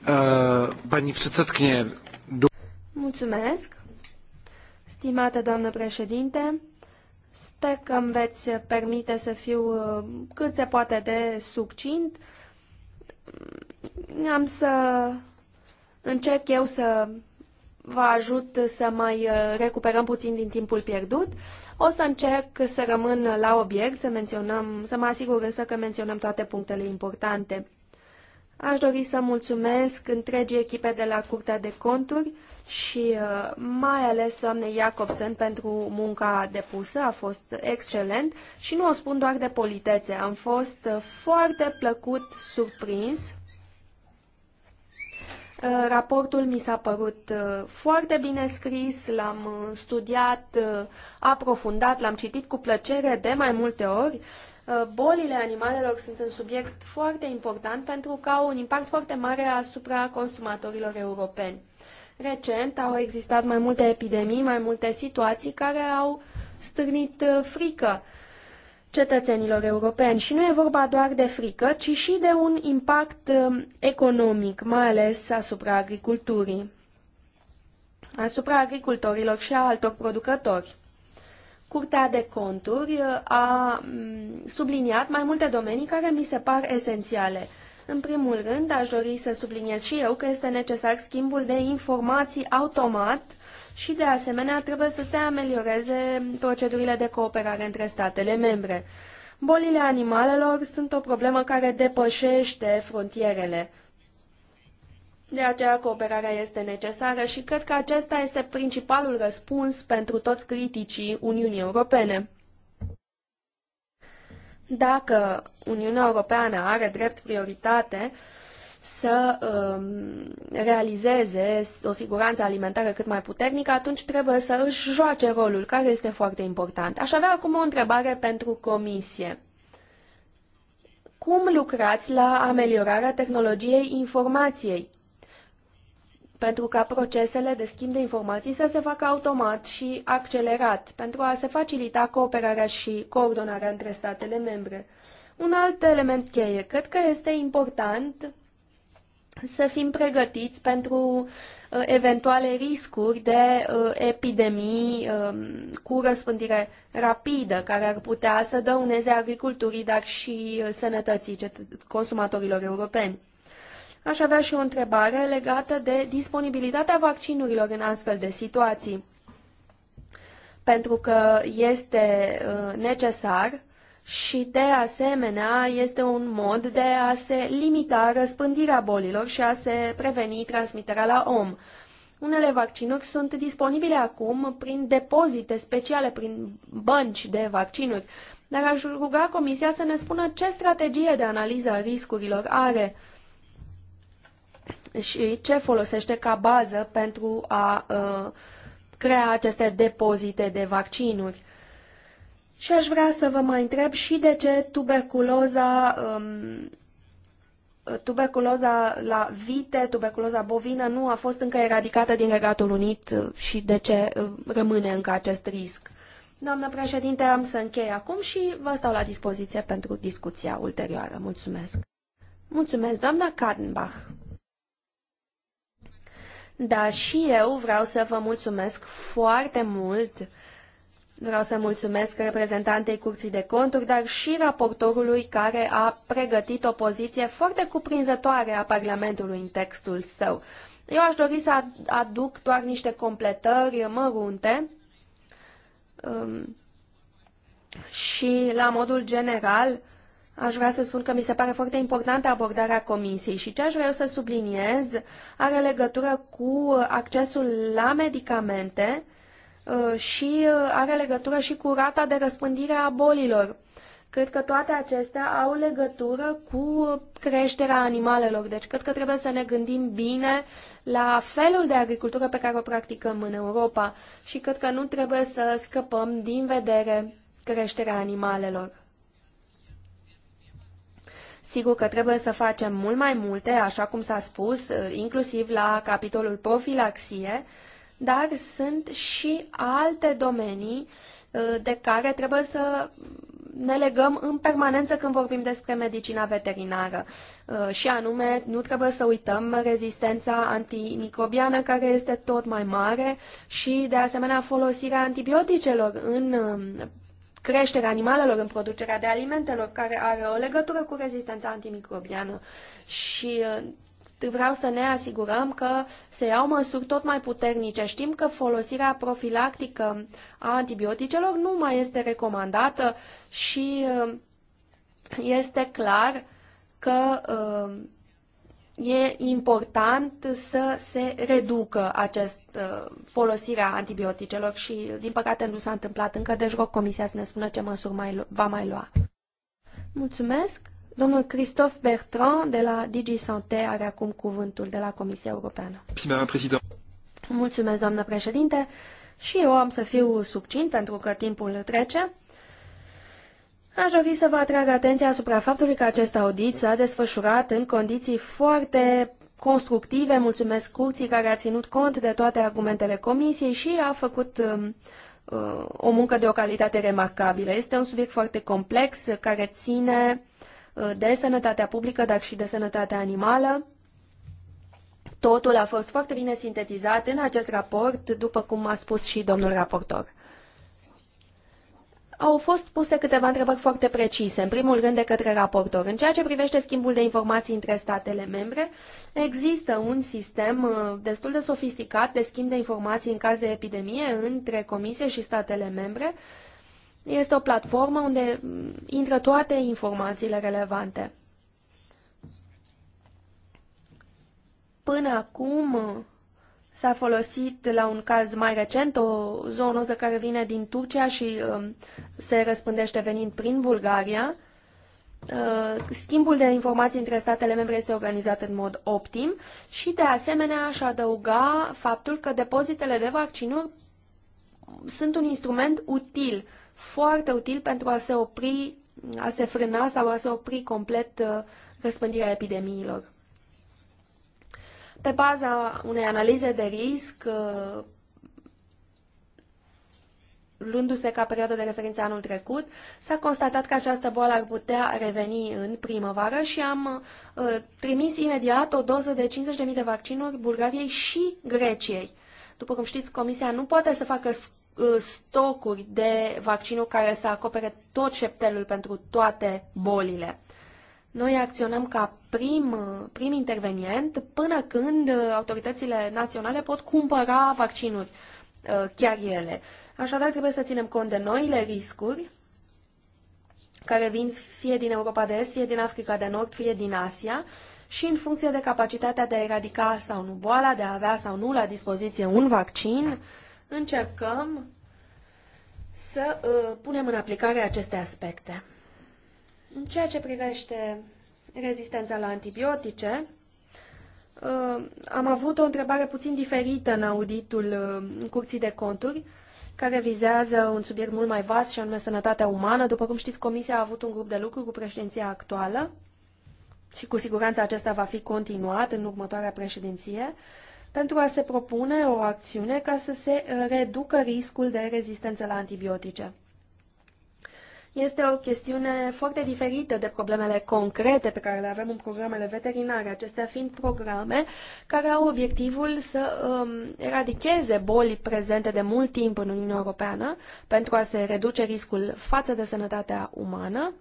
pani předsedkyně. Mulțumesc. Stimată doamnă președinte, sper că îmi veți permite să fiu eh, cât se poate de succint. Am să încerc eu să vă ajut să mai eh, recuperăm puțin din timpul pierdut. O să încerc să rămân la obiect, să menționăm, să mă asigur însă că menționăm toate punctele importante. Aș dori să mulțumesc întregii echipe de la Curtea de Conturi și uh, mai ales doamnei Jacobsen pentru munca depusă, a fost excelent și nu o spun doar de politețe, am fost uh, foarte plăcut surprins Uh, raportul mi s-a părut uh, foarte bine scris, l-am uh, studiat, aprofundat, l-am citit cu plăcere de mai multe ori. Bolile animalelor sunt un subiect foarte important pentru că au un impact foarte mare asupra consumatorilor europeni. Recent au existat mai multe epidemii, mai multe situații care au stârnit frică cetățenilor europeni. Și nu e vorba doar de frică, ci și de un impact um, economic, mai ales asupra agriculturii, asupra agricultorilor și a altor producători. Curtea de conturi uh, a mm, subliniat mai multe domenii care mi se par esențiale. În primul rând, aș dori să subliniez și eu că este necesar schimbul de informații automat uh, și, de asemenea, trebuie să se amelioreze procedurile de cooperare între statele membre. Bolile animalelor sunt o problemă care depășește frontierele. De aceea cooperarea este necesară și cred că acesta este principalul răspuns pentru toți criticii Uniunii Europene. Dacă Uniunea Europeană are drept prioritate să um, realizeze o siguranță alimentară cât mai puternică, atunci trebuie să își joace rolul, care este foarte important. Aș avea acum o întrebare pentru comisie. Cum lucrați la ameliorarea tehnologiei informației? pentru ca procesele de schimb de informații să se facă automat și accelerat, pentru a se facilita cooperarea și coordonarea între statele membre. Un alt element cheie, cred că este important să fim pregătiți pentru uh, eventuale riscuri de uh, epidemii um, cu răspândire rapidă, care ar putea să dăuneze agriculturii, dar și uh, sănătății consumatorilor europeni. Aș avea și o întrebare legată de disponibilitatea vaccinurilor în astfel de situații, pentru că este necesar și, de asemenea, este un mod de a se limita răspândirea bolilor și a se preveni transmiterea la om. Unele vaccinuri sunt disponibile acum prin depozite speciale, prin bănci de vaccinuri, dar aș ruga Comisia să ne spună ce strategie de analiză a riscurilor are și ce folosește ca bază pentru a uh, crea aceste depozite de vaccinuri. Și aș vrea să vă mai întreb și de ce tuberculoza, um, tuberculoza la vite, tuberculoza bovină nu a fost încă eradicată din Regatul Unit uh, și de ce uh, rămâne încă acest risc. Doamnă președinte, am să închei acum și vă stau la dispoziție pentru discuția ulterioară. Mulțumesc. Mulțumesc, doamna Kadenbach. Da, și eu vreau să vă mulțumesc foarte mult Vreau să mulțumesc reprezentantei Curții de Conturi, dar și raportorului care a pregătit o poziție foarte cuprinzătoare a Parlamentului în textul său. Eu aș dori să aduc doar niște completări mărunte um, și, la modul general, aș vrea să spun că mi se pare foarte importantă abordarea Comisiei și ce aș vrea eu să subliniez are legătură cu accesul la medicamente Uh, și uh, are legătură și cu rata de răspândire a bolilor. Cred că toate acestea au legătură cu creșterea animalelor, deci cred că trebuie să ne gândim bine la felul de agricultură pe care o practicăm în Europa și cred că nu trebuie să scăpăm din vedere creșterea animalelor. Sigur că trebuie să facem mult mai multe, așa cum s-a spus, uh, inclusiv la capitolul profilaxie, dar sunt și alte domenii uh, de care trebuie să ne legăm în permanență când vorbim despre medicina veterinară. Uh, și anume, nu trebuie să uităm rezistența antimicrobiană care este tot mai mare și, de asemenea, folosirea antibioticelor în um, creșterea animalelor, în producerea de alimentelor, care are o legătură cu rezistența antimicrobiană. Și uh, vreau să ne asigurăm că se iau măsuri tot mai puternice. Știm că folosirea profilactică a antibioticelor nu mai este recomandată și uh, este clar că uh, e important să se reducă acest uh, folosirea antibioticelor și, din păcate, nu s-a întâmplat încă, deci rog Comisia să ne spună ce măsuri mai, va mai lua. Mulțumesc! Domnul Christophe Bertrand de la DigiSante are acum cuvântul de la Comisia Europeană. Mulțumesc, doamnă președinte. Și eu am să fiu succint pentru că timpul trece. Aș dori să vă atrag atenția asupra faptului că acest audit s-a desfășurat în condiții foarte constructive. Mulțumesc curții care a ținut cont de toate argumentele comisiei și a făcut um, uh, o muncă de o calitate remarcabilă. Este un subiect foarte complex care ține Uh, de sănătatea publică, dar și de sănătatea animală. Totul a fost foarte bine sintetizat în acest raport, după cum a spus și domnul raportor. Au fost puse câteva întrebări foarte precise, în primul rând de către raportor. În ceea ce privește schimbul de informații între statele membre, există un sistem uh, destul de sofisticat de schimb de informații în caz de epidemie între Comisie și statele membre, este o platformă unde intră toate informațiile relevante. Până acum s-a folosit la un caz mai recent o zoonoză care vine din Turcia și um, se răspândește venind prin Bulgaria. Uh, schimbul de informații între statele membre este organizat în mod optim și, de asemenea, aș adăuga faptul că depozitele de vaccinuri sunt un instrument util foarte util pentru a se opri, a se frâna sau a se opri complet uh, răspândirea epidemiilor. Pe baza unei analize de risc, uh, luându-se ca perioadă de referință anul trecut, s-a constatat că această boală ar putea reveni în primăvară și am uh, trimis imediat o doză de 50.000 de vaccinuri Bulgariei și Greciei. După cum știți, Comisia nu poate să facă Uh, stocuri de vaccinuri care să acopere tot șeptelul pentru toate bolile. Noi acționăm ca prim, prim intervenient până când autoritățile naționale pot cumpăra vaccinuri, uh, chiar ele. Așadar, trebuie să ținem cont de noile riscuri care vin fie din Europa de Est, fie din Africa de Nord, fie din Asia și în funcție de capacitatea de a eradica sau nu boala, de a avea sau nu la dispoziție un vaccin, uh, încercăm să uh, punem în aplicare aceste aspecte. În ceea ce privește rezistența la antibiotice, uh, am avut o întrebare puțin diferită în auditul uh, Curții de Conturi, care vizează un subiect mult mai vast și anume sănătatea umană. După cum știți, Comisia a avut un grup de lucru cu președinția actuală și cu siguranță acesta va fi continuat în următoarea președinție. Uh, pentru a se propune o acțiune ca să se uh, reducă riscul de rezistență la antibiotice. Este o chestiune foarte diferită de problemele concrete pe care le avem în programele veterinare, acestea fiind programe care au obiectivul să um, eradicheze boli prezente de mult timp în Uniunea Europeană pentru a se reduce riscul față de sănătatea umană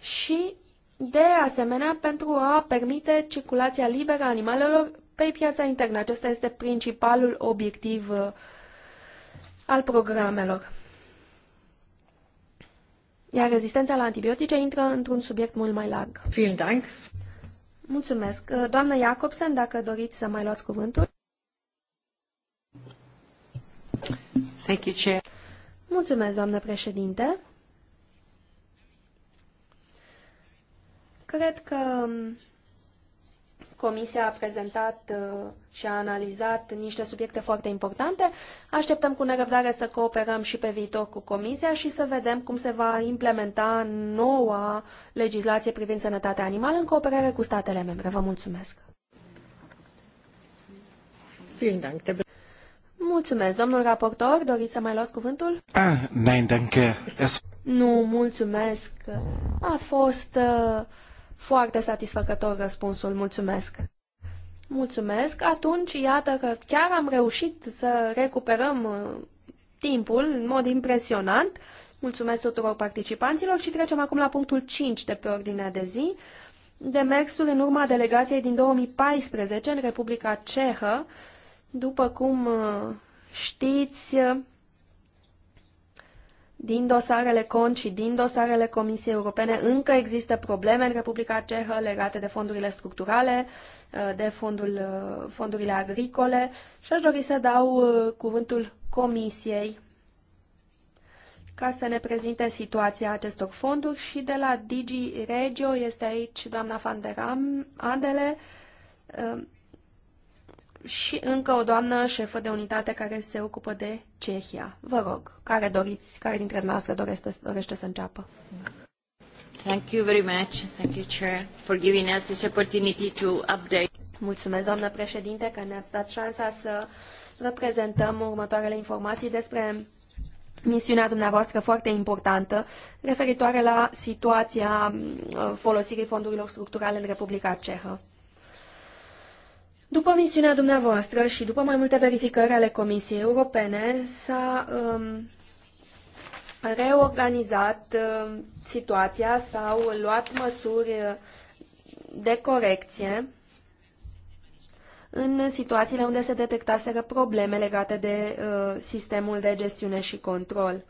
și, de asemenea, pentru a permite circulația liberă a animalelor pe piața internă. Acesta este principalul obiectiv uh, al programelor. Iar rezistența la antibiotice intră într-un subiect mult mai larg. Vielen Dank. Mulțumesc. Uh, Doamna Jacobsen, dacă doriți să mai luați cuvântul. Thank you, Chair. Mulțumesc, doamnă președinte. Cred că um, Comisia a prezentat uh, și a analizat niște subiecte foarte importante. Așteptăm cu nerăbdare să cooperăm și pe viitor cu Comisia și să vedem cum se va implementa noua legislație privind sănătatea animală în cooperare cu statele membre. Vă mulțumesc! Mulțumesc, domnul raportor. Doriți să mai luați cuvântul? Ah, danke. Nu, mulțumesc. A fost uh, foarte satisfăcător răspunsul, mulțumesc! Mulțumesc! Atunci, iată că chiar am reușit să recuperăm uh, timpul în mod impresionant. Mulțumesc tuturor participanților și trecem acum la punctul 5 de pe ordinea de zi. Demersul în urma delegației din 2014 în Republica Cehă, după cum uh, știți, din dosarele CONT și din dosarele Comisiei Europene încă există probleme în Republica Cehă legate de fondurile structurale, uh, de fondul, uh, fondurile agricole și aș dori să dau uh, cuvântul Comisiei ca să ne prezinte situația acestor fonduri și de la Digi Regio este aici doamna Van der Andele, și încă o doamnă șefă de unitate care se ocupă de Cehia. Vă rog, care doriți, care dintre dumneavoastră dorește, dorește să înceapă? Thank you very much. Thank you, Chair, for giving us this opportunity to update. Mulțumesc, doamnă președinte, că ne-ați dat șansa să vă prezentăm următoarele informații despre misiunea dumneavoastră foarte importantă referitoare la situația uh, folosirii fondurilor structurale în Republica Cehă. După misiunea dumneavoastră și după mai multe verificări ale Comisiei Europene, s-a um, reorganizat uh, situația, s-au luat măsuri uh, de corecție în situațiile unde se detectaseră probleme legate de uh, sistemul de gestiune și control.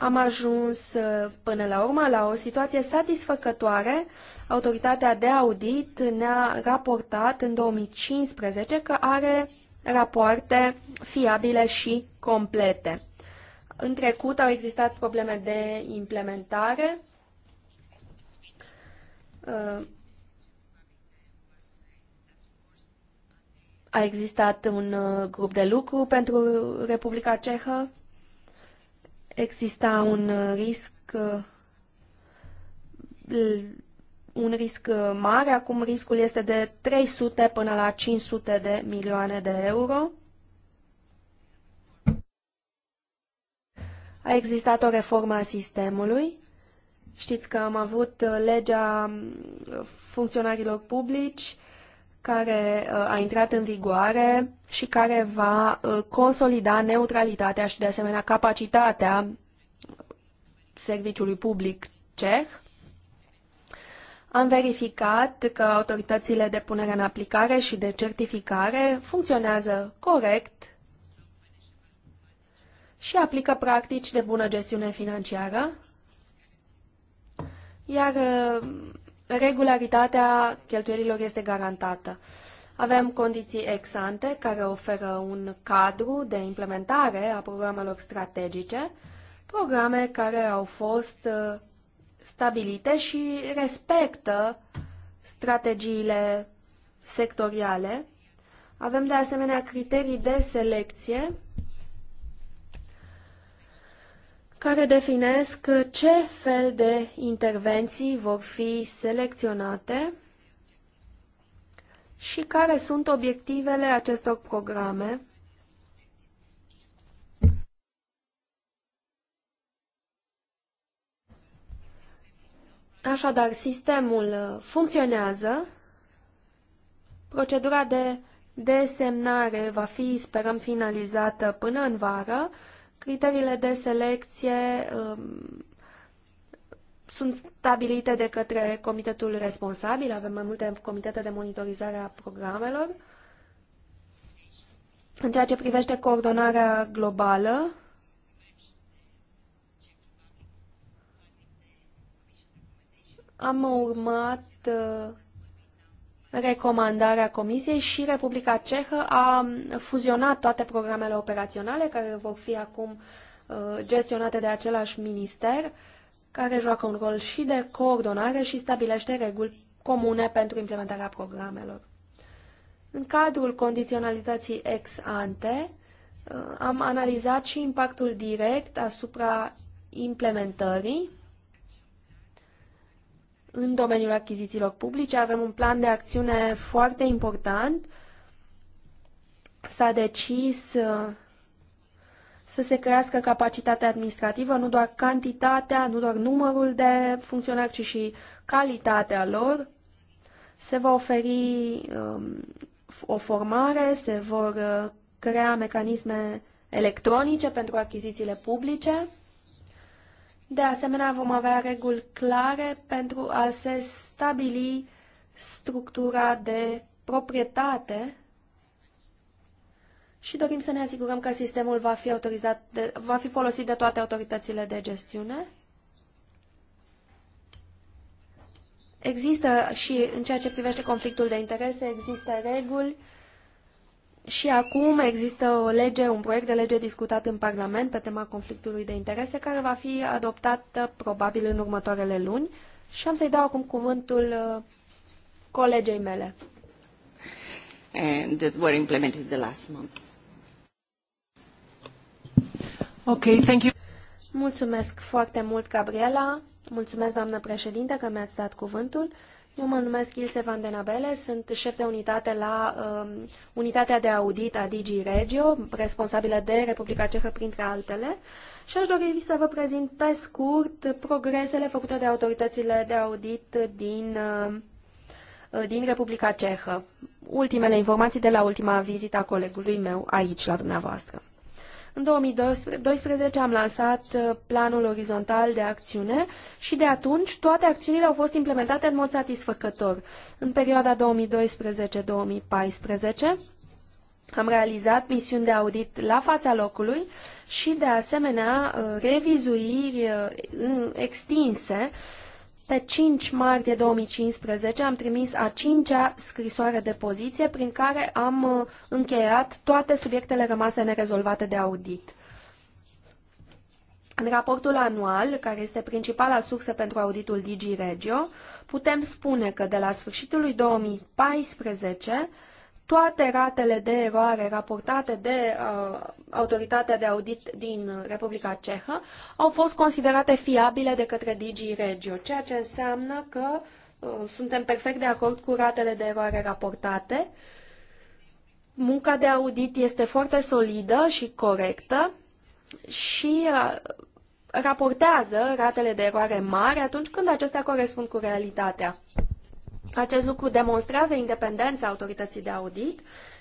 Am ajuns uh, până la urmă la o situație satisfăcătoare. Autoritatea de audit ne-a raportat în 2015 că are rapoarte fiabile și complete. În trecut au existat probleme de implementare. Uh, a existat un uh, grup de lucru pentru Republica Cehă exista un risc uh, un risc mare, acum riscul este de 300 până la 500 de milioane de euro. A existat o reformă a sistemului. Știți că am avut legea funcționarilor publici, care uh, a intrat în vigoare și care va uh, consolida neutralitatea și de asemenea capacitatea serviciului public ceh. Am verificat că autoritățile de punere în aplicare și de certificare funcționează corect și aplică practici de bună gestiune financiară, iar uh, regularitatea cheltuielilor este garantată. Avem condiții ex-ante care oferă un cadru de implementare a programelor strategice, programe care au fost uh, stabilite și respectă strategiile sectoriale. Avem de asemenea criterii de selecție care definesc ce fel de intervenții vor fi selecționate și care sunt obiectivele acestor programe. Așadar, sistemul funcționează, procedura de desemnare va fi, sperăm, finalizată până în vară, Criteriile de selecție um, sunt stabilite de către comitetul responsabil, avem mai multe comitete de monitorizare a programelor. În ceea ce privește coordonarea globală, am urmat uh, recomandarea Comisiei și Republica Cehă a fuzionat toate programele operaționale care vor fi acum uh, gestionate de același minister, care joacă un rol și de coordonare și stabilește reguli comune pentru implementarea programelor. În cadrul condiționalității ex ante, uh, am analizat și impactul direct asupra implementării în domeniul achizițiilor publice. Avem un plan de acțiune foarte important. S-a decis uh, să se crească capacitatea administrativă, nu doar cantitatea, nu doar numărul de funcționari, ci și calitatea lor. Se va oferi um, o formare, se vor uh, crea mecanisme electronice pentru achizițiile publice. De asemenea, vom avea reguli clare pentru a se stabili structura de proprietate și dorim să ne asigurăm că sistemul va fi, autorizat de, va fi folosit de toate autoritățile de gestiune. Există și în ceea ce privește conflictul de interese, există reguli și acum există o lege, un proiect de lege discutat în Parlament pe tema conflictului de interese, care va fi adoptat uh, probabil în următoarele luni. Și am să-i dau acum cuvântul uh, colegei mele. And that were implemented the last month. Okay, thank you. Mulțumesc foarte mult, Gabriela. Mulțumesc, doamnă președinte, că mi-ați dat cuvântul. Eu mă numesc Ilse Van Denabele, sunt șef de unitate la um, unitatea de audit a Digi Regio, responsabilă de Republica Cehă, printre altele, și aș dori să vă prezint pe scurt progresele făcute de autoritățile de audit din, uh, din Republica Cehă. Ultimele informații de la ultima vizită a colegului meu aici, la dumneavoastră. În 2012 am lansat uh, planul orizontal de acțiune și de atunci toate acțiunile au fost implementate în mod satisfăcător. În perioada 2012-2014 am realizat misiuni de audit la fața locului și de asemenea uh, revizuiri uh, extinse pe 5 martie 2015 am trimis a cincea scrisoare de poziție prin care am uh, încheiat toate subiectele rămase nerezolvate de audit. În raportul anual, care este principala sursă pentru auditul DigiRegio, putem spune că de la sfârșitul lui 2014 toate ratele de eroare raportate de uh, autoritatea de audit din Republica Cehă au fost considerate fiabile de către Digi Regio, ceea ce înseamnă că uh, suntem perfect de acord cu ratele de eroare raportate. Munca de audit este foarte solidă și corectă și uh, raportează ratele de eroare mari atunci când acestea corespund cu realitatea. Acest lucru demonstrează independența autorității de audit,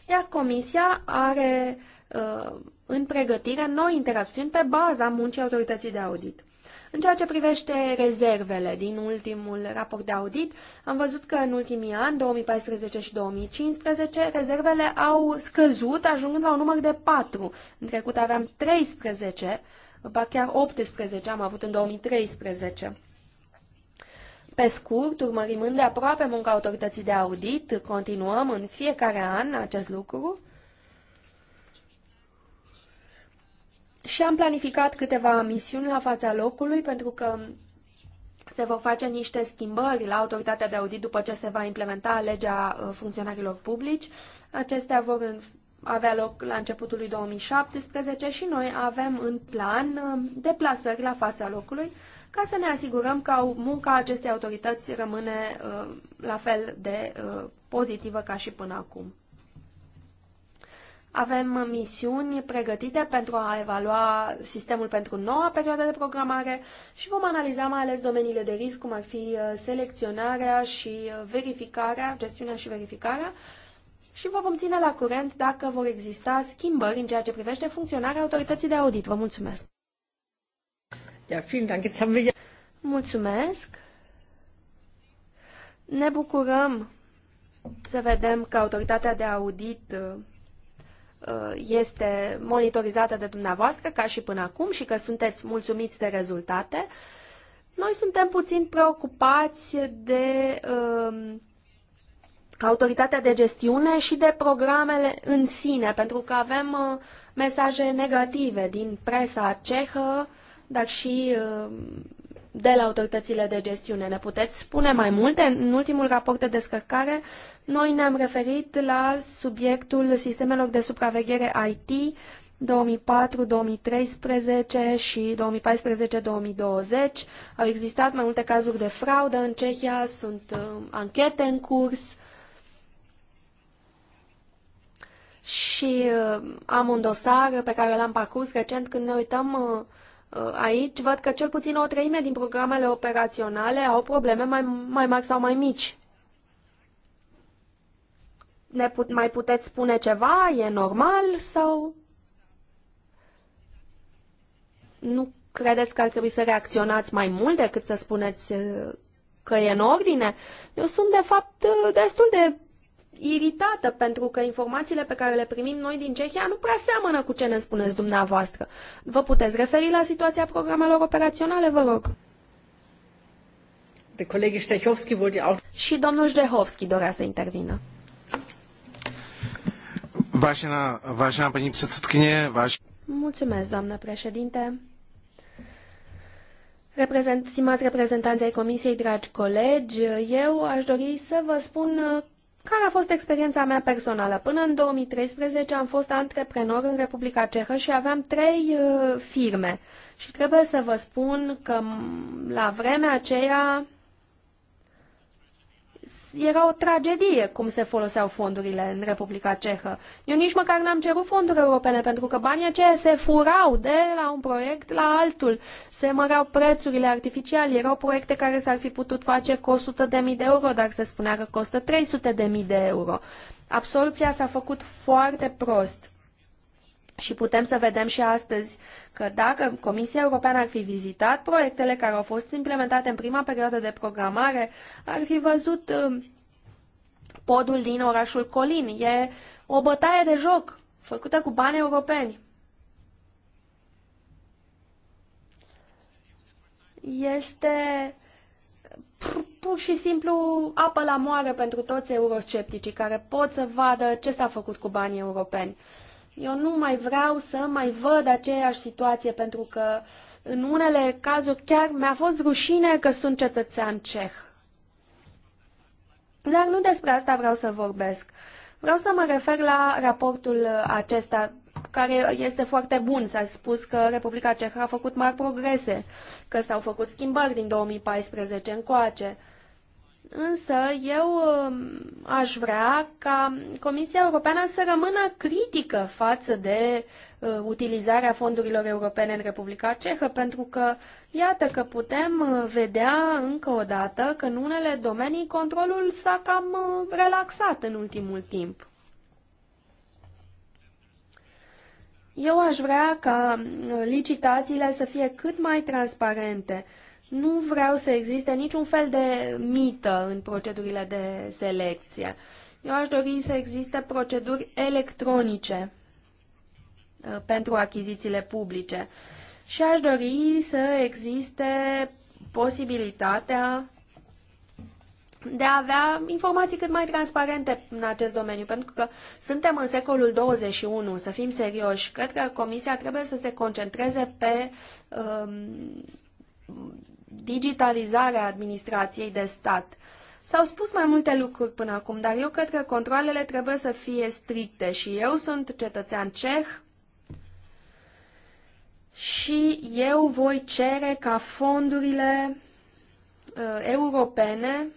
iar Comisia are uh, în pregătire noi interacțiuni pe baza muncii autorității de audit. În ceea ce privește rezervele din ultimul raport de audit, am văzut că în ultimii ani, 2014 și 2015, rezervele au scăzut, ajungând la un număr de 4. În trecut aveam 13, ba chiar 18 am avut în 2013. Pe scurt, urmărim aproape munca autorității de audit, continuăm în fiecare an acest lucru și am planificat câteva misiuni la fața locului pentru că se vor face niște schimbări la autoritatea de audit după ce se va implementa legea uh, funcționarilor publici. Acestea vor avea loc la începutul lui 2017 și noi avem în plan uh, deplasări la fața locului ca să ne asigurăm că munca acestei autorități rămâne uh, la fel de uh, pozitivă ca și până acum. Avem misiuni pregătite pentru a evalua sistemul pentru noua perioadă de programare și vom analiza mai ales domeniile de risc, cum ar fi uh, selecționarea și uh, verificarea, gestiunea și verificarea, și vă vom ține la curent dacă vor exista schimbări în ceea ce privește funcționarea autorității de audit. Vă mulțumesc! Mulțumesc. Ne bucurăm să vedem că autoritatea de audit uh, este monitorizată de dumneavoastră, ca și până acum, și că sunteți mulțumiți de rezultate. Noi suntem puțin preocupați de um, autoritatea de gestiune și de programele în sine, pentru că avem uh, mesaje negative din presa cehă dar și uh, de la autoritățile de gestiune. Ne puteți spune mai multe? În ultimul raport de descărcare, noi ne-am referit la subiectul sistemelor de supraveghere IT 2004-2013 și 2014-2020. Au existat mai multe cazuri de fraudă în Cehia, sunt uh, anchete în curs. și uh, am un dosar pe care l-am parcurs recent când ne uităm Uh, aici văd că cel puțin o treime din programele operaționale au probleme mai, mai mari sau mai mici. Ne put, mai puteți spune ceva? E normal sau nu credeți că ar trebui să reacționați mai mult decât să spuneți uh, că e în ordine? Eu sunt, de fapt, uh, destul de iritată pentru că informațiile pe care le primim noi din Cehia nu prea seamănă cu ce ne spuneți dumneavoastră. Vă puteți referi la situația programelor operaționale, vă rog? De au... Și domnul Ștehovski dorea să intervină. Vážená, vážená paní předsedkyně, vaș. Mulțumesc, doamnă președinte. Reprezent, stimați reprezentanții ai Comisiei, dragi colegi, eu aș dori să vă spun care a fost experiența mea personală? Până în 2013 am fost antreprenor în Republica Cehă și aveam trei uh, firme. Și trebuie să vă spun că mm, la vremea aceea era o tragedie cum se foloseau fondurile în Republica Cehă. Eu nici măcar n-am cerut fonduri europene, pentru că banii aceia se furau de la un proiect la altul. Se măreau prețurile artificial. Erau proiecte care s-ar fi putut face cu 100 de euro, dar se spunea că costă 300 de euro. Absorpția s-a făcut foarte prost. Și putem să vedem și astăzi că dacă Comisia Europeană ar fi vizitat proiectele care au fost implementate în prima perioadă de programare, ar fi văzut um, podul din orașul Colin. E o bătaie de joc făcută cu bani europeni. Este pur și simplu apă la moare pentru toți euroscepticii care pot să vadă ce s-a făcut cu banii europeni. Eu nu mai vreau să mai văd aceeași situație pentru că în unele cazuri chiar mi-a fost rușine că sunt cetățean ceh. Dar nu despre asta vreau să vorbesc. Vreau să mă refer la raportul acesta, care este foarte bun. S-a spus că Republica Cehă a făcut mari progrese, că s-au făcut schimbări din 2014 încoace. Însă eu um, aș vrea ca Comisia Europeană să rămână critică față de uh, utilizarea fondurilor europene în Republica Cehă, pentru că iată că putem uh, vedea încă o dată că în unele domenii controlul s-a cam uh, relaxat în ultimul timp. Eu aș vrea ca uh, licitațiile să fie cât mai transparente. Uh, nu vreau să existe niciun fel de mită în procedurile de selecție. Eu aș dori să existe proceduri electronice uh, pentru achizițiile publice și aș dori să existe posibilitatea de a avea informații cât mai transparente în acest domeniu, pentru că suntem în secolul 21, să fim serioși. Cred că Comisia trebuie să se concentreze pe um, digitalizare a administrației de stat. S-au spus mai multe lucruri până acum, dar eu cred că controlele trebuie să fie stricte și eu sunt cetățean ceh și eu voi cere ca fondurile uh, europene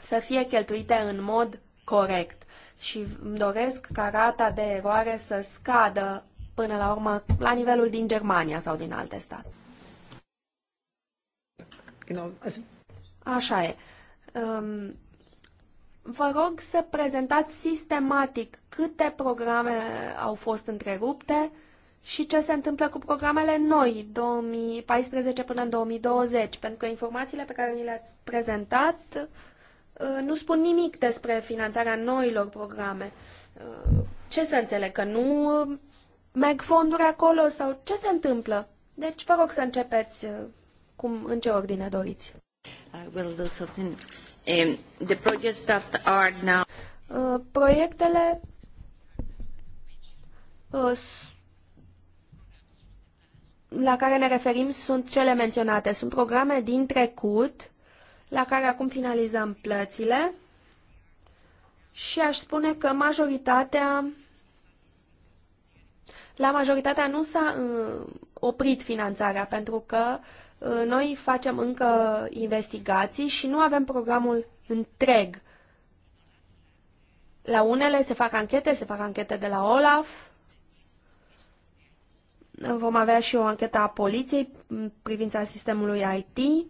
să fie cheltuite în mod corect și îmi doresc ca rata de eroare să scadă până la urmă la nivelul din Germania sau din alte state genau. Also... Așa e. Um, vă rog să prezentați sistematic câte programe au fost întrerupte și ce se întâmplă cu programele noi, 2014 până în 2020, pentru că informațiile pe care ni le-ați prezentat eh, nu spun nimic despre finanțarea noilor programe. Eh, ce să înțeleg? Că nu eh, merg fonduri acolo sau ce se întâmplă? Deci vă rog să începeți cum, în ce ordine doriți. Um, the projects that are now... Uh, proiectele uh, la care ne referim sunt cele menționate. Sunt programe din trecut la care acum finalizăm plățile și aș spune că majoritatea la majoritatea nu s-a uh, oprit finanțarea pentru că Uh, noi facem încă investigații și nu avem programul întreg. La unele se fac anchete, se fac anchete de la OLAF. Vom avea și o anchetă a poliției în privința sistemului IT.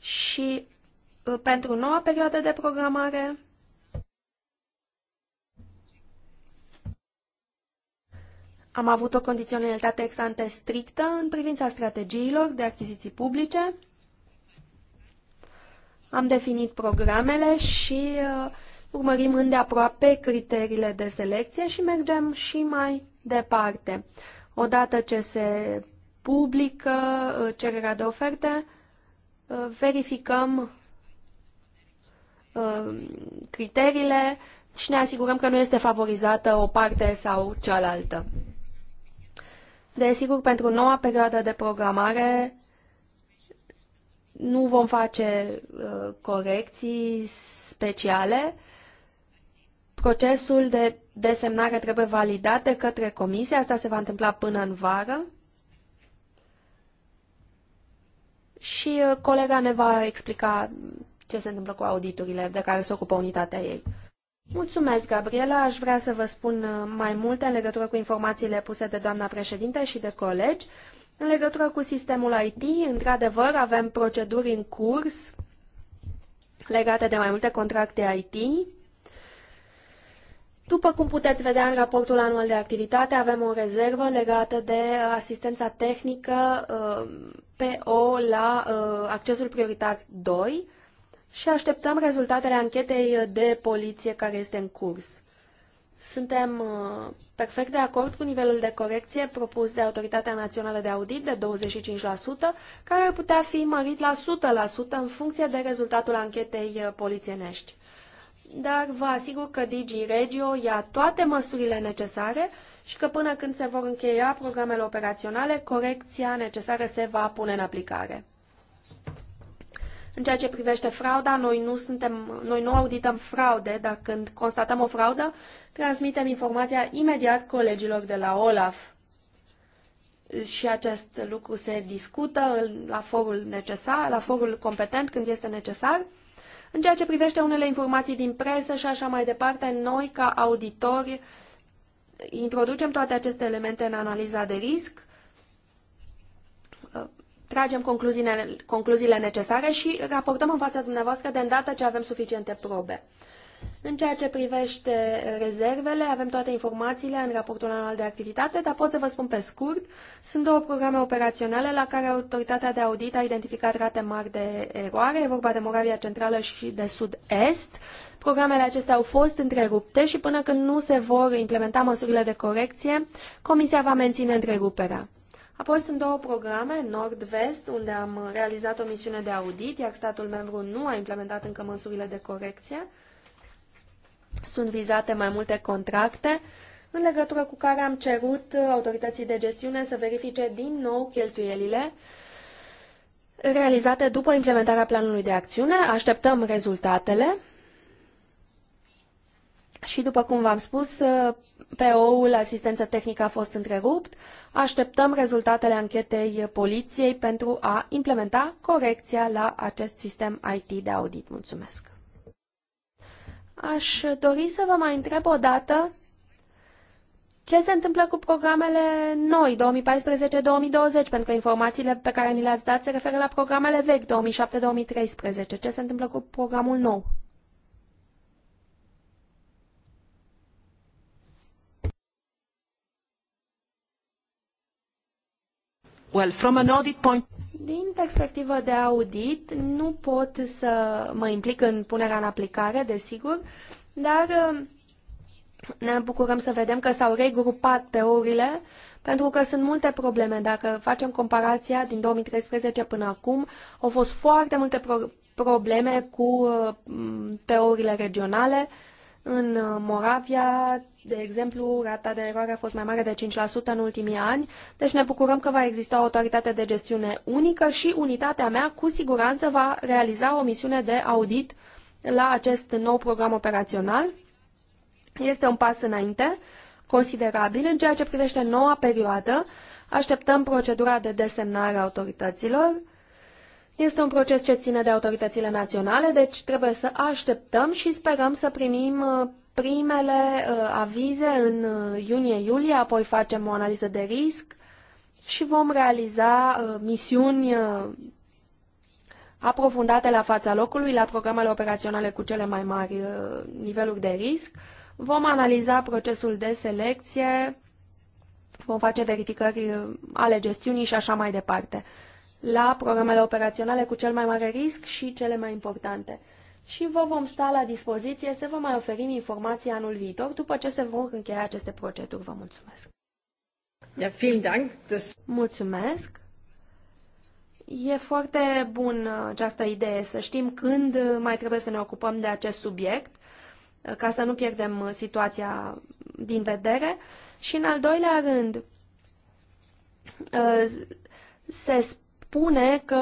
Și uh, pentru noua perioadă de programare, Am avut o condiționalitate ex-ante strictă în privința strategiilor de achiziții publice. Am definit programele și uh, urmărim îndeaproape criteriile de selecție și mergem și mai departe. Odată ce se publică uh, cererea de oferte, uh, verificăm uh, criteriile și ne asigurăm că nu este favorizată o parte sau cealaltă. Desigur, pentru noua perioadă de programare nu vom face uh, corecții speciale. Procesul de desemnare trebuie validat de către comisie. Asta se va întâmpla până în vară. Și uh, colega ne va explica ce se întâmplă cu auditurile de care se ocupă unitatea ei. Mulțumesc, Gabriela. Aș vrea să vă spun uh, mai multe în legătură cu informațiile puse de doamna președinte și de colegi. În legătură cu sistemul IT, într-adevăr, avem proceduri în curs legate de mai multe contracte IT. După cum puteți vedea în raportul anual de activitate, avem o rezervă legată de uh, asistența tehnică uh, PO la accesul prioritar 2, și așteptăm rezultatele anchetei de poliție care este în curs. Suntem uh, perfect de acord cu nivelul de corecție propus de Autoritatea Națională de Audit de 25%, care ar putea fi mărit la 100% în funcție de rezultatul anchetei uh, polițienești. Dar vă asigur că Digi Regio ia toate măsurile necesare și că până când se vor încheia programele operaționale, corecția necesară se va pune în aplicare. În ceea ce privește frauda, noi nu, suntem, noi nu audităm fraude, dar când constatăm o fraudă, transmitem informația imediat colegilor de la OLAF. Și acest lucru se discută la forul necesar, la forul competent când este necesar. În ceea ce privește unele informații din presă și așa mai departe, noi ca auditori introducem toate aceste elemente în analiza de risc tragem concluziile, concluziile necesare și raportăm în fața dumneavoastră de îndată ce avem suficiente probe. În ceea ce privește rezervele, avem toate informațiile în raportul anual de activitate, dar pot să vă spun pe scurt, sunt două programe operaționale la care autoritatea de audit a identificat rate mari de eroare, e vorba de Moravia Centrală și de Sud-Est. Programele acestea au fost întrerupte și până când nu se vor implementa măsurile de corecție, Comisia va menține întreruperea. Apoi sunt două programe, Nord-Vest, unde am realizat o misiune de audit, iar statul membru nu a implementat încă măsurile de corecție. Sunt vizate mai multe contracte, în legătură cu care am cerut autorității de gestiune să verifice din nou cheltuielile realizate după implementarea planului de acțiune. Așteptăm rezultatele. Și după cum v-am spus, PO-ul asistență tehnică a fost întrerupt. Așteptăm rezultatele anchetei poliției pentru a implementa corecția la acest sistem IT de audit. Mulțumesc. Aș dori să vă mai întreb o dată ce se întâmplă cu programele noi, 2014-2020, pentru că informațiile pe care ni le-ați dat se referă la programele vechi, 2007-2013. Ce se întâmplă cu programul nou? Well, from an audit point... Din perspectivă de audit, nu pot să mă implic în punerea în aplicare, desigur, dar um, ne bucurăm să vedem că s-au regrupat po pentru că sunt multe probleme. Dacă facem comparația din 2013 până acum, au fost foarte multe pro probleme cu uh, po regionale, uh, în uh, Moravia, de exemplu, rata de eroare a fost mai mare de 5% în ultimii ani, deci ne bucurăm că va exista o autoritate de gestiune unică și unitatea mea cu siguranță va realiza o misiune de audit la acest nou program operațional. Este un pas înainte, considerabil, în ceea ce privește noua perioadă. Așteptăm procedura de desemnare a autorităților este un proces ce ține de autoritățile naționale, deci trebuie să așteptăm și sperăm să primim uh, primele uh, avize în uh, iunie-iulie, apoi facem o analiză de risc și vom realiza misiuni aprofundate la fața locului, la programele operaționale cu cele mai mari niveluri de risc. Vom analiza procesul de selecție, vom face verificări ale gestiunii și așa mai departe la programele operaționale cu cel mai mare risc și cele mai importante. Și vă vom sta la dispoziție să vă mai oferim informații anul viitor după ce se vor încheia aceste proceduri. Vă mulțumesc! Ja, vielen Dank. Das... Mulțumesc! E foarte bun uh, această idee să știm când uh, mai trebuie să ne ocupăm de acest subiect uh, ca să nu pierdem situația din vedere. Și în al doilea rând, se spune că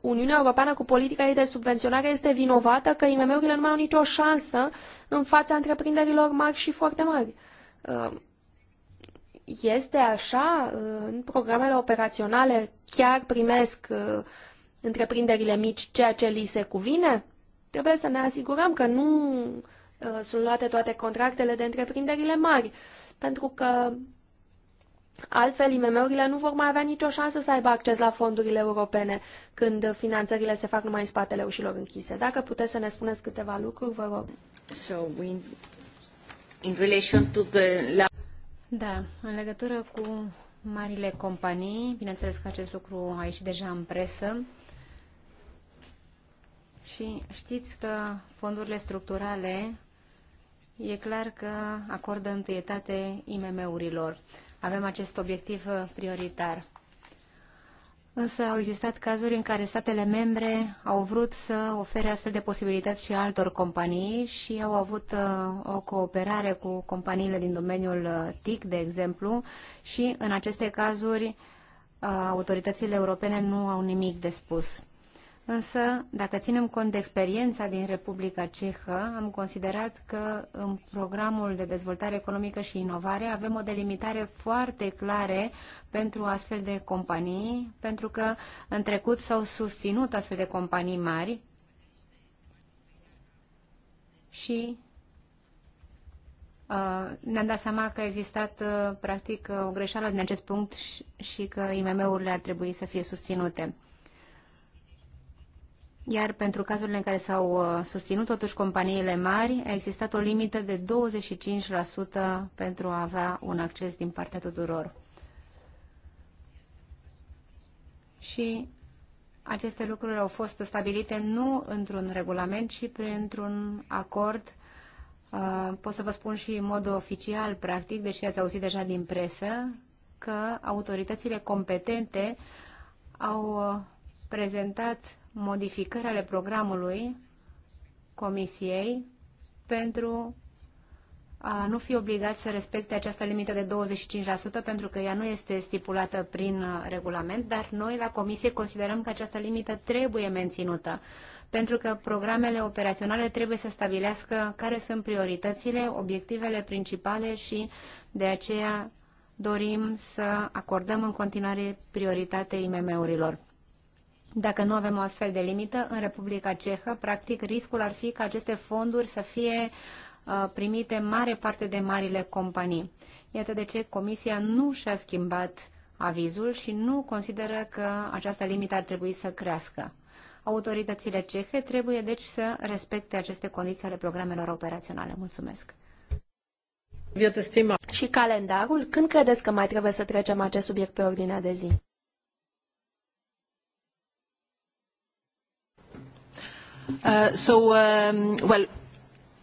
Uniunea Europeană cu politica ei de subvenționare este vinovată că IMM-urile nu mai au nicio șansă în fața întreprinderilor mari și foarte mari. Uh, este așa? Uh, în programele operaționale chiar primesc uh, întreprinderile mici ceea ce li se cuvine? Trebuie să ne asigurăm că nu sunt luate toate contractele de întreprinderile mari, pentru că Altfel, IMM-urile nu vor mai avea nicio șansă să aibă acces la fondurile europene când finanțările se fac numai în spatele ușilor închise. Dacă puteți să ne spuneți câteva lucruri, vă rog. So, in relation to the... Da, în legătură cu marile companii, bineînțeles că acest lucru a ieșit deja în presă, și știți că fondurile structurale e clar că acordă întâietate IMM-urilor avem acest obiectiv uh, prioritar. Însă au existat cazuri în care statele membre au vrut să ofere astfel de posibilități și altor companii și au avut uh, o cooperare cu companiile din domeniul uh, TIC, de exemplu, și în aceste cazuri autoritățile europene nu au nimic de spus. Însă, dacă ținem cont de experiența din Republica Cehă, am considerat că în programul de dezvoltare economică și inovare avem o delimitare foarte clare pentru astfel de companii, pentru că în trecut s-au susținut astfel de companii mari și Uh, ne-am dat seama că a existat uh, practic uh, o greșeală din acest punct și, și că IMM-urile ar trebui să fie susținute iar pentru cazurile în care s-au uh, susținut totuși companiile mari, a existat o limită de 25% pentru a avea un acces din partea tuturor. Și aceste lucruri au fost stabilite nu într-un regulament, ci printr-un acord. Uh, pot să vă spun și în mod oficial, practic, deși ați auzit deja din presă, că autoritățile competente au uh, prezentat modificări ale programului Comisiei pentru a nu fi obligat să respecte această limită de 25% pentru că ea nu este stipulată prin uh, regulament, dar noi la Comisie considerăm că această limită trebuie menținută pentru că programele operaționale trebuie să stabilească care sunt prioritățile, obiectivele principale și de aceea dorim să acordăm în continuare prioritate IMM-urilor. Dacă nu avem o astfel de limită, în Republica Cehă, practic, riscul ar fi ca aceste fonduri să fie uh, primite mare parte de marile companii. Iată de ce Comisia nu și-a schimbat avizul și nu consideră că această limită ar trebui să crească. Autoritățile cehe trebuie deci să respecte aceste condiții ale programelor operaționale. Mulțumesc! Și calendarul, când credeți că mai trebuie să trecem acest subiect pe ordinea de zi? Uh, so, um, well,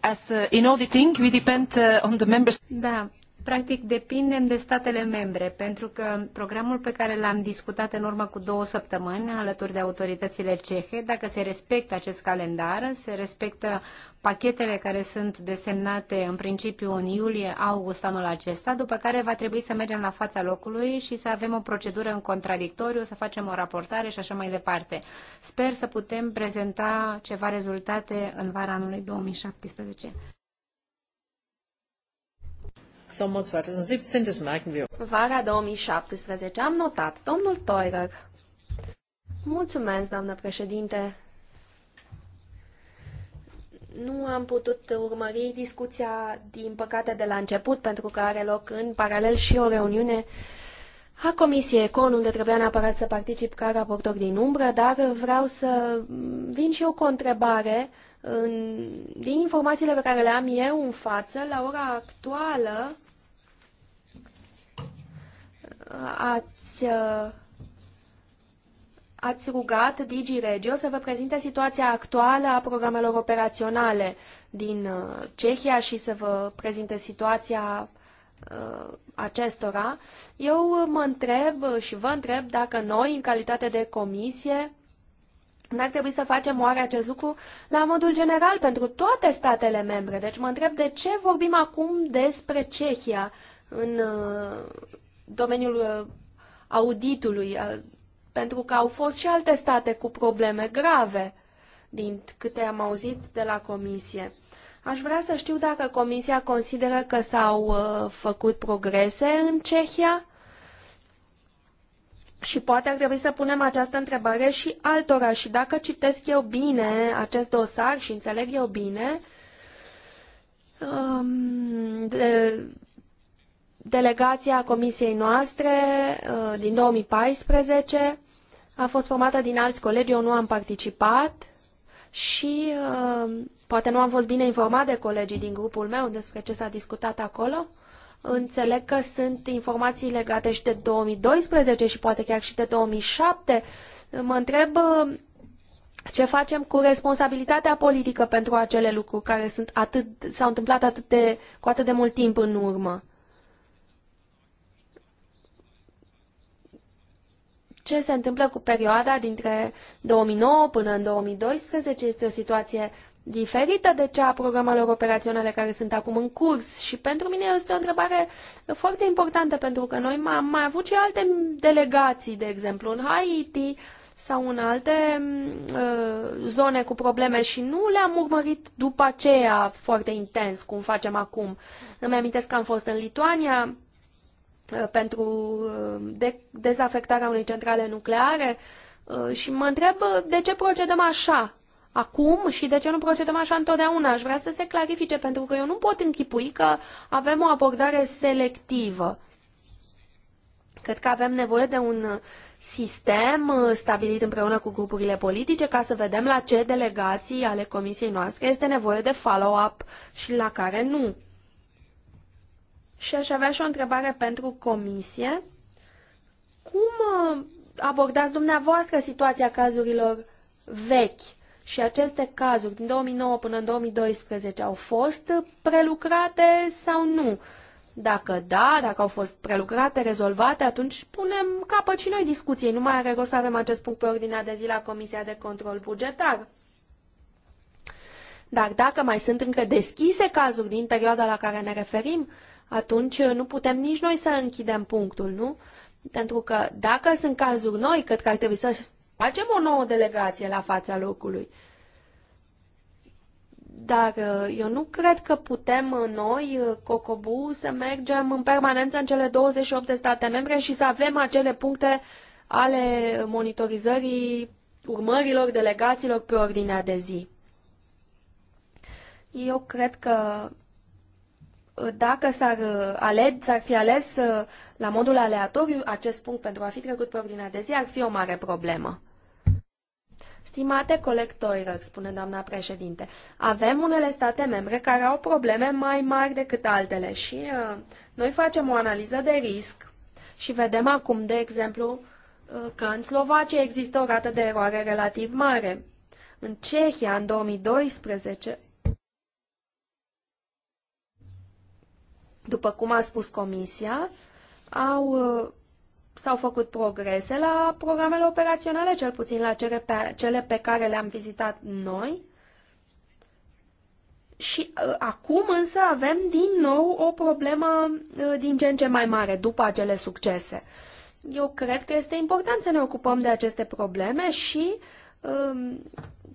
as uh, in auditing, we depend uh, on the members. Da, Practic, depindem de statele membre, pentru că programul pe care l-am discutat în urmă cu două săptămâni, alături de autoritățile cehe, dacă se respectă acest calendar, se respectă pachetele care sunt desemnate în principiu în iulie-august anul acesta, după care va trebui să mergem la fața locului și să avem o procedură în contradictoriu, să facem o raportare și așa mai departe. Sper să putem prezenta ceva rezultate în vara anului 2017. Sommer 2017, das merken wir. Vara 2017, am notat. Domnul Teurer. Mulțumesc, doamnă președinte. Nu am putut urmări discuția, din păcate, de la început, pentru că are loc în paralel și o reuniune a Comisiei Econ, unde trebuia neapărat să particip ca raportor din umbră, dar vreau să vin și eu cu o întrebare uh, în, din informațiile pe care le am eu în față, la ora actuală ați, ați rugat DigiRegio să vă prezinte situația actuală a programelor operaționale din uh, Cehia și să vă prezinte situația uh, acestora. Eu mă întreb și vă întreb dacă noi, în calitate de comisie, N-ar trebui să facem oare acest lucru la modul general pentru toate statele membre. Deci mă întreb de ce vorbim acum despre Cehia în uh, domeniul uh, auditului, uh, pentru că au fost și alte state cu probleme grave, din câte am auzit de la Comisie. Aș vrea să știu dacă Comisia consideră că s-au făcut progrese în Cehia și poate ar trebui să punem această întrebare și altora. Și dacă citesc eu bine acest dosar și înțeleg eu bine, um, de, delegația comisiei noastre uh, din 2014 a fost formată din alți colegi, eu nu am participat și uh, poate nu am fost bine informat de colegii din grupul meu despre ce s-a discutat acolo. Uh, Înțeleg că sunt informații legate și de 2012 și poate chiar și de 2007. Mă întreb ce facem cu responsabilitatea politică pentru acele lucruri care sunt atât, s-au întâmplat atât de, cu atât de mult timp în urmă. Ce se întâmplă cu perioada dintre 2009 până în 2012 este o situație diferită de cea a programelor operaționale care sunt acum în curs și pentru mine este o întrebare foarte importantă pentru că noi am mai avut și alte delegații, de exemplu, în Haiti sau în alte mm, uh, zone cu probleme și nu le-am urmărit după aceea foarte intens, cum facem acum. Îmi amintesc că am fost în Lituania uh, pentru uh, de- dezafectarea unei centrale nucleare uh, și mă întreb uh, de ce procedăm așa acum și de ce nu procedăm așa întotdeauna. Aș vrea să se clarifice, pentru că eu nu pot închipui că avem o abordare selectivă. Cred că avem nevoie de un sistem stabilit împreună cu grupurile politice ca să vedem la ce delegații ale comisiei noastre este nevoie de follow-up și la care nu. Și aș avea și o întrebare pentru comisie. Cum uh, abordați dumneavoastră situația cazurilor vechi? Și aceste cazuri din 2009 până în 2012 au fost prelucrate sau nu? Dacă da, dacă au fost prelucrate, rezolvate, atunci punem capăt și noi discuției. Nu mai are rost să avem acest punct pe ordinea de zi la Comisia de Control Bugetar. Dar dacă mai sunt încă deschise cazuri din perioada la care ne referim, atunci nu putem nici noi să închidem punctul, nu? Pentru că dacă sunt cazuri noi, cred că ar trebui să facem o nouă delegație la fața locului. Dar uh, eu nu cred că putem uh, noi, uh, Cocobu, să mergem în permanență în cele 28 de state membre și să avem acele puncte ale monitorizării urmărilor delegațiilor pe ordinea de zi. Eu cred că dacă s-ar uh, alege, s-ar fi ales uh, la modul aleatoriu acest punct pentru a fi trecut pe ordinea de zi, ar fi o mare problemă. Stimate coleg spune doamna președinte, avem unele state membre care au probleme mai mari decât altele și uh, noi facem o analiză de risc și vedem acum, de exemplu, uh, că în Slovacia există o rată de eroare relativ mare. În Cehia, în 2012, După cum a spus Comisia, au, uh, s-au făcut progrese la programele operaționale, cel puțin la cele pe, cele pe care le-am vizitat noi. Și uh, acum însă avem din nou o problemă uh, din ce în ce mai mare după acele succese. Eu cred că este important să ne ocupăm de aceste probleme și uh,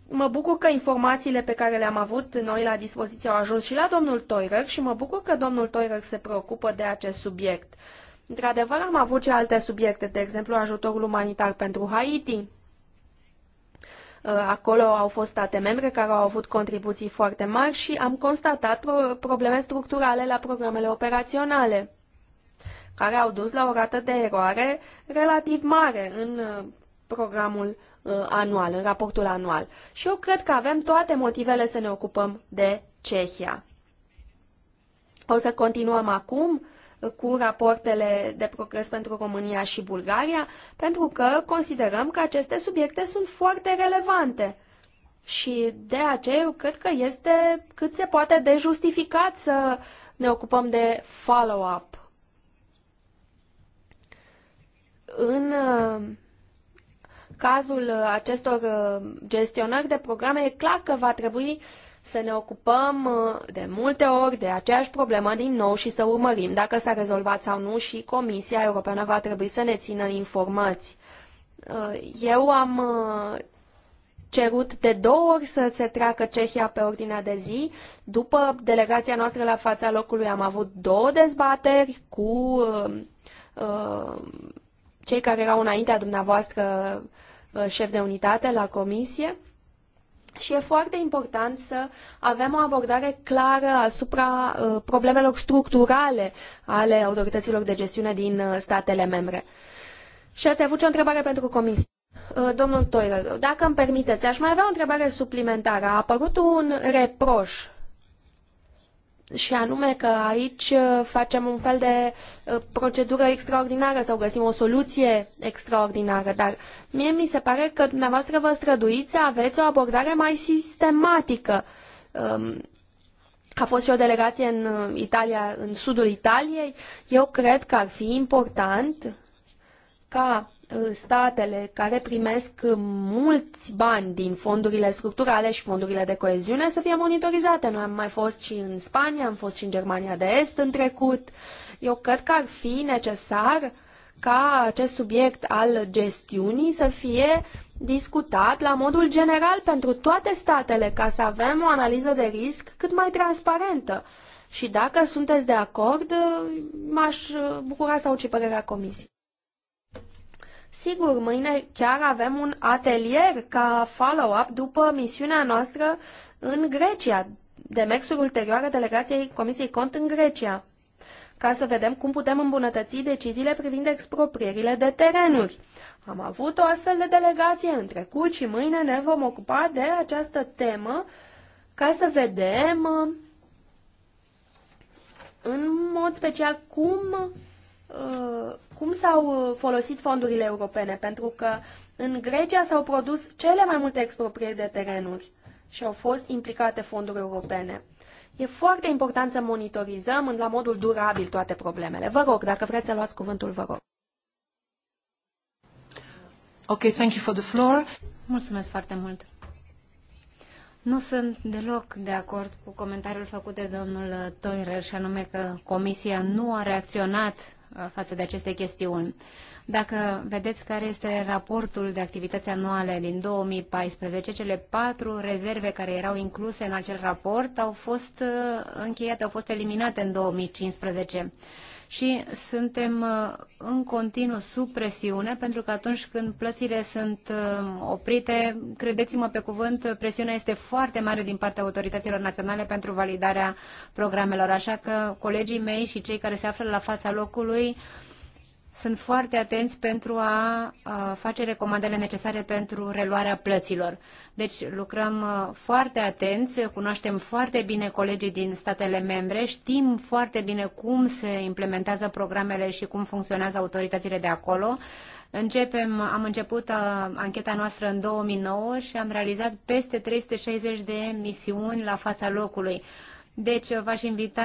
mă bucur că informațiile pe care le-am avut noi la dispoziție au ajuns și la domnul Toirăc și mă bucur că domnul Toirăc se preocupă de acest subiect. Într-adevăr, am avut și alte subiecte, de exemplu ajutorul umanitar pentru Haiti. Ă, acolo au fost state membre care au avut contribuții foarte mari și am constatat probleme structurale la programele operaționale, care au dus la o rată de eroare relativ mare în ă, programul Uh, anual, în raportul anual. Și eu cred că avem toate motivele să ne ocupăm de Cehia. O să continuăm acum uh, cu rapoartele de progres pentru România și Bulgaria, pentru că considerăm că aceste subiecte sunt foarte relevante. Și de aceea eu cred că este cât se poate de justificat să ne ocupăm de follow-up. În uh, cazul uh, acestor uh, gestionări de programe, e clar că va trebui să ne ocupăm uh, de multe ori de aceeași problemă din nou și să urmărim dacă s-a rezolvat sau nu și Comisia Europeană va trebui să ne țină informați. Eu am cerut de două ori să se treacă Cehia pe ordinea de zi. După delegația noastră la fața locului am avut două dezbateri cu uh, cei care erau înaintea dumneavoastră Uh, șef de unitate la comisie. Și e foarte important să avem o abordare clară asupra uh, problemelor structurale ale autorităților de gestiune din uh, statele membre. Și ați avut și o întrebare pentru comisie. Domnul Toirer, dacă îmi permiteți, aș mai avea o întrebare suplimentară. A apărut un reproș și anume că aici uh, facem un fel de uh, procedură extraordinară sau găsim o soluție extraordinară, dar mie mi se pare că dumneavoastră vă străduiți să aveți o abordare mai sistematică. Um, a fost și o delegație în uh, Italia, în sudul Italiei. Eu cred că ar fi important ca statele care primesc mulți bani din fondurile structurale și fondurile de coeziune să fie monitorizate. Noi am mai fost și în Spania, am fost și în Germania de Est în trecut. Eu cred că ar fi necesar ca acest subiect al gestiunii să fie discutat la modul general pentru toate statele, ca să avem o analiză de risc cât mai transparentă. Și dacă sunteți de acord, m-aș bucura să auzi părerea comisiei. Sigur, mâine chiar avem un atelier ca follow-up după misiunea noastră în Grecia, demersul ulterior a delegației Comisiei Cont în Grecia, ca să vedem cum putem îmbunătăți deciziile privind exproprierile de terenuri. Am avut o astfel de delegație în trecut și mâine ne vom ocupa de această temă ca să vedem uh, în mod special cum uh, cum s-au uh, folosit fondurile europene, pentru că în Grecia s-au produs cele mai multe exproprieri de terenuri și au fost implicate fonduri europene. E foarte important să monitorizăm la modul durabil toate problemele. Vă rog, dacă vreți să luați cuvântul, vă rog. Ok, thank you for the floor. Mulțumesc foarte mult. Nu sunt deloc de acord cu comentariul făcut de domnul Toirer și anume că Comisia nu a reacționat Uh, față de aceste chestiuni. Dacă vedeți care este raportul de activități anuale din 2014, cele patru rezerve care erau incluse în acel raport au fost uh, încheiate, au fost eliminate în 2015 și suntem uh, în continuu sub presiune, pentru că atunci când plățile sunt uh, oprite, credeți-mă pe cuvânt, presiunea este foarte mare din partea autorităților naționale pentru validarea programelor. Așa că colegii mei și cei care se află la fața locului sunt foarte atenți pentru a, face recomandările necesare pentru reluarea plăților. Deci lucrăm foarte atenți, cunoaștem foarte bine colegii din statele membre, știm foarte bine cum se implementează programele și cum funcționează autoritățile de acolo. Începem, am început ancheta noastră în 2009 și am realizat peste 360 de misiuni la fața locului deci v-aș invita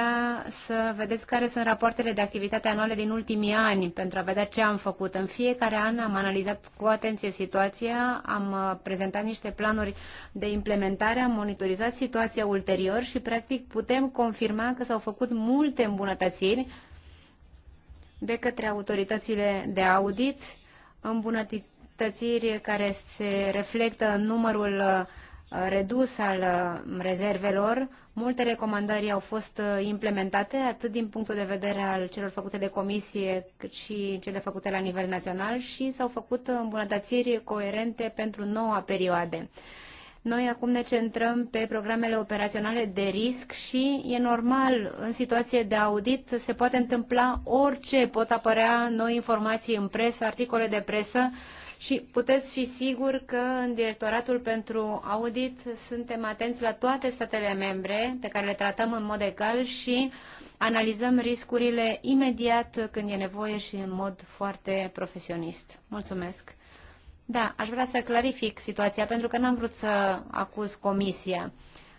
să vedeți care sunt rapoartele de activitate anuale din ultimii ani pentru a vedea ce am făcut. În fiecare an am analizat cu atenție situația, am uh, prezentat niște planuri de implementare, am monitorizat situația ulterior și practic putem confirma că s-au făcut multe îmbunătățiri de către autoritățile de audit, îmbunătățiri care se reflectă în numărul uh, Uh, redus al uh, rezervelor. Multe recomandări au fost uh, implementate, atât din punctul de vedere al celor făcute de comisie, cât și cele făcute la nivel național și s-au făcut îmbunătățiri coerente pentru noua perioadă. Noi acum ne centrăm pe programele operaționale de risc și e normal, în situație de audit se poate întâmpla orice, pot apărea noi informații în presă, articole de presă, și puteți fi sigur că în Directoratul pentru Audit suntem atenți la toate statele membre pe care le tratăm în mod egal și analizăm riscurile imediat când e nevoie și în mod foarte profesionist. Mulțumesc! Da, aș vrea să clarific situația pentru că n-am vrut să acuz comisia.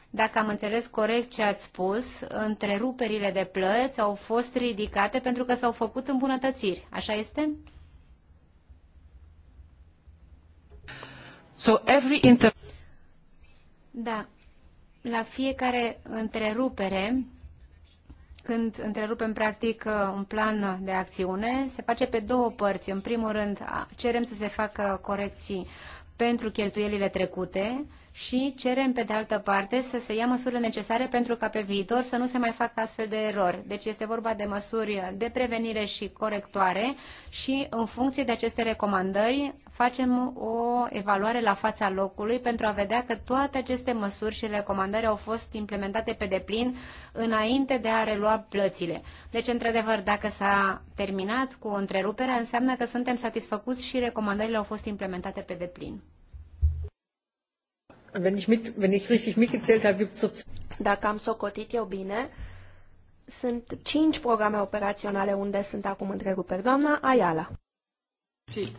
Dacă am înțeles corect ce ați spus, întreruperile de plăți au fost ridicate pentru că s-au făcut îmbunătățiri. Așa este? So every inter da. La fiecare întrerupere, când întrerupem practic uh, un plan de acțiune, se face pe două părți. În primul rând, cerem să se facă corecții pentru cheltuielile trecute și cerem, pe de altă parte, să se ia măsurile necesare pentru ca pe viitor să nu se mai facă astfel de erori. Deci este vorba de măsuri de prevenire și corectoare și, în funcție de aceste recomandări, facem o evaluare la fața locului pentru a vedea că toate aceste măsuri și recomandări au fost implementate pe deplin înainte de a relua plățile. Deci, într-adevăr, dacă s-a terminat cu întreruperea, înseamnă că suntem satisfăcuți și recomandările au fost implementate pe deplin wenn ich, mit, wenn ich richtig mitgezählt habe, gibt es... Dacă am socotit eu bine, sunt cinci programe operaționale unde sunt acum întreruperi. Doamna Ayala. Sí,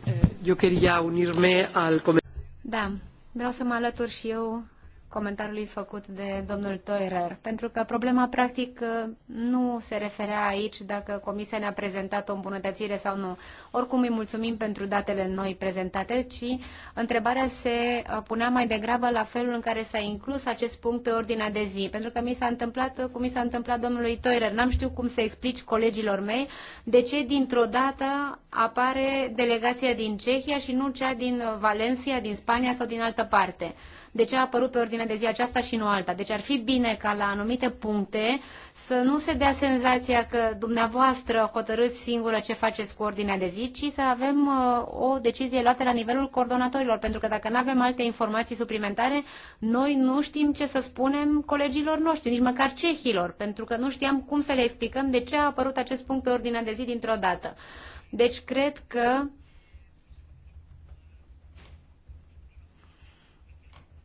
eu eh, unirme al... Da, vreau să mă alătur și eu comentariului făcut de domnul Toirer, pentru că problema practic nu se referea aici dacă Comisia ne-a prezentat o îmbunătățire sau nu. Oricum îi mulțumim pentru datele noi prezentate, ci întrebarea se punea mai degrabă la felul în care s-a inclus acest punct pe ordinea de zi, pentru că mi s-a întâmplat cum mi s-a întâmplat domnului Toirer. N-am știut cum să explici colegilor mei de ce dintr-o dată apare delegația din Cehia și nu cea din Valencia, din Spania sau din altă parte de ce a apărut pe ordine de zi aceasta și nu alta. Deci ar fi bine ca la anumite puncte să nu se dea senzația că dumneavoastră hotărâți singură ce faceți cu ordinea de zi, ci să avem uh, o decizie luată la nivelul coordonatorilor, pentru că dacă nu avem alte informații suplimentare, noi nu știm ce să spunem colegilor noștri, nici măcar cehilor, pentru că nu știam cum să le explicăm de ce a apărut acest punct pe ordinea de zi dintr-o dată. Deci cred că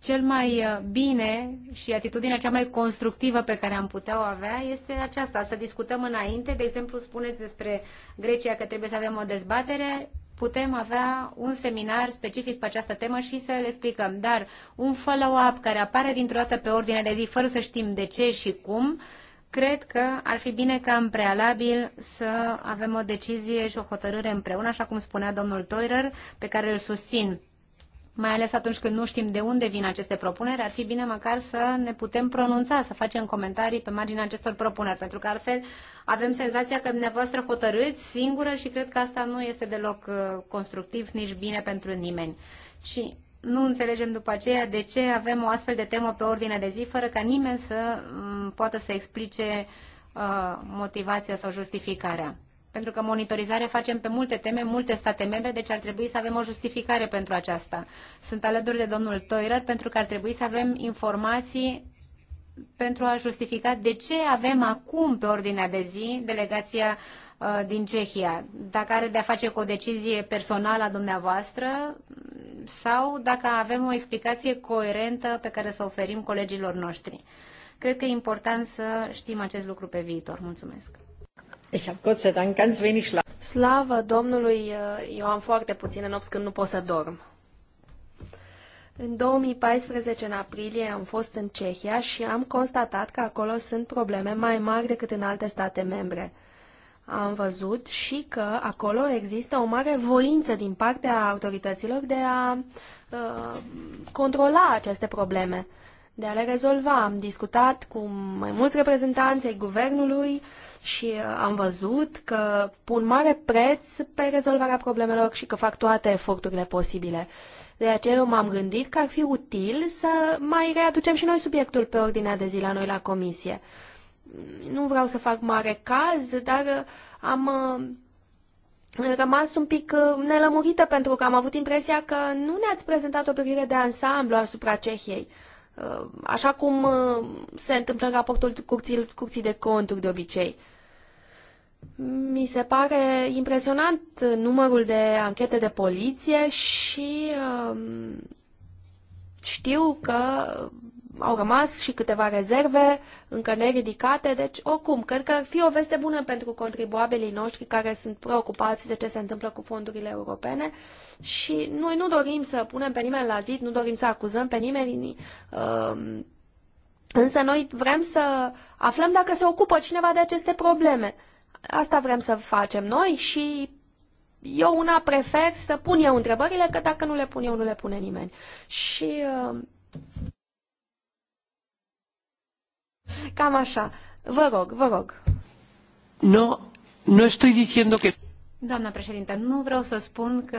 cel mai uh, bine și atitudinea cea mai constructivă pe care am putea o avea este aceasta, să discutăm înainte. De exemplu, spuneți despre Grecia că trebuie să avem o dezbatere, putem avea un seminar specific pe această temă și să le explicăm. Dar un follow-up care apare dintr-o dată pe ordine de zi, fără să știm de ce și cum, cred că ar fi bine ca în prealabil să avem o decizie și o hotărâre împreună, așa cum spunea domnul Toirer, pe care îl susțin mai ales atunci când nu știm de unde vin aceste propuneri, ar fi bine măcar să ne putem pronunța, să facem comentarii pe marginea acestor propuneri, pentru că altfel avem senzația că dumneavoastră hotărâți singură și cred că asta nu este deloc uh, constructiv, nici bine pentru nimeni. Și nu înțelegem după aceea de ce avem o astfel de temă pe ordine de zi, fără ca nimeni să mm, poată să explice uh, motivația sau justificarea pentru că monitorizare facem pe multe teme, multe state membre, deci ar trebui să avem o justificare pentru aceasta. Sunt alături de domnul Toirat pentru că ar trebui să avem informații pentru a justifica de ce avem acum pe ordinea de zi delegația uh, din Cehia, dacă are de-a face cu o decizie personală a dumneavoastră sau dacă avem o explicație coerentă pe care să oferim colegilor noștri. Cred că e important să știm acest lucru pe viitor. Mulțumesc! Ich habe Gott sei Dank ganz wenig Schlaf. Slavă Domnului, eh, eu am foarte puține nopți când nu pot să dorm. În 2014, în aprilie, am fost în Cehia și am constatat că acolo sunt probleme mai mari decât în alte state membre. Am văzut și că acolo există o mare voință din partea autorităților de a uh, controla aceste probleme, de a le rezolva. Am discutat cu mai mulți reprezentanți ai guvernului, uh, și uh, am văzut că pun mare preț pe rezolvarea problemelor și că fac toate eforturile posibile. De aceea eu m-am gândit că ar fi util să mai readucem și noi subiectul pe ordinea de zi la noi la comisie. Nu vreau să fac mare caz, dar uh, am uh, rămas un pic nelămurită pentru că am avut impresia că nu ne-ați prezentat o privire de ansamblu asupra Cehiei, așa cum se întâmplă în raportul curții, curții de conturi de obicei. Mi se pare impresionant numărul de anchete de poliție și uh, știu că au rămas și câteva rezerve încă neridicate, deci oricum, cred că ar fi o veste bună pentru contribuabilii noștri care sunt preocupați de ce se întâmplă cu fondurile europene și noi nu dorim să punem pe nimeni la zid, nu dorim să acuzăm pe nimeni, um, însă noi vrem să aflăm dacă se ocupă cineva de aceste probleme. Asta vrem să facem noi și eu una prefer să pun eu întrebările, că dacă nu le pun eu, nu le pune nimeni. Și uh, cam așa. Vă rog, vă rog. No, no estoy diciendo que... Doamna președinte, nu vreau să spun că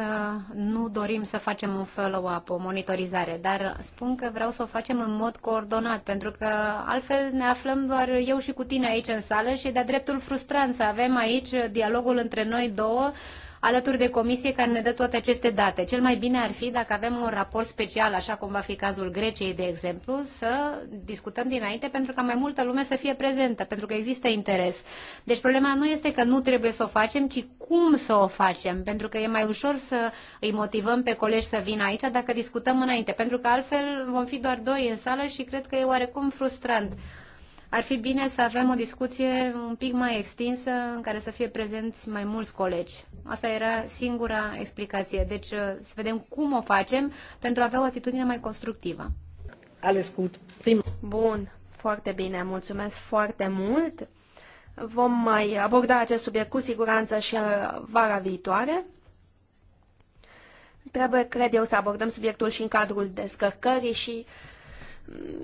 nu dorim să facem un follow-up, o monitorizare, dar spun că vreau să o facem în mod coordonat, pentru că altfel ne aflăm doar eu și cu tine aici în sală și de-a dreptul frustrant să avem aici dialogul între noi două alături de comisie care ne dă toate aceste date. Cel mai bine ar fi dacă avem un raport special, așa cum va fi cazul Greciei, de exemplu, să discutăm dinainte pentru ca mai multă lume să fie prezentă, pentru că există interes. Deci problema nu este că nu trebuie să o facem, ci cum să o facem, pentru că e mai ușor să îi motivăm pe colegi să vină aici dacă discutăm înainte, pentru că altfel vom fi doar doi în sală și cred că e oarecum frustrant ar fi bine să avem o discuție un pic mai extinsă în care să fie prezenți mai mulți colegi. Asta era singura explicație. Deci uh, să vedem cum o facem pentru a avea o atitudine mai constructivă. Ales gut. Bun, foarte bine. Mulțumesc foarte mult. Vom mai aborda acest subiect cu siguranță și uh, vara viitoare. Trebuie, cred eu, să abordăm subiectul și în cadrul descărcării și uh,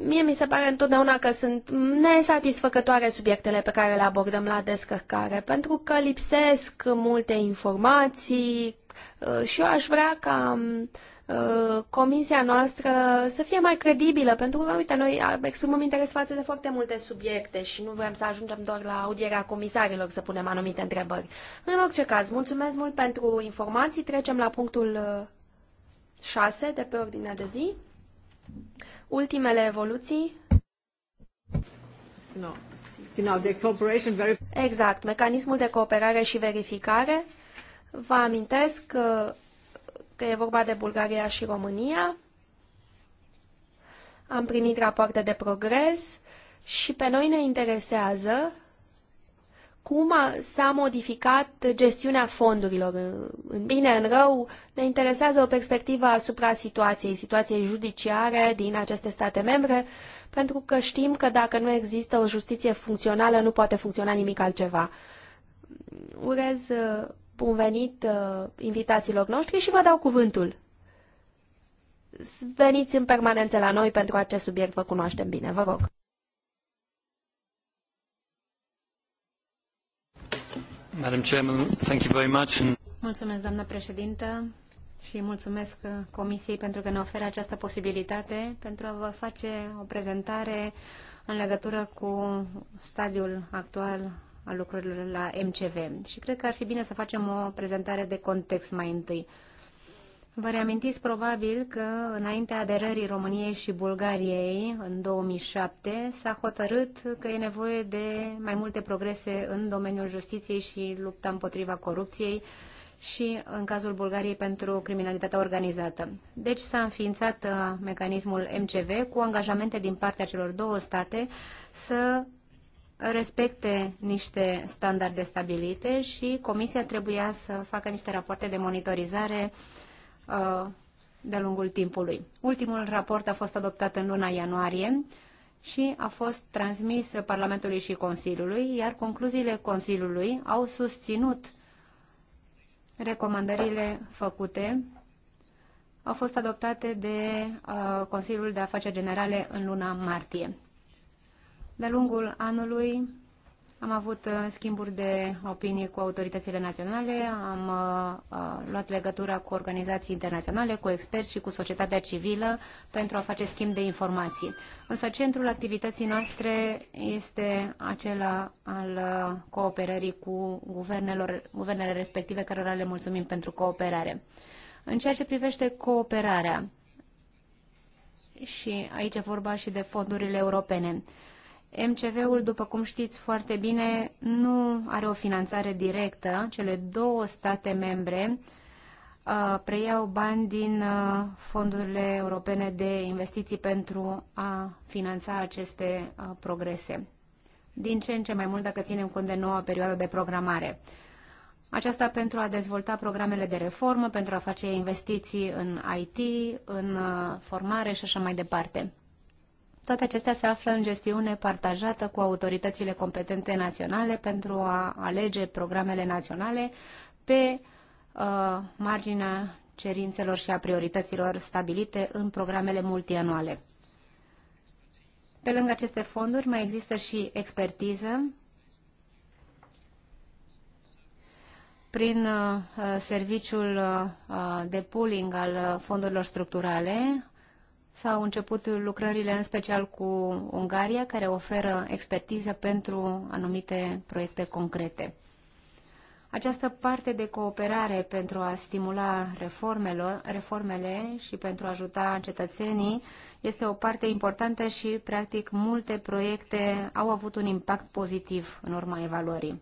mie mi se pare întotdeauna că sunt nesatisfăcătoare subiectele pe care le abordăm la descărcare, pentru că lipsesc multe informații uh, și eu aș vrea ca uh, comisia noastră să fie mai credibilă, pentru că, uite, noi exprimăm interes față de foarte multe subiecte și nu vrem să ajungem doar la audierea comisarilor să punem anumite întrebări. În orice caz, mulțumesc mult pentru informații. Trecem la punctul 6 uh, de pe ordinea de zi ultimele evoluții. No. Exact, mecanismul de cooperare și verificare. Vă amintesc că, că e vorba de Bulgaria și România. Am primit rapoarte de progres și pe noi ne interesează cum s-a modificat gestiunea fondurilor. În bine, în rău, ne interesează o perspectivă asupra situației, situației judiciare din aceste state membre, pentru că știm că dacă nu există o justiție funcțională, nu poate funcționa nimic altceva. Urez uh, bun venit uh, invitațiilor noștri și vă dau cuvântul. Veniți în permanență la noi pentru acest subiect, vă cunoaștem bine, vă rog. Madam Mulțumesc, doamnă președintă, și mulțumesc Comisiei pentru că ne oferă această posibilitate pentru a vă face o prezentare în legătură cu stadiul actual al lucrurilor la MCV. Și cred că ar fi bine să facem o prezentare de context mai întâi. Vă reamintiți probabil că înaintea aderării României și Bulgariei în 2007 s-a hotărât că e nevoie de mai multe progrese în domeniul justiției și lupta împotriva corupției și în cazul Bulgariei pentru criminalitatea organizată. Deci s-a înființat uh, mecanismul MCV cu angajamente din partea celor două state să respecte niște standarde stabilite și Comisia trebuia să facă niște rapoarte de monitorizare uh, Uh, de-a lungul timpului. Ultimul raport a fost adoptat în luna ianuarie și a fost transmis Parlamentului și Consiliului, iar concluziile Consiliului au susținut recomandările făcute, au fost adoptate de uh, Consiliul de Afaceri Generale în luna martie. De-a lungul anului am avut uh, schimburi de opinie cu autoritățile naționale, am uh, uh, luat legătura cu organizații internaționale, cu experți și cu societatea civilă pentru a face schimb de informații. Însă centrul activității noastre este acela al uh, cooperării cu guvernelor, guvernele respective, cărora le mulțumim pentru cooperare. În ceea ce privește cooperarea, și aici e vorba și de fondurile europene, uh, MCV-ul, după cum știți foarte bine, nu are o finanțare directă. Cele două state membre uh, preiau bani din uh, fondurile europene de investiții pentru a finanța aceste uh, progrese. Din ce în ce mai mult dacă ținem cont de noua perioadă de programare. Aceasta pentru a dezvolta programele de reformă, pentru a face investiții în IT, în uh, formare și așa mai departe. Toate acestea se află în gestiune partajată cu autoritățile competente naționale pentru a alege programele naționale pe uh, marginea cerințelor și a priorităților stabilite în programele multianuale. Pe lângă aceste fonduri mai există și expertiză prin uh, serviciul uh, de pooling al uh, fondurilor structurale, S-au început lucrările în special cu Ungaria, care oferă expertiză pentru anumite proiecte concrete. Această parte de cooperare pentru a stimula reformele, reformele și pentru a ajuta cetățenii este o parte importantă și, practic, multe proiecte au avut un impact pozitiv în urma evaluării.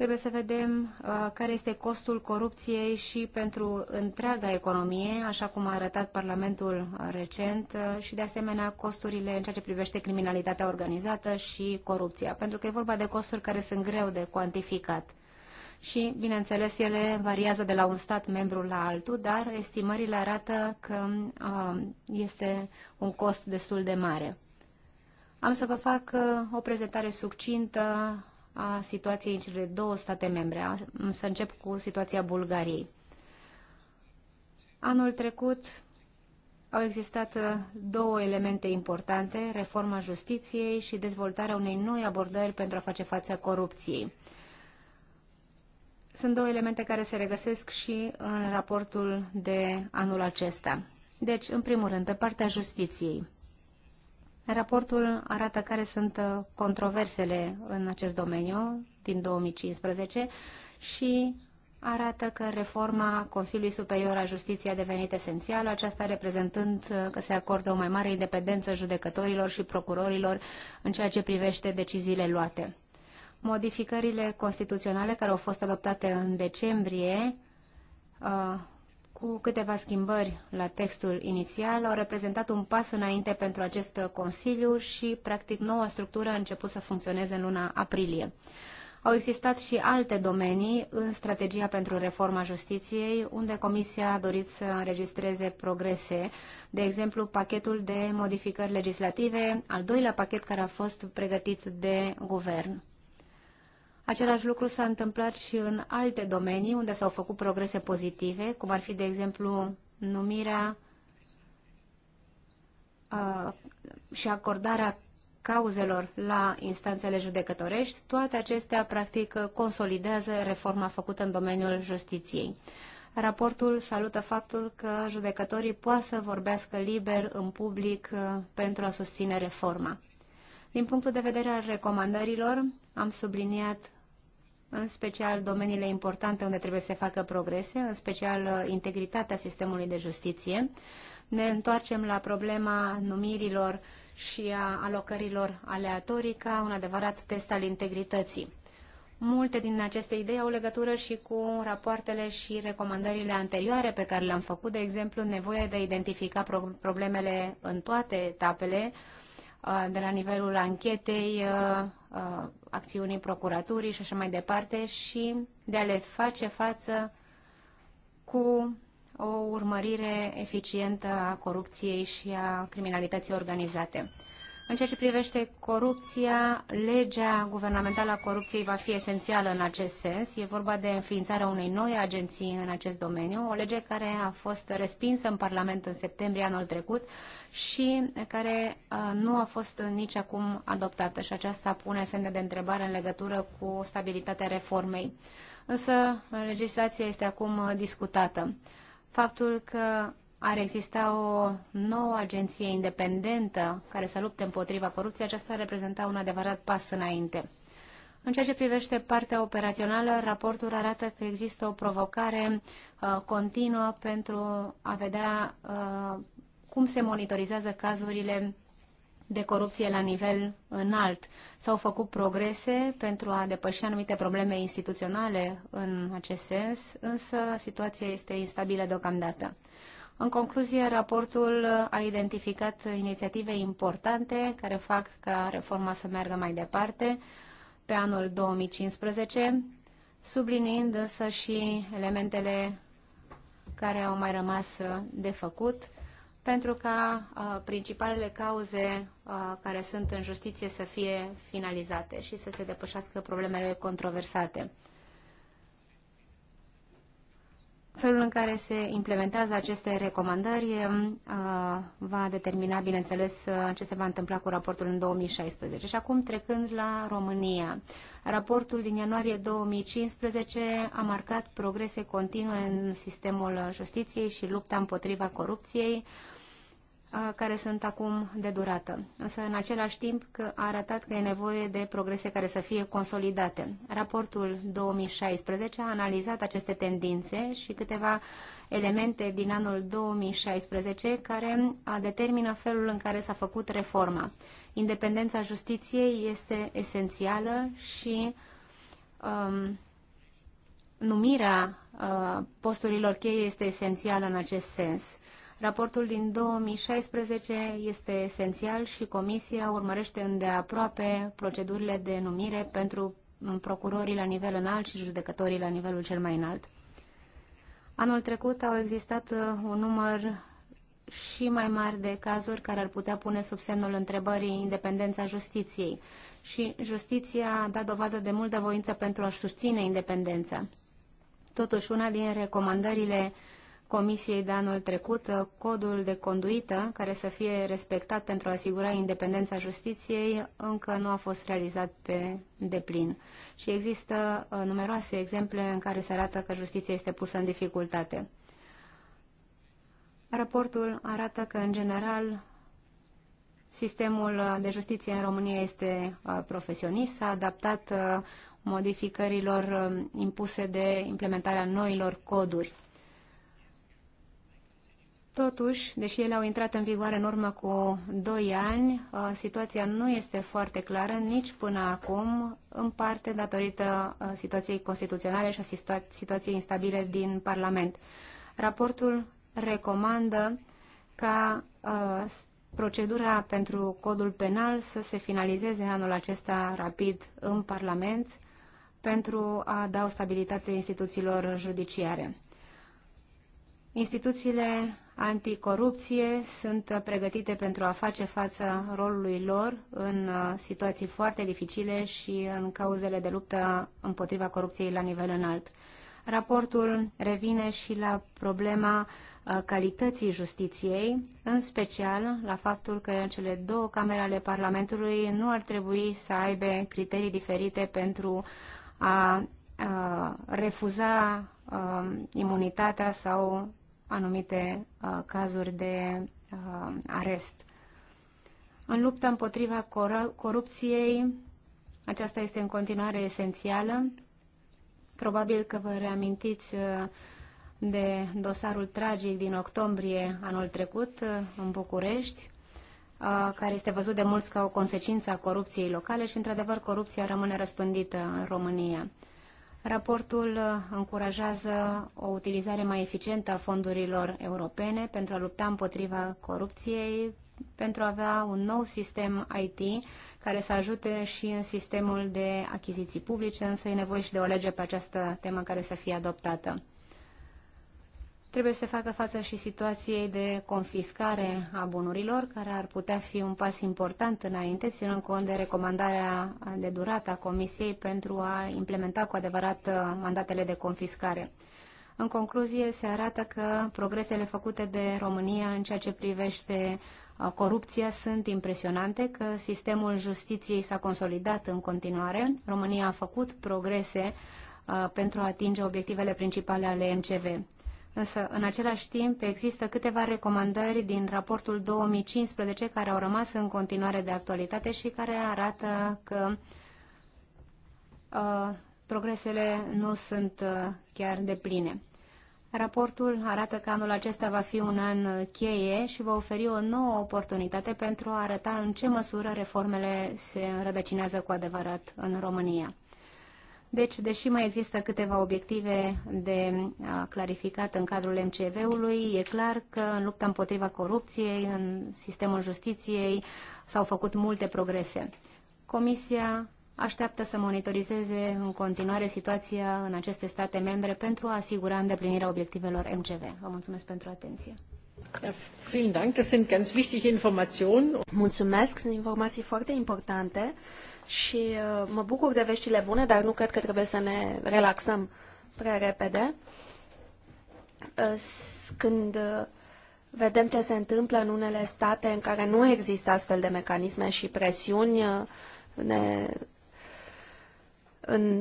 Trebuie să vedem uh, care este costul corupției și pentru întreaga economie, așa cum a arătat Parlamentul uh, recent, uh, și de asemenea costurile în ceea ce privește criminalitatea organizată și corupția, pentru că e vorba de costuri care sunt greu de cuantificat. Și, bineînțeles, ele variază de la un stat membru la altul, dar estimările arată că uh, este un cost destul de mare. Am să vă fac uh, o prezentare succintă a situației în cele două state membre. Să încep cu situația Bulgariei. Anul trecut au existat uh, două elemente importante, reforma justiției și dezvoltarea unei noi abordări pentru a face față corupției. Sunt două elemente care se regăsesc și în raportul de anul acesta. Deci, în primul rând, pe partea justiției. Raportul arată care sunt uh, controversele în acest domeniu din 2015 și arată că reforma Consiliului Superior a Justiției a devenit esențială, aceasta reprezentând uh, că se acordă o mai mare independență judecătorilor și procurorilor în ceea ce privește deciziile luate. Modificările constituționale care au fost adoptate în decembrie uh, cu câteva schimbări la textul inițial, au reprezentat un pas înainte pentru acest Consiliu și, practic, noua structură a început să funcționeze în luna aprilie. Au existat și alte domenii în strategia pentru reforma justiției, unde Comisia a dorit să înregistreze progrese, de exemplu pachetul de modificări legislative, al doilea pachet care a fost pregătit de guvern. Același lucru s-a întâmplat și în alte domenii unde s-au făcut progrese pozitive, cum ar fi, de exemplu, numirea uh, și acordarea cauzelor la instanțele judecătorești, toate acestea, practic, consolidează reforma făcută în domeniul justiției. Raportul salută faptul că judecătorii poate să vorbească liber în public uh, pentru a susține reforma. Din punctul de vedere al recomandărilor, am subliniat în special domeniile importante unde trebuie să facă progrese, în special uh, integritatea sistemului de justiție. Ne întoarcem la problema numirilor și a alocărilor aleatorii ca un adevărat test al integrității. Multe din aceste idei au legătură și cu rapoartele și recomandările anterioare pe care le-am făcut, de exemplu, nevoia de a identifica problemele în toate etapele, de la nivelul anchetei, acțiunii procuraturii și așa mai departe și de a le face față cu o urmărire eficientă a corupției și a criminalității organizate. În ceea ce privește corupția, legea guvernamentală a corupției va fi esențială în acest sens. E vorba de înființarea unei noi agenții în acest domeniu, o lege care a fost respinsă în Parlament în septembrie anul trecut și care uh, nu a fost nici acum adoptată și aceasta pune semne de întrebare în legătură cu stabilitatea reformei. Însă legislația este acum uh, discutată. Faptul că ar exista o nouă agenție independentă care să lupte împotriva corupției, aceasta ar reprezenta un adevărat pas înainte. În ceea ce privește partea operațională, raportul arată că există o provocare uh, continuă pentru a vedea uh, cum se monitorizează cazurile de corupție la nivel înalt. S-au făcut progrese pentru a depăși anumite probleme instituționale în acest sens, însă situația este instabilă deocamdată. În concluzie, raportul a identificat inițiative importante care fac ca reforma să meargă mai departe pe anul 2015, subliniind însă și elementele care au mai rămas de făcut pentru ca uh, principalele cauze uh, care sunt în justiție să fie finalizate și să se depășească problemele controversate. Felul în care se implementează aceste recomandări eh, va determina, bineînțeles, eh, ce se va întâmpla cu raportul în 2016. Și acum, trecând la România. Raportul din ianuarie 2015 a marcat progrese continue în sistemul justiției și lupta împotriva corupției, care sunt acum de durată. Însă, în același timp, că a arătat că e nevoie de progrese care să fie consolidate. Raportul 2016 a analizat aceste tendințe și câteva elemente din anul 2016 care determină felul în care s-a făcut reforma. Independența justiției este esențială și um, numirea uh, posturilor cheie este esențială în acest sens. Uh, Raportul din 2016 este esențial și Comisia urmărește îndeaproape procedurile de numire pentru procurorii la nivel înalt și judecătorii la nivelul cel mai înalt. Anul trecut au existat uh, un număr și mai mari de cazuri care ar putea pune sub semnul întrebării independența justiției. Și justiția a dat dovadă de multă voință pentru a-și susține independența. Totuși, una din recomandările uh, Comisiei de anul trecut uh, codul de conduită care să fie respectat pentru a asigura independența justiției încă nu a fost realizat pe deplin. Și există uh, numeroase exemple în care se arată că justiția este pusă în dificultate. Raportul arată că, în general, sistemul uh, de justiție în România este profesionist, s-a adaptat modificărilor impuse de implementarea noilor coduri Totuși, deși ele au intrat în vigoare în urmă cu 2 ani, uh, situația nu este foarte clară nici până acum, în parte datorită uh, situației constituționale și a situației instabile din Parlament. Raportul recomandă ca uh, procedura pentru codul penal să se finalizeze anul acesta rapid în Parlament pentru a da o stabilitate instituțiilor judiciare. Instituțiile anticorupție sunt pregătite pentru a face față rolului lor în uh, situații foarte dificile și în cauzele de luptă împotriva corupției la nivel înalt. Raportul revine și la problema uh, calității justiției, în special la faptul că cele două camere ale Parlamentului nu ar trebui să aibă criterii diferite pentru a uh, refuza imunitatea sau anumite uh, cazuri de uh, arest. În lupta împotriva cor- corupției, aceasta este în continuare esențială. Probabil că vă reamintiți uh, de dosarul tragic din octombrie anul trecut uh, în București, uh, care este văzut de mulți ca o consecință a corupției locale și, într-adevăr, corupția rămâne răspândită în România. Raportul uh, încurajează o utilizare mai eficientă a fondurilor europene pentru a lupta împotriva corupției, pentru a avea un nou sistem IT care să ajute și în sistemul de achiziții publice, însă e nevoie și de o lege pe această temă care să fie adoptată trebuie să facă față și situației de confiscare a bunurilor, care ar putea fi un pas important înainte, ținând cont de recomandarea de durată a Comisiei pentru a implementa cu adevărat uh, mandatele de confiscare. În concluzie, se arată că progresele făcute de România în ceea ce privește uh, corupția sunt impresionante, că sistemul justiției s-a consolidat în continuare. România a făcut progrese uh, pentru a atinge obiectivele principale ale MCV. Însă, în același timp, există câteva recomandări din raportul 2015 care au rămas în continuare de actualitate și care arată că uh, progresele nu sunt uh, chiar de pline. Raportul arată că anul acesta va fi un an cheie și va oferi o nouă oportunitate pentru a arăta în ce măsură reformele se rădăcinează cu adevărat în România. Deci, deși mai există câteva obiective de clarificat în cadrul MCV-ului, e clar că în lupta împotriva corupției, în sistemul justiției, s-au făcut multe progrese. Comisia așteaptă să monitorizeze în continuare situația în aceste state membre pentru a asigura îndeplinirea obiectivelor MCV. Vă mulțumesc pentru atenție. Mulțumesc, sunt informații foarte importante și uh, mă bucur de veștile bune, dar nu cred că trebuie să ne relaxăm prea repede. Uh, când uh, vedem ce se întâmplă în unele state în care nu există astfel de mecanisme și presiuni, ne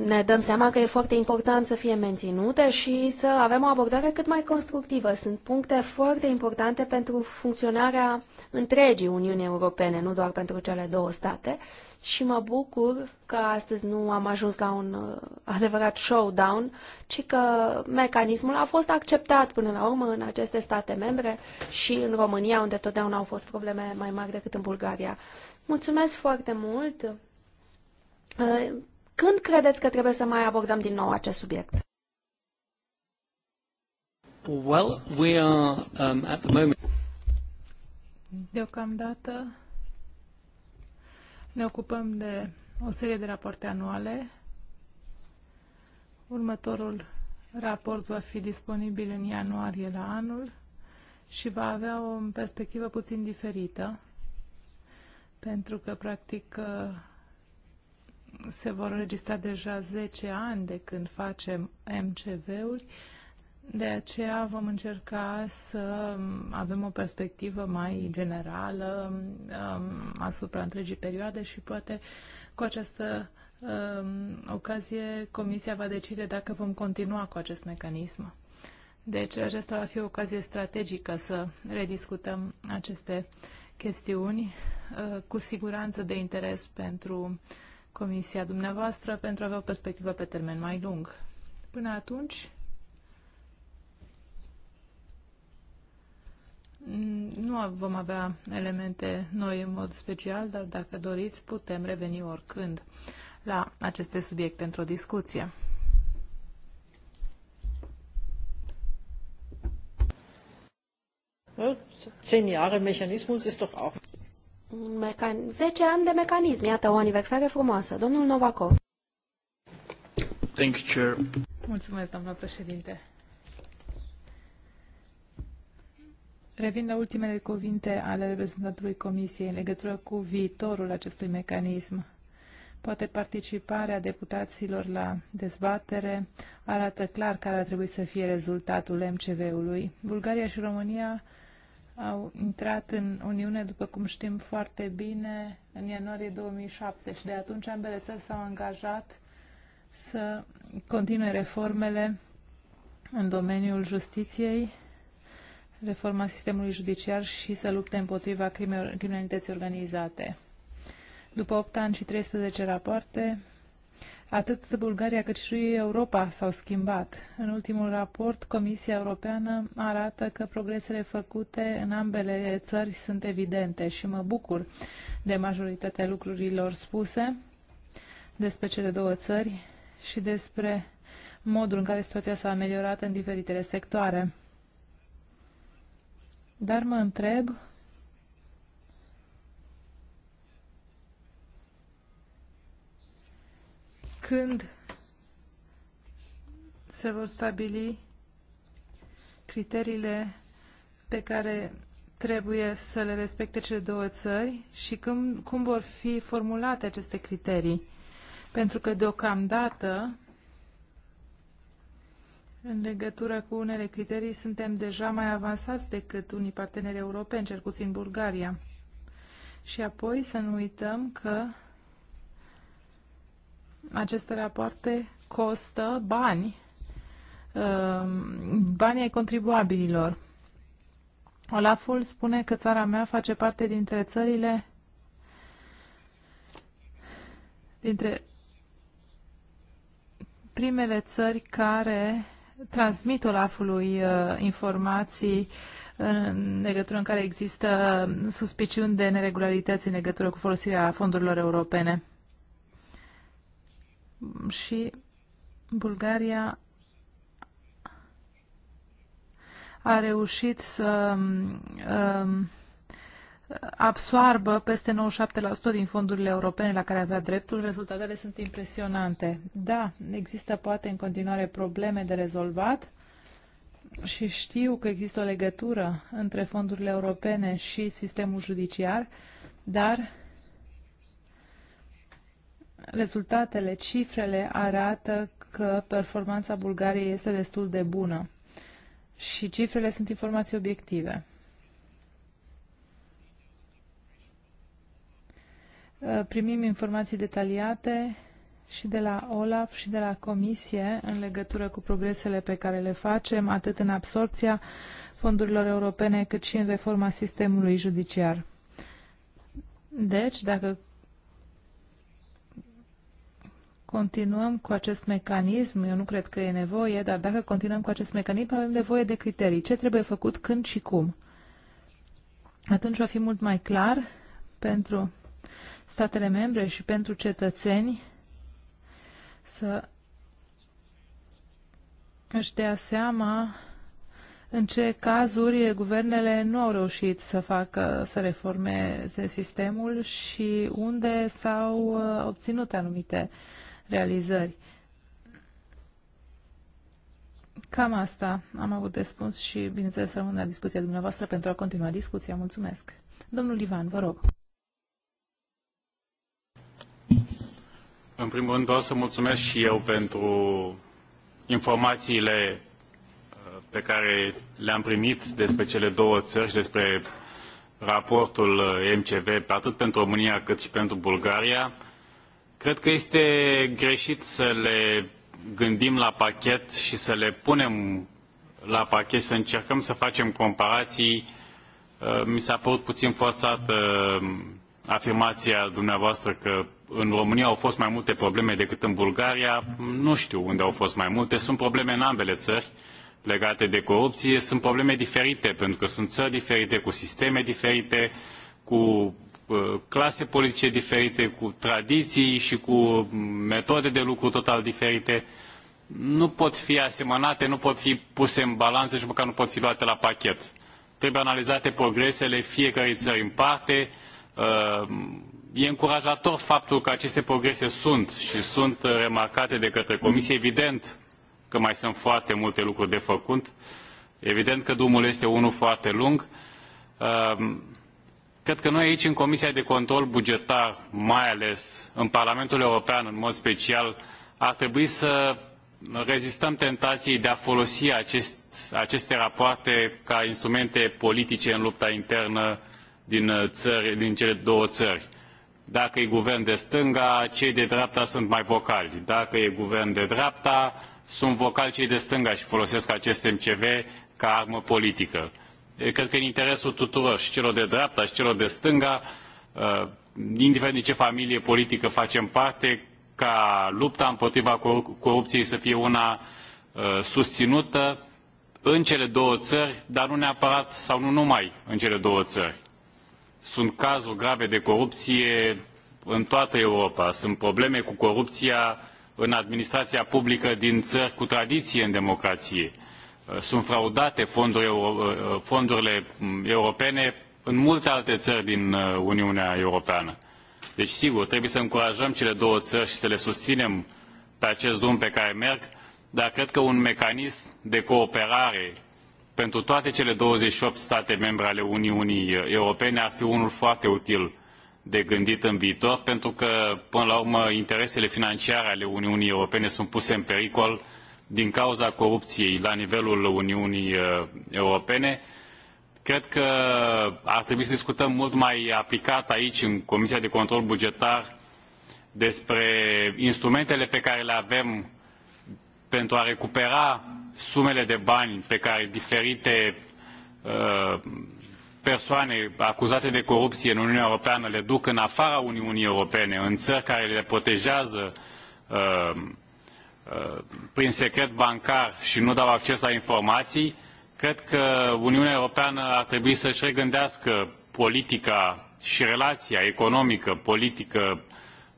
ne dăm seama că e foarte important să fie menținute și să avem o abordare cât mai constructivă. Sunt puncte foarte importante pentru funcționarea întregii Uniunii Europene, nu doar pentru cele două state. Și mă bucur că astăzi nu am ajuns la un uh, adevărat showdown, ci că mecanismul a fost acceptat până la urmă în aceste state membre și în România, unde totdeauna au fost probleme mai mari decât în Bulgaria. Mulțumesc foarte mult! Uh, când credeți că trebuie să mai abordăm din nou acest subiect? Well, we are um, at the moment. Deocamdată ne ocupăm de o serie de rapoarte anuale. Următorul raport va fi disponibil în ianuarie la anul și va avea o perspectivă puțin diferită, pentru că, practic, se vor înregistra deja 10 ani de când facem MCV-uri, de aceea vom încerca să avem o perspectivă mai generală um, asupra întregii perioade și poate cu această um, ocazie Comisia va decide dacă vom continua cu acest mecanism. Deci aceasta va fi o ocazie strategică să rediscutăm aceste chestiuni uh, cu siguranță de interes pentru uh, comisia dumneavoastră pentru a avea o perspectivă pe termen mai lung. Până atunci, nu vom avea elemente noi în mod special, dar dacă doriți, putem reveni oricând la aceste subiecte într-o discuție. Zehn Jahre Mechanismus ist doch auch mecan... 10 ani de mecanism. Iată, o aniversare frumoasă. Domnul Novakov. Thank you, Chair. Mulțumesc, președinte. Revin la ultimele cuvinte ale reprezentantului Comisiei în legătură cu viitorul acestui mecanism. Poate participarea deputaților la dezbatere arată clar care ar trebui să fie rezultatul MCV-ului. Bulgaria și România au intrat în Uniune, după cum știm foarte bine, în ianuarie 2007 și de atunci ambele țări s-au angajat să continue reformele în domeniul justiției, reforma sistemului judiciar și să lupte împotriva criminalității organizate. După 8 ani și 13 rapoarte, Atât Bulgaria cât și Europa s-au schimbat. În ultimul raport, Comisia Europeană arată că progresele făcute în ambele țări sunt evidente și mă bucur de majoritatea lucrurilor spuse despre cele două țări și despre modul în care situația s-a ameliorat în diferitele sectoare. Dar mă întreb când se vor stabili criteriile pe care trebuie să le respecte cele două țări și cum, cum vor fi formulate aceste criterii. Pentru că deocamdată, în legătură cu unele criterii, suntem deja mai avansați decât unii parteneri europeni, cel puțin Bulgaria. Și apoi să nu uităm că aceste rapoarte costă bani, um, banii ai contribuabililor. Olaful spune că țara mea face parte dintre țările dintre primele țări care transmit Olafului uh, informații în legătură în care există suspiciuni de neregularități în legătură cu folosirea fondurilor europene și Bulgaria a reușit să um, absoarbă peste 97% din fondurile europene la care avea dreptul. Rezultatele sunt impresionante. Da, există poate în continuare probleme de rezolvat și știu că există o legătură între fondurile europene și sistemul judiciar, dar rezultatele, cifrele arată că performanța Bulgariei este destul de bună și cifrele sunt informații obiective. Uh, primim informații detaliate și de la OLAF și de la Comisie în legătură cu progresele pe care le facem, atât în absorpția fondurilor europene, cât și în reforma sistemului judiciar. Deci, dacă continuăm cu acest mecanism, eu nu cred că e nevoie, dar dacă continuăm cu acest mecanism, avem nevoie de criterii. Ce trebuie făcut, când și cum. Atunci va fi mult mai clar pentru statele membre și pentru cetățeni să își dea seama în ce cazuri guvernele nu au reușit să facă, să reformeze sistemul și unde s-au uh, obținut anumite uh, realizări. Cam asta am avut de spus și, bineînțeles, rămân la discuția dumneavoastră pentru a continua discuția. Mulțumesc. Domnul Ivan, vă rog. În primul rând vreau să mulțumesc și eu pentru informațiile uh, pe care le-am primit despre cele două țări și despre raportul uh, MCV, atât pentru România cât și pentru Bulgaria. Cred că este greșit să le gândim la pachet și să le punem la pachet, să încercăm să facem comparații. Uh, mi s-a părut puțin forțată uh, afirmația dumneavoastră că în România au fost mai multe probleme decât în Bulgaria. Nu știu unde au fost mai multe. Sunt probleme în ambele țări legate de corupție. Sunt probleme diferite, pentru că sunt țări diferite, cu sisteme diferite, cu Uh, clase politice diferite, cu tradiții și cu mm, metode de lucru total diferite, nu pot fi asemănate, nu pot fi puse în balanță și măcar nu pot fi luate la pachet. Trebuie analizate progresele fiecărei țări în parte. Uh, e încurajator faptul că aceste progrese sunt și sunt remarcate de către Comisie. Evident că mai sunt foarte multe lucruri de făcut. Evident că drumul este unul foarte lung. Uh, Cred că noi aici, în Comisia de Control Bugetar, mai ales în Parlamentul European, în mod special, ar trebui să rezistăm tentației de a folosi acest, aceste rapoarte ca instrumente politice în lupta internă din, uh, țări, din cele două țări. Dacă e guvern de stânga, cei de dreapta sunt mai vocali. Dacă e guvern de dreapta, sunt vocali cei de stânga și folosesc acest MCV ca armă politică cred că în interesul tuturor, și celor de dreapta, și celor de stânga, indiferent de ce familie politică facem parte, ca lupta împotriva corupției să fie una susținută în cele două țări, dar nu neapărat sau nu numai în cele două țări. Sunt cazuri grave de corupție în toată Europa. Sunt probleme cu corupția în administrația publică din țări cu tradiție în democrație. Uh, Uh, sunt fraudate uh, uh, fondurile mm, europene în multe alte țări din Uniunea Europeană. Deci, sigur, trebuie să încurajăm cele două țări și să le susținem pe acest drum pe care merg, dar cred că un mecanism de cooperare pentru toate cele 28 state membre ale Uniunii Europene ar fi unul foarte util de gândit în viitor, pentru că, până la urmă, interesele financiare ale Uniunii Europene sunt puse în pericol uh, din cauza corupției la nivelul Uniunii uh, Europene. Cred că ar trebui să discutăm mult mai aplicat aici, în Comisia de Control Bugetar, despre instrumentele pe care le avem pentru a recupera sumele de bani pe care diferite uh, persoane acuzate de corupție în Uniunea Europeană le duc în afara Uniunii Europene, în țări care le protejează uh, Uh, prin secret bancar și nu dau acces la informații, cred că Uniunea Europeană ar trebui să-și regândească politica și relația economică, politică,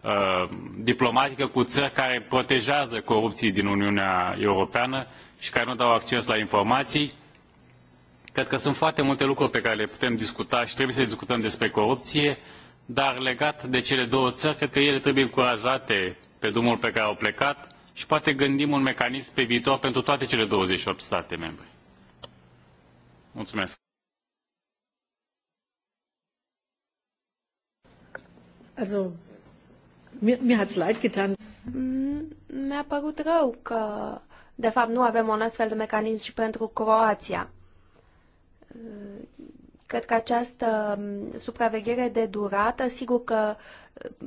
uh, diplomatică cu țări care protejează corupții din Uniunea Europeană și care nu dau acces la informații. Cred că sunt foarte multe lucruri pe care le putem discuta și trebuie să discutăm despre corupție, dar legat de cele două țări, cred că ele trebuie încurajate pe drumul pe care au plecat și poate gândim un mecanism pe viitor pentru toate cele 28 state membre. Mulțumesc. Also, mir, hat's leid getan. Mi-a părut rău că, de fapt, nu avem un astfel de mecanism și pentru Croația. Cred că această mm, supraveghere de durată, sigur că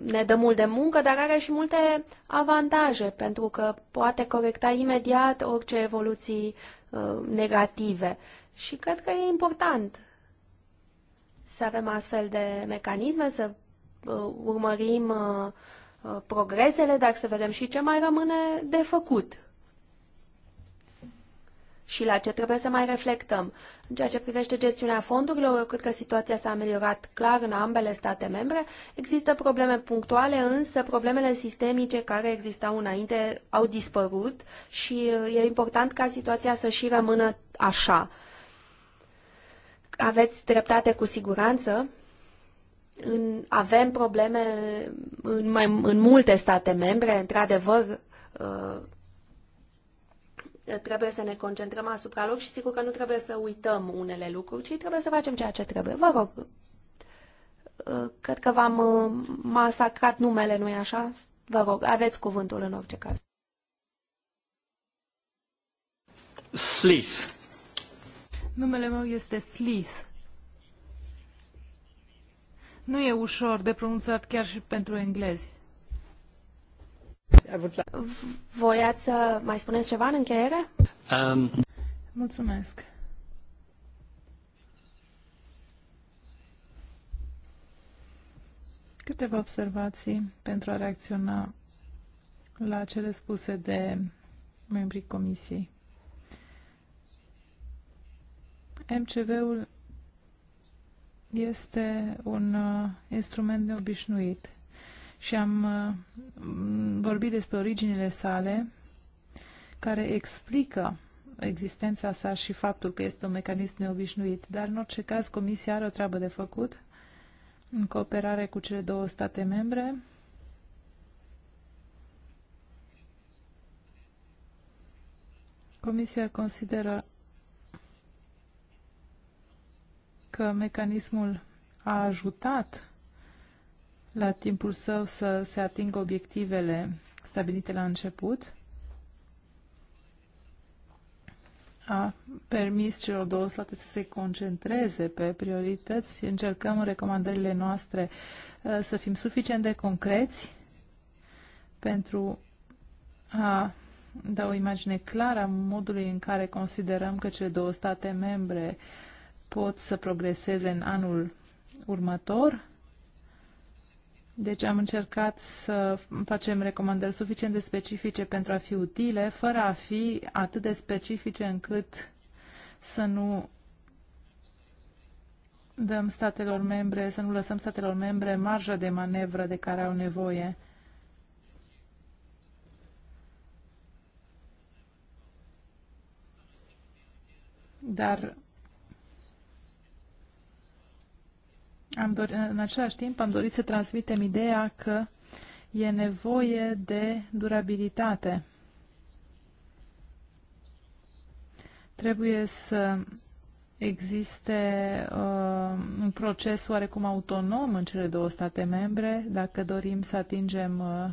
ne dă mult de muncă, dar are și multe avantaje, pentru că poate corecta imediat orice evoluții uh, negative. Și cred că e important să avem astfel de mecanisme, să uh, urmărim uh, progresele, dar să vedem și ce mai rămâne de făcut și la ce trebuie să mai reflectăm. În ceea ce privește gestiunea fondurilor, eu cred că situația s-a ameliorat clar în ambele state membre. Există probleme punctuale, însă problemele sistemice care existau înainte au dispărut și uh, e important ca situația să și rămână așa. Aveți dreptate cu siguranță. În, avem probleme în, mai, în multe state membre, într-adevăr, uh, trebuie să ne concentrăm asupra lor și sigur că nu trebuie să uităm unele lucruri, ci trebuie să facem ceea ce trebuie. Vă rog, uh, cred că v-am uh, masacrat numele, nu-i așa? Vă rog, aveți cuvântul în orice caz. Slith. Numele meu este Slith. Nu e ușor de pronunțat chiar și pentru englezi. Voiați să mai spuneți ceva în încheiere? Um. Mulțumesc. Câteva observații pentru a reacționa la cele spuse de membrii comisiei. MCV-ul este un uh, instrument neobișnuit și am uh, vorbit despre originile sale, care explică existența sa și faptul că este un mecanism neobișnuit. Dar, în orice caz, Comisia are o treabă de făcut în cooperare cu cele două state membre. Comisia consideră că mecanismul a ajutat la timpul său să se atingă obiectivele stabilite la început. A permis celor două state să se concentreze pe priorități. Încercăm în recomandările noastre uh, să fim suficient de concreți pentru a da o imagine clară a modului în care considerăm că cele două state membre pot să progreseze în anul următor deci am încercat să facem recomandări suficient de specifice pentru a fi utile, fără a fi atât de specifice încât să nu dăm statelor membre, să nu lăsăm statelor membre marja de manevră de care au nevoie. Dar am dor- în același timp am dorit să transmitem ideea că e nevoie de durabilitate. Trebuie să existe uh, un proces oarecum autonom în cele două state membre dacă dorim să atingem uh,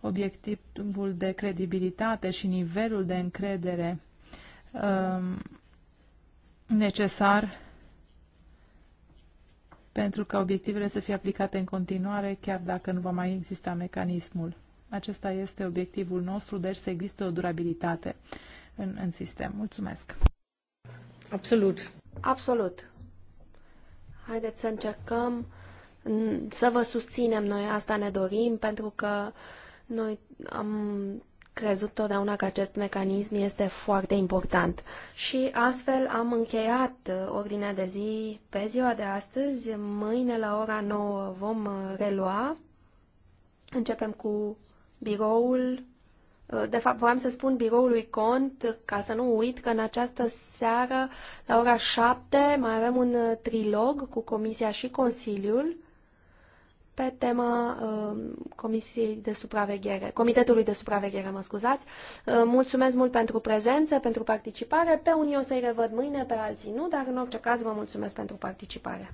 obiectivul de credibilitate și nivelul de încredere uh, necesar pentru ca obiectivele să fie aplicate în continuare, chiar dacă nu va mai exista mecanismul. Acesta este obiectivul nostru, deci să existe o durabilitate în, în sistem. Mulțumesc! Absolut! Absolut! Haideți să încercăm mm, să vă susținem, noi asta ne dorim, pentru că noi am crezut totdeauna că acest mecanism este foarte important. Și astfel am încheiat uh, ordinea de zi pe ziua de astăzi. Mâine la ora 9 vom uh, relua. Începem cu biroul. Uh, de fapt, voiam să spun biroului cont, ca să nu uit că în această seară, la ora 7, mai avem un trilog cu Comisia și Consiliul pe tema uh, Comisiei de Supraveghere, Comitetului de Supraveghere, mă scuzați. Uh, mulțumesc mult pentru prezență, pentru participare. Pe unii o să-i revăd mâine, pe alții nu, dar în orice caz vă mulțumesc pentru participare.